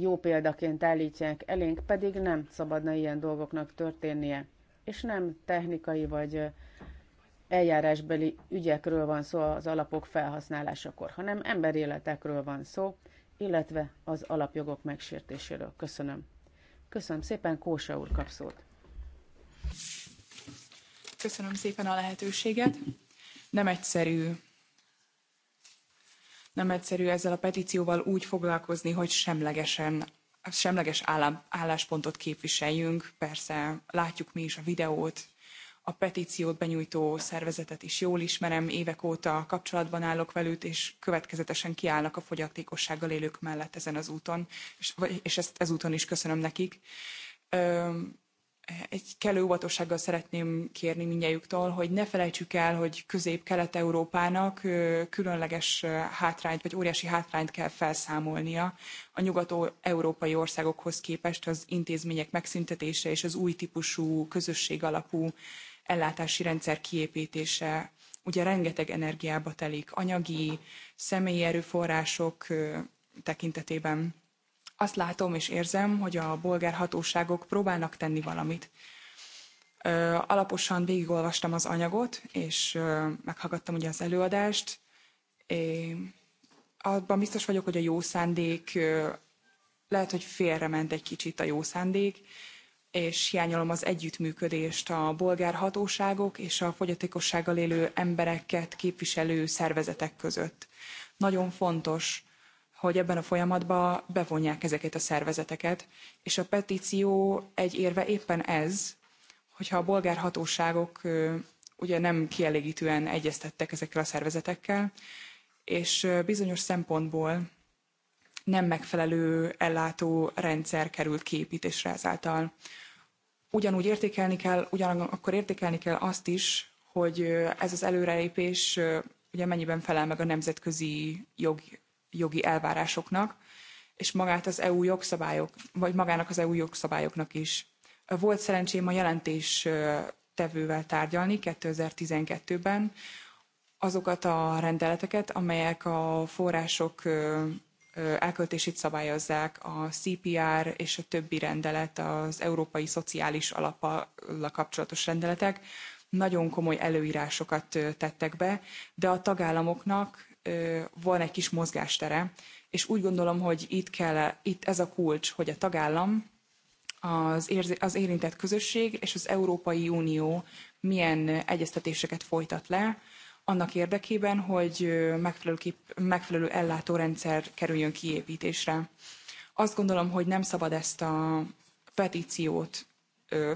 jó példaként állítják elénk, pedig nem szabadna ilyen dolgoknak történnie. És nem technikai vagy eljárásbeli ügyekről van szó az alapok felhasználásakor, hanem emberéletekről van szó, illetve az alapjogok megsértéséről. Köszönöm. Köszönöm szépen, Kósa úr kap szót. Köszönöm szépen a lehetőséget. Nem egyszerű nem egyszerű ezzel a petícióval úgy foglalkozni, hogy semlegesen semleges álláspontot képviseljünk. Persze látjuk mi is a videót, a petíciót benyújtó szervezetet is jól ismerem, évek óta kapcsolatban állok velük, és következetesen kiállnak a fogyatékossággal élők mellett ezen az úton, és, és ezt ezúton is köszönöm nekik. Ö, egy kellő óvatossággal szeretném kérni mindjegyüktől, hogy ne felejtsük el, hogy közép-kelet-európának különleges hátrányt, vagy óriási hátrányt kell felszámolnia a nyugat-európai országokhoz képest az intézmények megszüntetése és az új típusú közösség alapú ellátási rendszer kiépítése ugye rengeteg energiába telik anyagi, személyi erőforrások tekintetében azt látom és érzem, hogy a bolgár hatóságok próbálnak tenni valamit. Alaposan végigolvastam az anyagot, és meghallgattam ugye az előadást. É, abban biztos vagyok, hogy a jó szándék lehet, hogy félrement egy kicsit a jó szándék, és hiányolom az együttműködést a bolgár hatóságok és a fogyatékossággal élő embereket képviselő szervezetek között. Nagyon fontos, hogy ebben a folyamatban bevonják ezeket a szervezeteket, és a petíció egy érve éppen ez, hogyha a bolgár hatóságok ugye nem kielégítően egyeztettek ezekkel a szervezetekkel, és bizonyos szempontból nem megfelelő ellátó rendszer került kiépítésre ezáltal. Ugyanúgy értékelni kell, ugyanakkor értékelni kell azt is, hogy ez az előrelépés ugye mennyiben felel meg a nemzetközi jog jogi elvárásoknak, és magát az EU jogszabályok, vagy magának az EU jogszabályoknak is. Volt szerencsém a jelentés tevővel tárgyalni 2012-ben azokat a rendeleteket, amelyek a források elköltését szabályozzák, a CPR és a többi rendelet, az Európai Szociális Alappal kapcsolatos rendeletek nagyon komoly előírásokat tettek be, de a tagállamoknak van egy kis mozgástere, és úgy gondolom, hogy itt, kell, itt ez a kulcs, hogy a tagállam, az, érz az érintett közösség és az Európai Unió milyen egyeztetéseket folytat le, annak érdekében, hogy megfelelő, kép, megfelelő ellátórendszer kerüljön kiépítésre. Azt gondolom, hogy nem szabad ezt a petíciót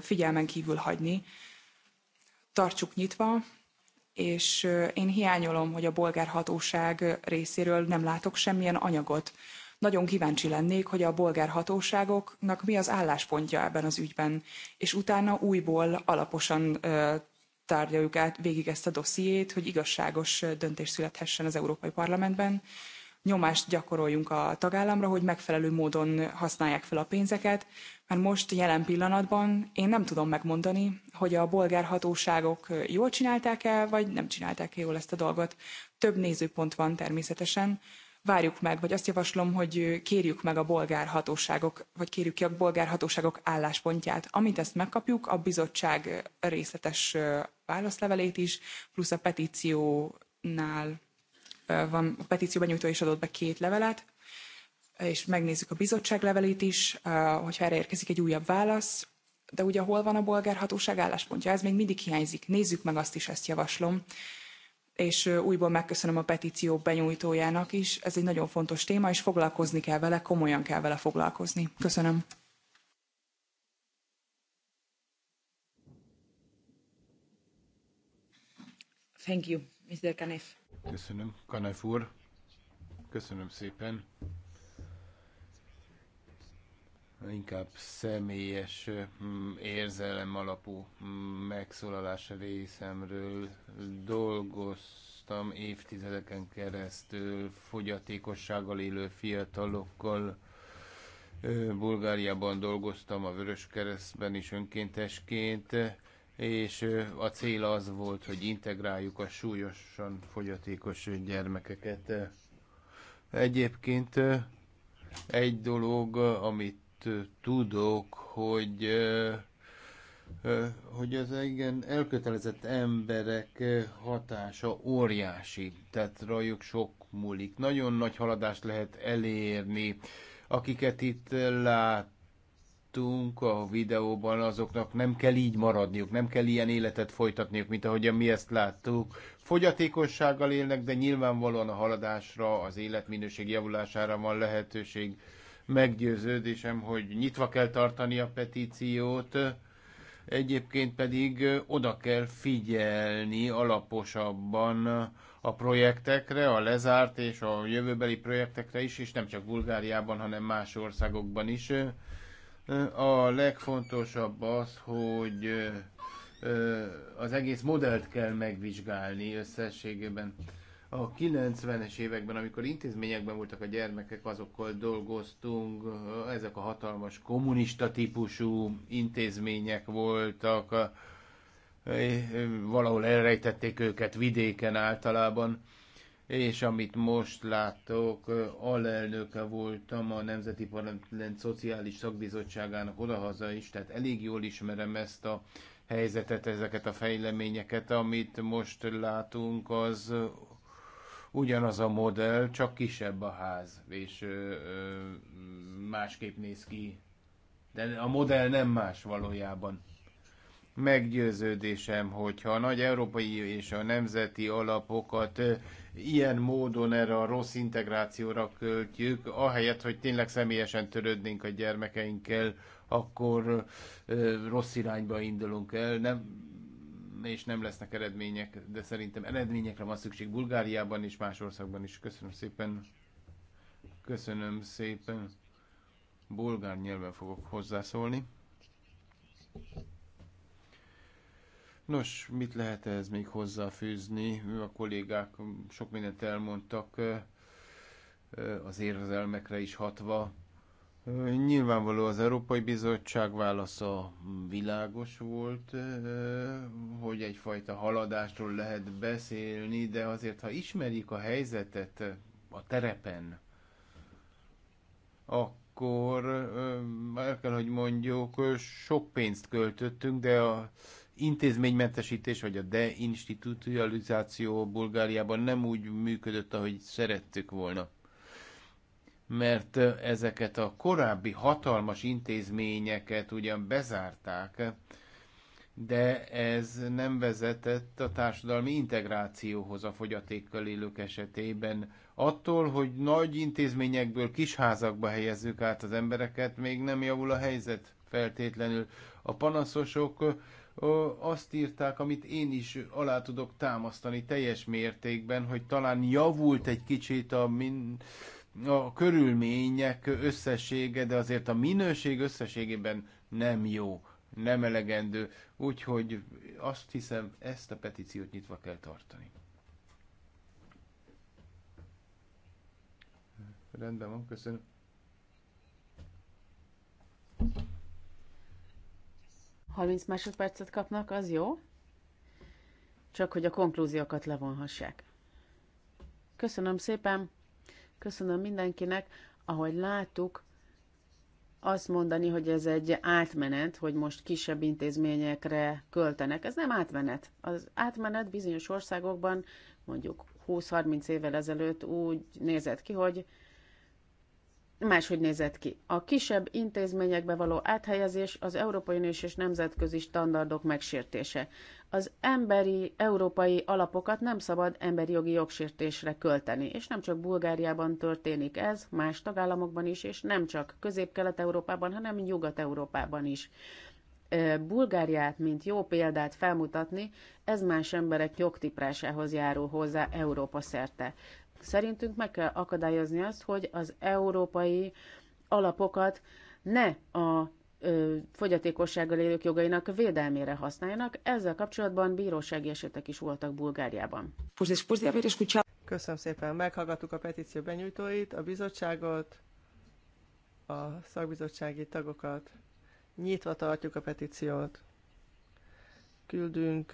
figyelmen kívül hagyni. Tartsuk nyitva, és én hiányolom, hogy a bolgár hatóság részéről nem látok semmilyen anyagot. Nagyon kíváncsi lennék, hogy a bolgár hatóságoknak mi az álláspontja ebben az ügyben, és utána újból alaposan tárgyaljuk át végig ezt a dossziét, hogy igazságos döntés születhessen az Európai Parlamentben, nyomást gyakoroljunk a tagállamra, hogy megfelelő módon használják fel a pénzeket, mert most jelen pillanatban én nem tudom megmondani, hogy a bolgár hatóságok jól csinálták-e, vagy nem csinálták-e jól ezt a dolgot. Több nézőpont van természetesen, várjuk meg, vagy azt javaslom, hogy kérjük meg a bolgár hatóságok, vagy kérjük ki a bolgár hatóságok álláspontját. Amint ezt megkapjuk, a bizottság részletes válaszlevelét is, plusz a petíciónál van, a petíció benyújtó is adott be két levelet, és megnézzük a bizottság levelét is, hogyha erre érkezik egy újabb válasz, de ugye hol van a bolgár hatóság álláspontja? Ez még mindig hiányzik. Nézzük meg azt is, ezt javaslom. És újból megköszönöm a petíció benyújtójának is. Ez egy nagyon fontos téma, és foglalkozni kell vele, komolyan kell vele foglalkozni. Köszönöm. Thank you, Mr. Canef. Köszönöm, Kanef úr. Köszönöm szépen. Inkább személyes mm, érzelem alapú mm, megszólalás részemről dolgoztam évtizedeken keresztül fogyatékossággal élő fiatalokkal. Bulgáriában dolgoztam, a Vöröskeresztben is önkéntesként és a cél az volt, hogy integráljuk a súlyosan fogyatékos gyermekeket. Egyébként egy dolog, amit tudok, hogy hogy az igen elkötelezett emberek hatása óriási, tehát rajuk sok múlik. Nagyon nagy haladást lehet elérni, akiket itt lát, láttunk a videóban, azoknak nem kell így maradniuk, nem kell ilyen életet folytatniuk, mint ahogyan mi ezt láttuk. Fogyatékossággal élnek, de nyilvánvalóan a haladásra, az életminőség javulására van lehetőség. Meggyőződésem, hogy nyitva kell tartani a petíciót, egyébként pedig oda kell figyelni alaposabban a projektekre, a lezárt és a jövőbeli projektekre is, és nem csak Bulgáriában, hanem más országokban is. A legfontosabb az, hogy az egész modellt kell megvizsgálni összességében. A 90-es években, amikor intézményekben voltak a gyermekek, azokkal dolgoztunk, ezek a hatalmas kommunista típusú intézmények voltak, valahol elrejtették őket vidéken általában és amit most látok, alelnöke voltam a Nemzeti Parlament Szociális Szakbizottságának odahaza is, tehát elég jól ismerem ezt a helyzetet, ezeket a fejleményeket, amit most látunk, az ugyanaz a modell, csak kisebb a ház, és másképp néz ki. De a modell nem más valójában meggyőződésem, hogyha a nagy európai és a nemzeti alapokat ilyen módon erre a rossz integrációra költjük, ahelyett, hogy tényleg személyesen törődnénk a gyermekeinkkel, akkor rossz irányba indulunk el, nem, és nem lesznek eredmények, de szerintem eredményekre van szükség Bulgáriában és más országban is. Köszönöm szépen. Köszönöm szépen. Bulgár nyelven fogok hozzászólni. Nos, mit lehet ez még hozzáfűzni? A kollégák sok mindent elmondtak, az érzelmekre is hatva. Nyilvánvaló az Európai Bizottság válasza világos volt, hogy egyfajta haladásról lehet beszélni, de azért, ha ismerik a helyzetet a terepen, akkor el kell, hogy mondjuk, sok pénzt költöttünk, de a intézménymentesítés vagy a deinstitucionalizáció Bulgáriában nem úgy működött, ahogy szerettük volna. Mert ezeket a korábbi hatalmas intézményeket ugyan bezárták, de ez nem vezetett a társadalmi integrációhoz a fogyatékkal élők esetében. Attól, hogy nagy intézményekből kisházakba helyezzük át az embereket, még nem javul a helyzet feltétlenül. A panaszosok azt írták, amit én is alá tudok támasztani teljes mértékben, hogy talán javult egy kicsit a, min, a körülmények összessége, de azért a minőség összességében nem jó, nem elegendő. Úgyhogy azt hiszem, ezt a petíciót nyitva kell tartani. Rendben van, köszönöm. 30 másodpercet kapnak, az jó. Csak hogy a konklúziókat levonhassák. Köszönöm szépen, köszönöm mindenkinek, ahogy láttuk, azt mondani, hogy ez egy átmenet, hogy most kisebb intézményekre költenek. Ez nem átmenet. Az átmenet bizonyos országokban mondjuk 20-30 évvel ezelőtt úgy nézett ki, hogy máshogy nézett ki. A kisebb intézményekbe való áthelyezés az európai nős és nemzetközi standardok megsértése. Az emberi, európai alapokat nem szabad emberi jogi jogsértésre költeni, és nem csak Bulgáriában történik ez, más tagállamokban is, és nem csak Közép-Kelet-Európában, hanem Nyugat-Európában is. Bulgáriát, mint jó példát felmutatni, ez más emberek jogtiprásához járul hozzá Európa szerte. Szerintünk meg kell akadályozni azt, hogy az európai alapokat ne a ö, fogyatékossággal élők jogainak védelmére használjanak. Ezzel kapcsolatban bírósági esetek is voltak Bulgáriában. Köszönöm szépen, meghallgattuk a petíció benyújtóit, a bizottságot, a szakbizottsági tagokat. Nyitva tartjuk a petíciót. Küldünk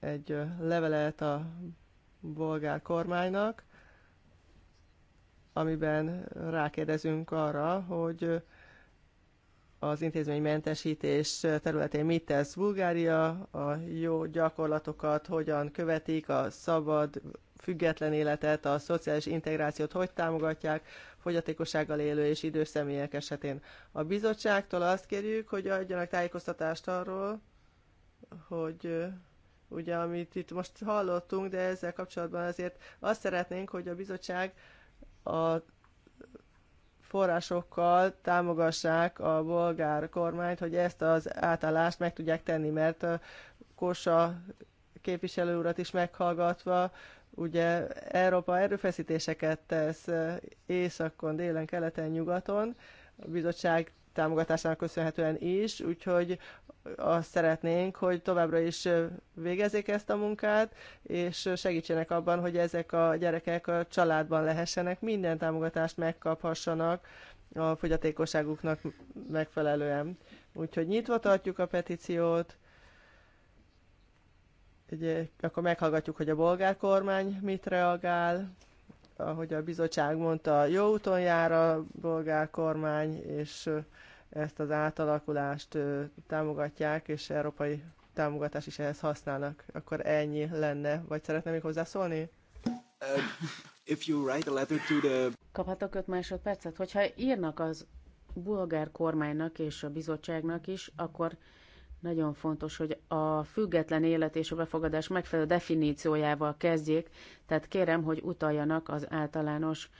egy levelet a bolgár kormánynak, amiben rákérdezünk arra, hogy az intézménymentesítés területén mit tesz Bulgária, a jó gyakorlatokat hogyan követik, a szabad, független életet, a szociális integrációt hogy támogatják, fogyatékossággal élő és idős személyek esetén. A bizottságtól azt kérjük, hogy adjanak tájékoztatást arról, hogy ugye, amit itt most hallottunk, de ezzel kapcsolatban azért azt szeretnénk, hogy a bizottság a forrásokkal támogassák a bolgár kormányt, hogy ezt az átállást meg tudják tenni, mert Kosa képviselő urat is meghallgatva, ugye Európa erőfeszítéseket tesz északon, délen, keleten, nyugaton, a bizottság támogatásának köszönhetően is, úgyhogy azt szeretnénk, hogy továbbra is végezzék ezt a munkát, és segítsenek abban, hogy ezek a gyerekek a családban lehessenek, minden támogatást megkaphassanak a fogyatékosságuknak megfelelően. Úgyhogy nyitva tartjuk a petíciót, Ugye, akkor meghallgatjuk, hogy a bolgár kormány mit reagál ahogy a bizottság mondta, jó úton jár a bolgár kormány, és ezt az átalakulást támogatják, és európai támogatás is ehhez használnak. Akkor ennyi lenne. Vagy szeretne még hozzászólni? Uh, if you write a letter to the... Kaphatok öt másodpercet? Hogyha írnak az bulgár kormánynak és a bizottságnak is, akkor nagyon fontos, hogy a független élet és a befogadás megfelelő definíciójával kezdjék, tehát kérem, hogy utaljanak az általános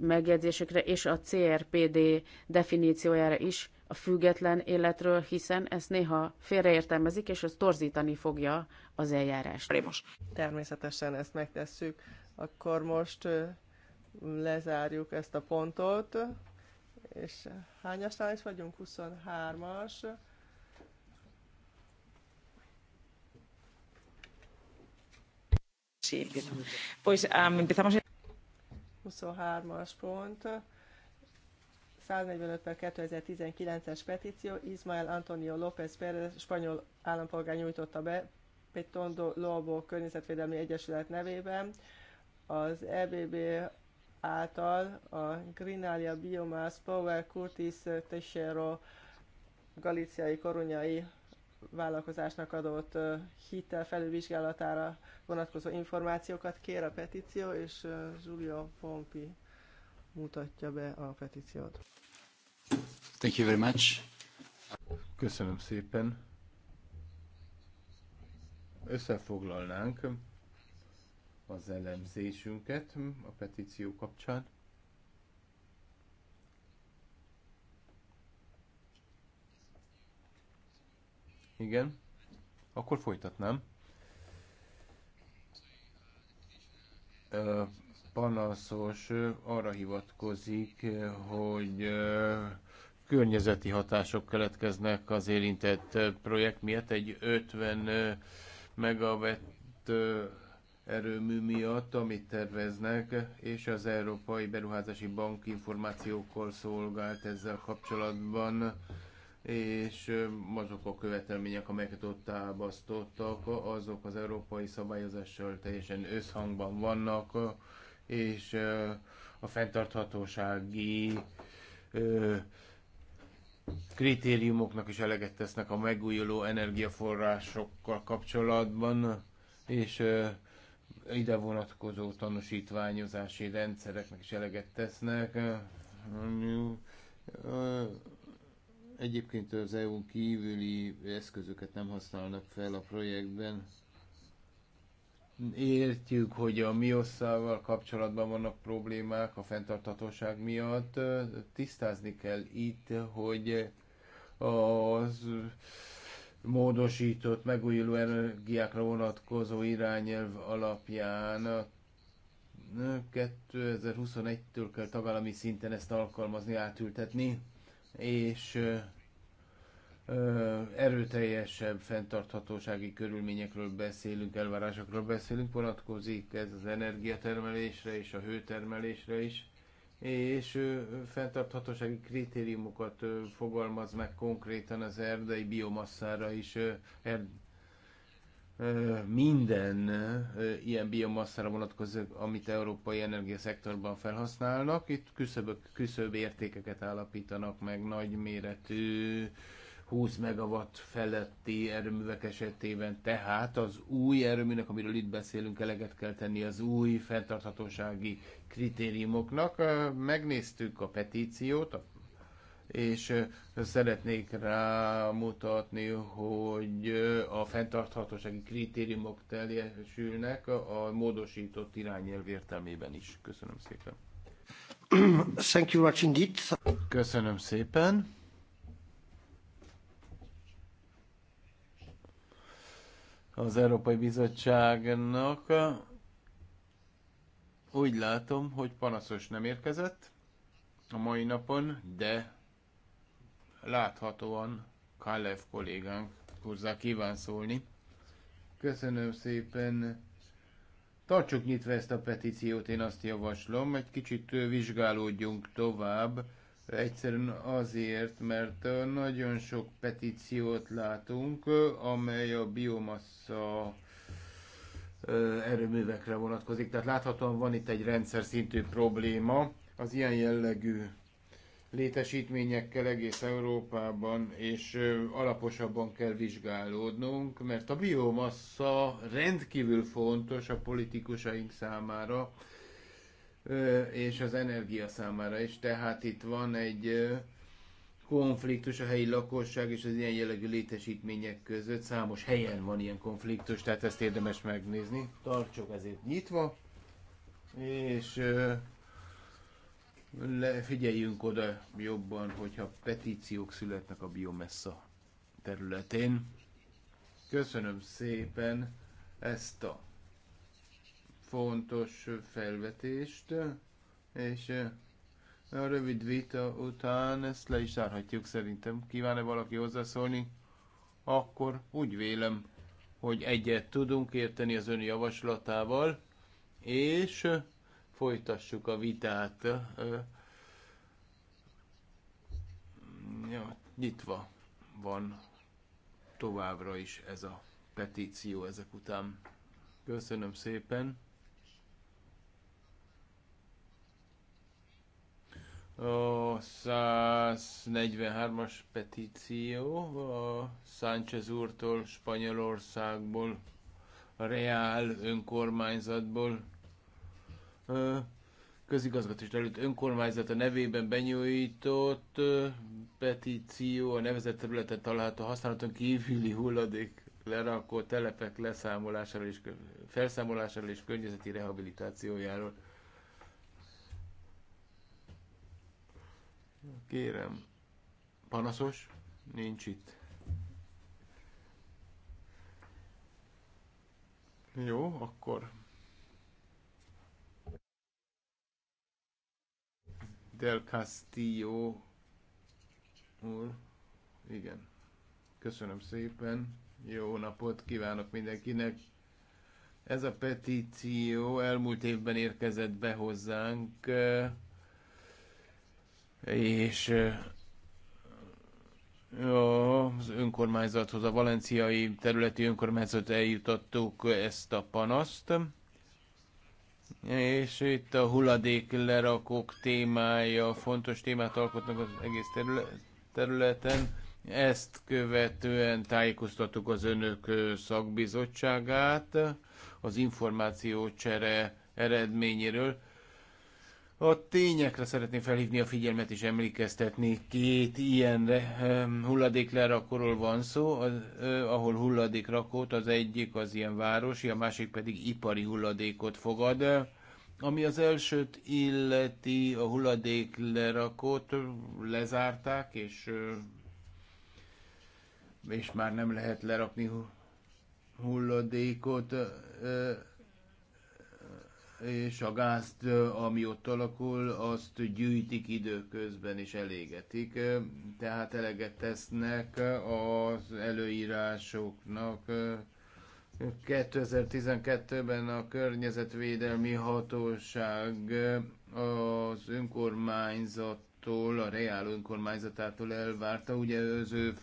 megjegyzésekre és a CRPD definíciójára is a független életről, hiszen ezt néha félreértelmezik, és az torzítani fogja az eljárást. Természetesen ezt megtesszük. Akkor most lezárjuk ezt a pontot, és hányasnál is vagyunk? 23-as. Sí, empiezo. Ah, empezamos... 23-as pont. 145 per 2019-es petíció, Ismael Antonio López Pérez, spanyol állampolgár nyújtotta be Petondo Lobo Környezetvédelmi Egyesület nevében az EBB által a Greenalia Biomass Power Curtis Teixeiro galiciai koronyai vállalkozásnak adott hitel felülvizsgálatára vonatkozó információkat kér a petíció, és Giulio Pompi mutatja be a petíciót. Thank you very much. Köszönöm szépen. Összefoglalnánk az elemzésünket a petíció kapcsán. Igen. Akkor folytatnám. Panaszos arra hivatkozik, hogy környezeti hatások keletkeznek az érintett projekt miatt, egy 50 megawatt erőmű miatt, amit terveznek, és az Európai Beruházási Bank információkkal szolgált ezzel kapcsolatban és azok a követelmények, amelyeket ott tábasztottak, azok az európai szabályozással teljesen összhangban vannak, és a fenntarthatósági kritériumoknak is eleget tesznek a megújuló energiaforrásokkal kapcsolatban, és ide vonatkozó tanúsítványozási rendszereknek is eleget tesznek Egyébként az EU-n kívüli eszközöket nem használnak fel a projektben. Értjük, hogy a MIOSZ-szával kapcsolatban vannak problémák a fenntarthatóság miatt. Tisztázni kell itt, hogy az módosított megújuló energiákra vonatkozó irányelv alapján a 2021-től kell tagállami szinten ezt alkalmazni, átültetni és erőteljesebb fenntarthatósági körülményekről beszélünk, elvárásokról beszélünk, vonatkozik ez az energiatermelésre és a hőtermelésre is, és fenntarthatósági kritériumokat fogalmaz meg konkrétan az erdei biomasszára is, minden ilyen biomasszára vonatkozó, amit európai energiaszektorban felhasználnak. Itt küszöbök, küszöb értékeket állapítanak meg nagyméretű 20 megawatt feletti erőművek esetében, tehát az új erőműnek, amiről itt beszélünk, eleget kell tenni az új fenntarthatósági kritériumoknak. Megnéztük a petíciót, a és szeretnék rámutatni, hogy a fenntarthatósági kritériumok teljesülnek a módosított irányelv értelmében is. Köszönöm szépen. Thank you much indeed. Köszönöm szépen. Az Európai Bizottságnak úgy látom, hogy panaszos nem érkezett a mai napon, de láthatóan Kalev kollégánk hozzá kíván szólni. Köszönöm szépen. Tartsuk nyitva ezt a petíciót, én azt javaslom, egy kicsit vizsgálódjunk tovább, egyszerűen azért, mert nagyon sok petíciót látunk, amely a biomassa erőművekre vonatkozik. Tehát láthatóan van itt egy rendszer szintű probléma. Az ilyen jellegű létesítményekkel egész Európában, és alaposabban kell vizsgálódnunk, mert a biomassa rendkívül fontos a politikusaink számára, és az energia számára is. Tehát itt van egy konfliktus a helyi lakosság és az ilyen jellegű létesítmények között. Számos helyen van ilyen konfliktus, tehát ezt érdemes megnézni. Tartsuk ezért nyitva, és le, figyeljünk oda jobban, hogyha petíciók születnek a biomessa területén. Köszönöm szépen ezt a fontos felvetést, és a rövid vita után ezt le is zárhatjuk szerintem. Kíván-e valaki hozzászólni? Akkor úgy vélem, hogy egyet tudunk érteni az ön javaslatával, és folytassuk a vitát. Ja, nyitva van továbbra is ez a petíció ezek után. Köszönöm szépen. A 143-as petíció a Sánchez úrtól Spanyolországból, a Reál önkormányzatból közigazgatás előtt önkormányzata nevében benyújtott petíció a nevezett területen található használaton kívüli hulladék lerakó telepek leszámolásáról és felszámolásáról és környezeti rehabilitációjáról. Kérem, panaszos? Nincs itt. Jó, akkor Del Castillo úr. Igen. Köszönöm szépen. Jó napot kívánok mindenkinek. Ez a petíció elmúlt évben érkezett be hozzánk, és az önkormányzathoz, a valenciai területi önkormányzat eljutottuk ezt a panaszt és itt a hulladék lerakók témája fontos témát alkotnak az egész területen. Ezt követően tájékoztattuk az önök szakbizottságát az információcsere eredményéről. A tényekre szeretném felhívni a figyelmet és emlékeztetni. Két ilyen ehm, hulladéklerakóról van szó, az, ahol hulladékrakót az egyik az ilyen városi, a másik pedig ipari hulladékot fogad. Ami az elsőt illeti, a hulladéklerakót lezárták, és, és már nem lehet lerakni hulladékot és a gázt, ami ott alakul, azt gyűjtik időközben és elégetik, tehát eleget tesznek az előírásoknak. 2012-ben a Környezetvédelmi Hatóság az önkormányzattól, a Reál önkormányzatától elvárta, ugye az ő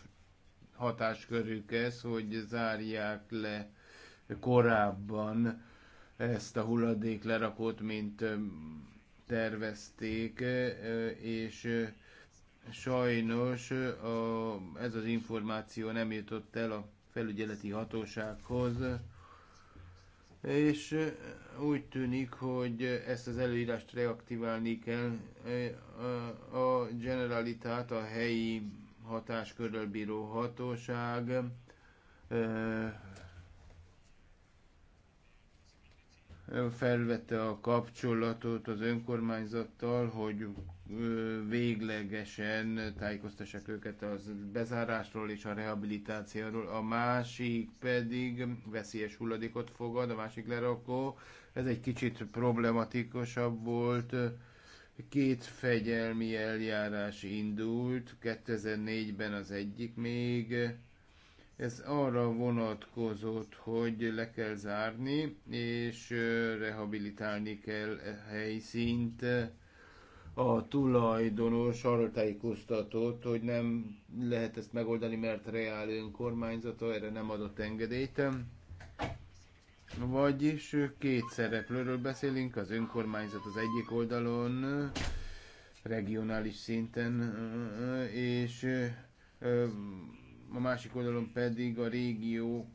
hatáskörük ez, hogy zárják le korábban ezt a hulladék lerakót, mint tervezték, és sajnos a, ez az információ nem jutott el a felügyeleti hatósághoz, és úgy tűnik, hogy ezt az előírást reaktiválni kell. A generalitát a helyi hatáskörrel bíró hatóság felvette a kapcsolatot az önkormányzattal, hogy véglegesen tájékoztassák őket a bezárásról és a rehabilitációról. A másik pedig veszélyes hulladékot fogad, a másik lerakó. Ez egy kicsit problematikusabb volt. Két fegyelmi eljárás indult, 2004-ben az egyik még, ez arra vonatkozott, hogy le kell zárni, és rehabilitálni kell a e helyszínt. A tulajdonos arra tájékoztatott, hogy nem lehet ezt megoldani, mert reál önkormányzata erre nem adott engedélyt. Vagyis két szereplőről beszélünk, az önkormányzat az egyik oldalon, regionális szinten, és a másik oldalon pedig a régió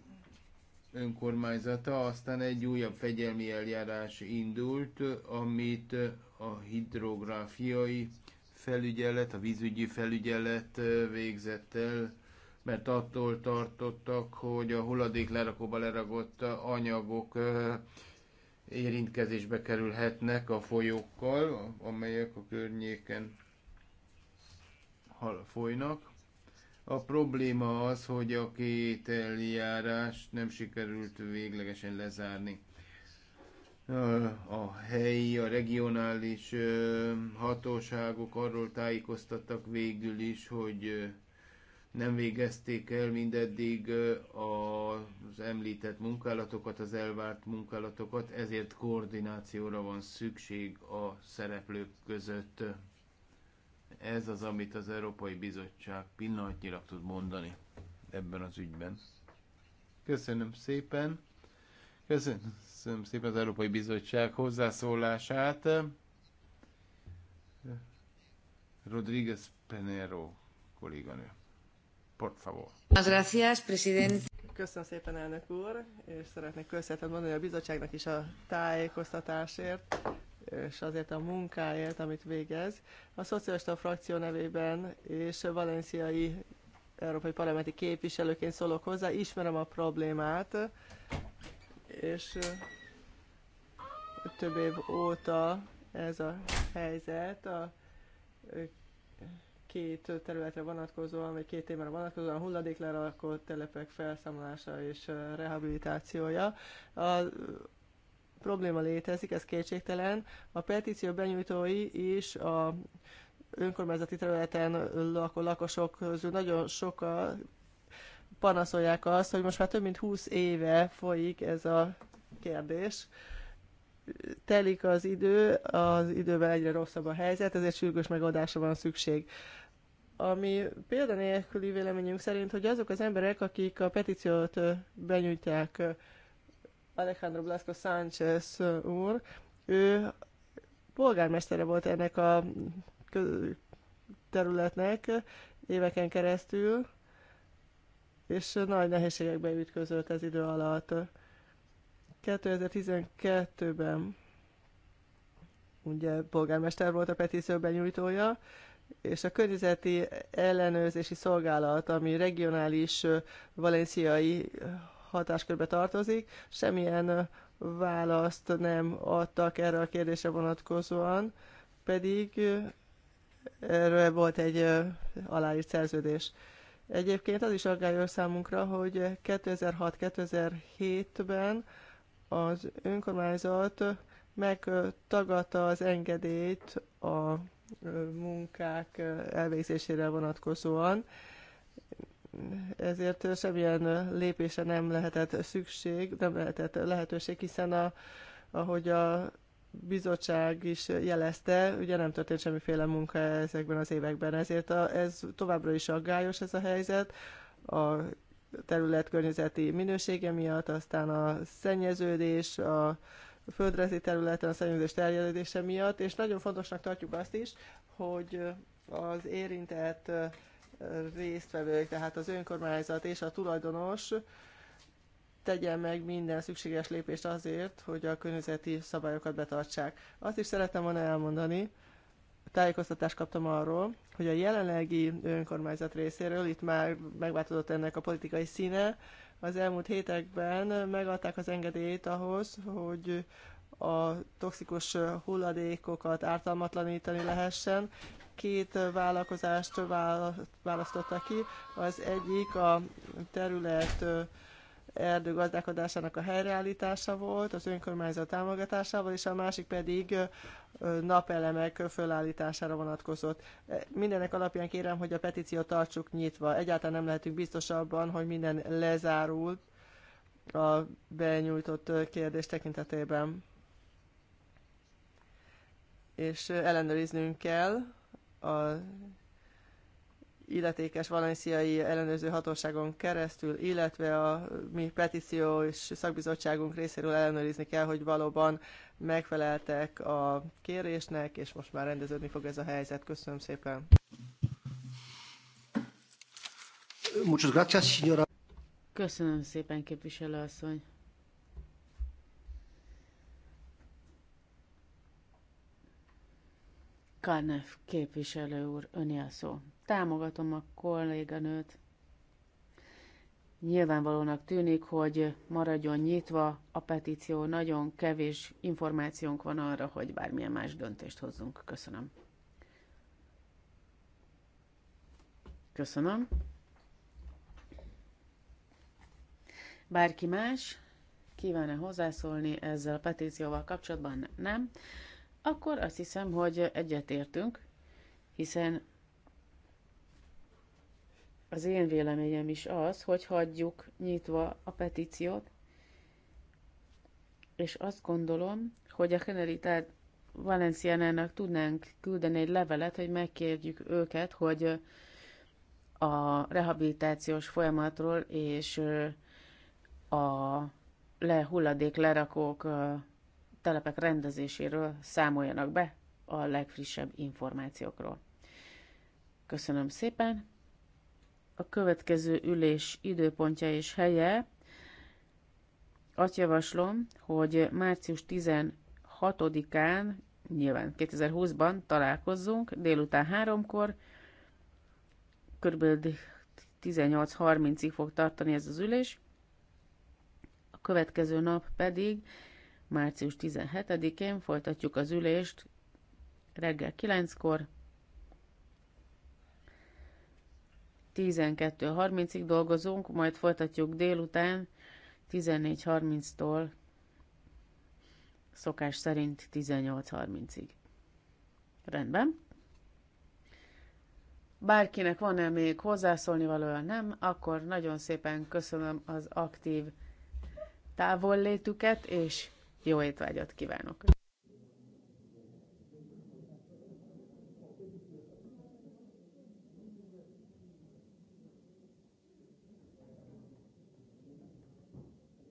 önkormányzata, aztán egy újabb fegyelmi eljárás indult, amit a hidrográfiai felügyelet, a vízügyi felügyelet végzett el, mert attól tartottak, hogy a hulladék lerakóba leragott anyagok érintkezésbe kerülhetnek a folyókkal, amelyek a környéken folynak. A probléma az, hogy a két eljárást nem sikerült véglegesen lezárni. A helyi, a regionális hatóságok arról tájékoztattak végül is, hogy nem végezték el mindeddig az említett munkálatokat, az elvárt munkálatokat, ezért koordinációra van szükség a szereplők között. Ez az, amit az Európai Bizottság pillanatnyilag tud mondani ebben az ügyben. Köszönöm szépen. Köszönöm szépen az Európai Bizottság hozzászólását. Rodríguez Penero kolléganő. Por favor. Gracias, presidente. Köszönöm szépen, elnök úr, és szeretnék köszönetet mondani a bizottságnak is a tájékoztatásért és azért a munkáért, amit végez. A szocialista frakció nevében és valenciai európai parlamenti képviselőként szólok hozzá, ismerem a problémát, és több év óta ez a helyzet a két területre vonatkozóan, vagy két témára vonatkozóan, hulladéklerakott telepek felszámolása és rehabilitációja. A probléma létezik, ez kétségtelen. A petíció benyújtói is a önkormányzati területen lakó lakosok közül nagyon sokkal panaszolják azt, hogy most már több mint 20 éve folyik ez a kérdés. Telik az idő, az idővel egyre rosszabb a helyzet, ezért sürgős megoldásra van szükség. Ami példanélküli véleményünk szerint, hogy azok az emberek, akik a petíciót benyújtják, Alejandro Blasco Sánchez úr, ő polgármestere volt ennek a területnek éveken keresztül, és nagy nehézségekbe ütközött ez idő alatt. 2012-ben ugye polgármester volt a petíció benyújtója, és a környezeti ellenőrzési szolgálat, ami regionális valenciai hatáskörbe tartozik. Semmilyen választ nem adtak erre a kérdésre vonatkozóan, pedig erről volt egy aláírt szerződés. Egyébként az is aggályos számunkra, hogy 2006-2007-ben az önkormányzat megtagadta az engedélyt a munkák elvégzésére vonatkozóan ezért semmilyen lépése nem lehetett szükség, nem lehetett lehetőség, hiszen a, ahogy a bizottság is jelezte, ugye nem történt semmiféle munka ezekben az években, ezért a, ez továbbra is aggályos ez a helyzet, a terület környezeti minősége miatt, aztán a szennyeződés, a földrajzi területen a szennyeződés terjedése miatt, és nagyon fontosnak tartjuk azt is, hogy az érintett résztvevők, tehát az önkormányzat és a tulajdonos tegyen meg minden szükséges lépést azért, hogy a környezeti szabályokat betartsák. Azt is szeretem volna elmondani, tájékoztatást kaptam arról, hogy a jelenlegi önkormányzat részéről, itt már megváltozott ennek a politikai színe, az elmúlt hétekben megadták az engedélyt ahhoz, hogy a toxikus hulladékokat ártalmatlanítani lehessen, két vállalkozást választotta ki. Az egyik a terület erdő gazdálkodásának a helyreállítása volt, az önkormányzat támogatásával, és a másik pedig napelemek fölállítására vonatkozott. E, mindenek alapján kérem, hogy a petíciót tartsuk nyitva. Egyáltalán nem lehetünk biztosabban, hogy minden lezárult a benyújtott kérdés tekintetében. És ellenőriznünk kell, a illetékes valenciai ellenőrző hatóságon keresztül, illetve a mi petíció és szakbizottságunk részéről ellenőrizni kell, hogy valóban megfeleltek a kérésnek, és most már rendeződni fog ez a helyzet. Köszönöm szépen. Köszönöm szépen, képviselőasszony. Karnev képviselő úr, öné a szó. Támogatom a kolléganőt. Nyilvánvalónak tűnik, hogy maradjon nyitva a petíció, nagyon kevés információnk van arra, hogy bármilyen más döntést hozzunk. Köszönöm. Köszönöm. Bárki más kíván-e hozzászólni ezzel a petícióval kapcsolatban? Nem akkor azt hiszem, hogy egyetértünk, hiszen az én véleményem is az, hogy hagyjuk nyitva a petíciót, és azt gondolom, hogy a Generitát Valenciánának tudnánk küldeni egy levelet, hogy megkérjük őket, hogy a rehabilitációs folyamatról és a lehulladék lerakók telepek rendezéséről számoljanak be a legfrissebb információkról. Köszönöm szépen! A következő ülés időpontja és helye azt javaslom, hogy március 16-án, nyilván 2020-ban találkozzunk, délután háromkor. kb. 18.30-ig fog tartani ez az ülés, a következő nap pedig Március 17-én folytatjuk az ülést reggel 9-kor. 12.30-ig dolgozunk, majd folytatjuk délután 14.30-tól szokás szerint 18.30-ig. Rendben. Bárkinek van-e még hozzászólni valója nem, akkor nagyon szépen köszönöm az aktív távollétüket, és jó étvágyat kívánok!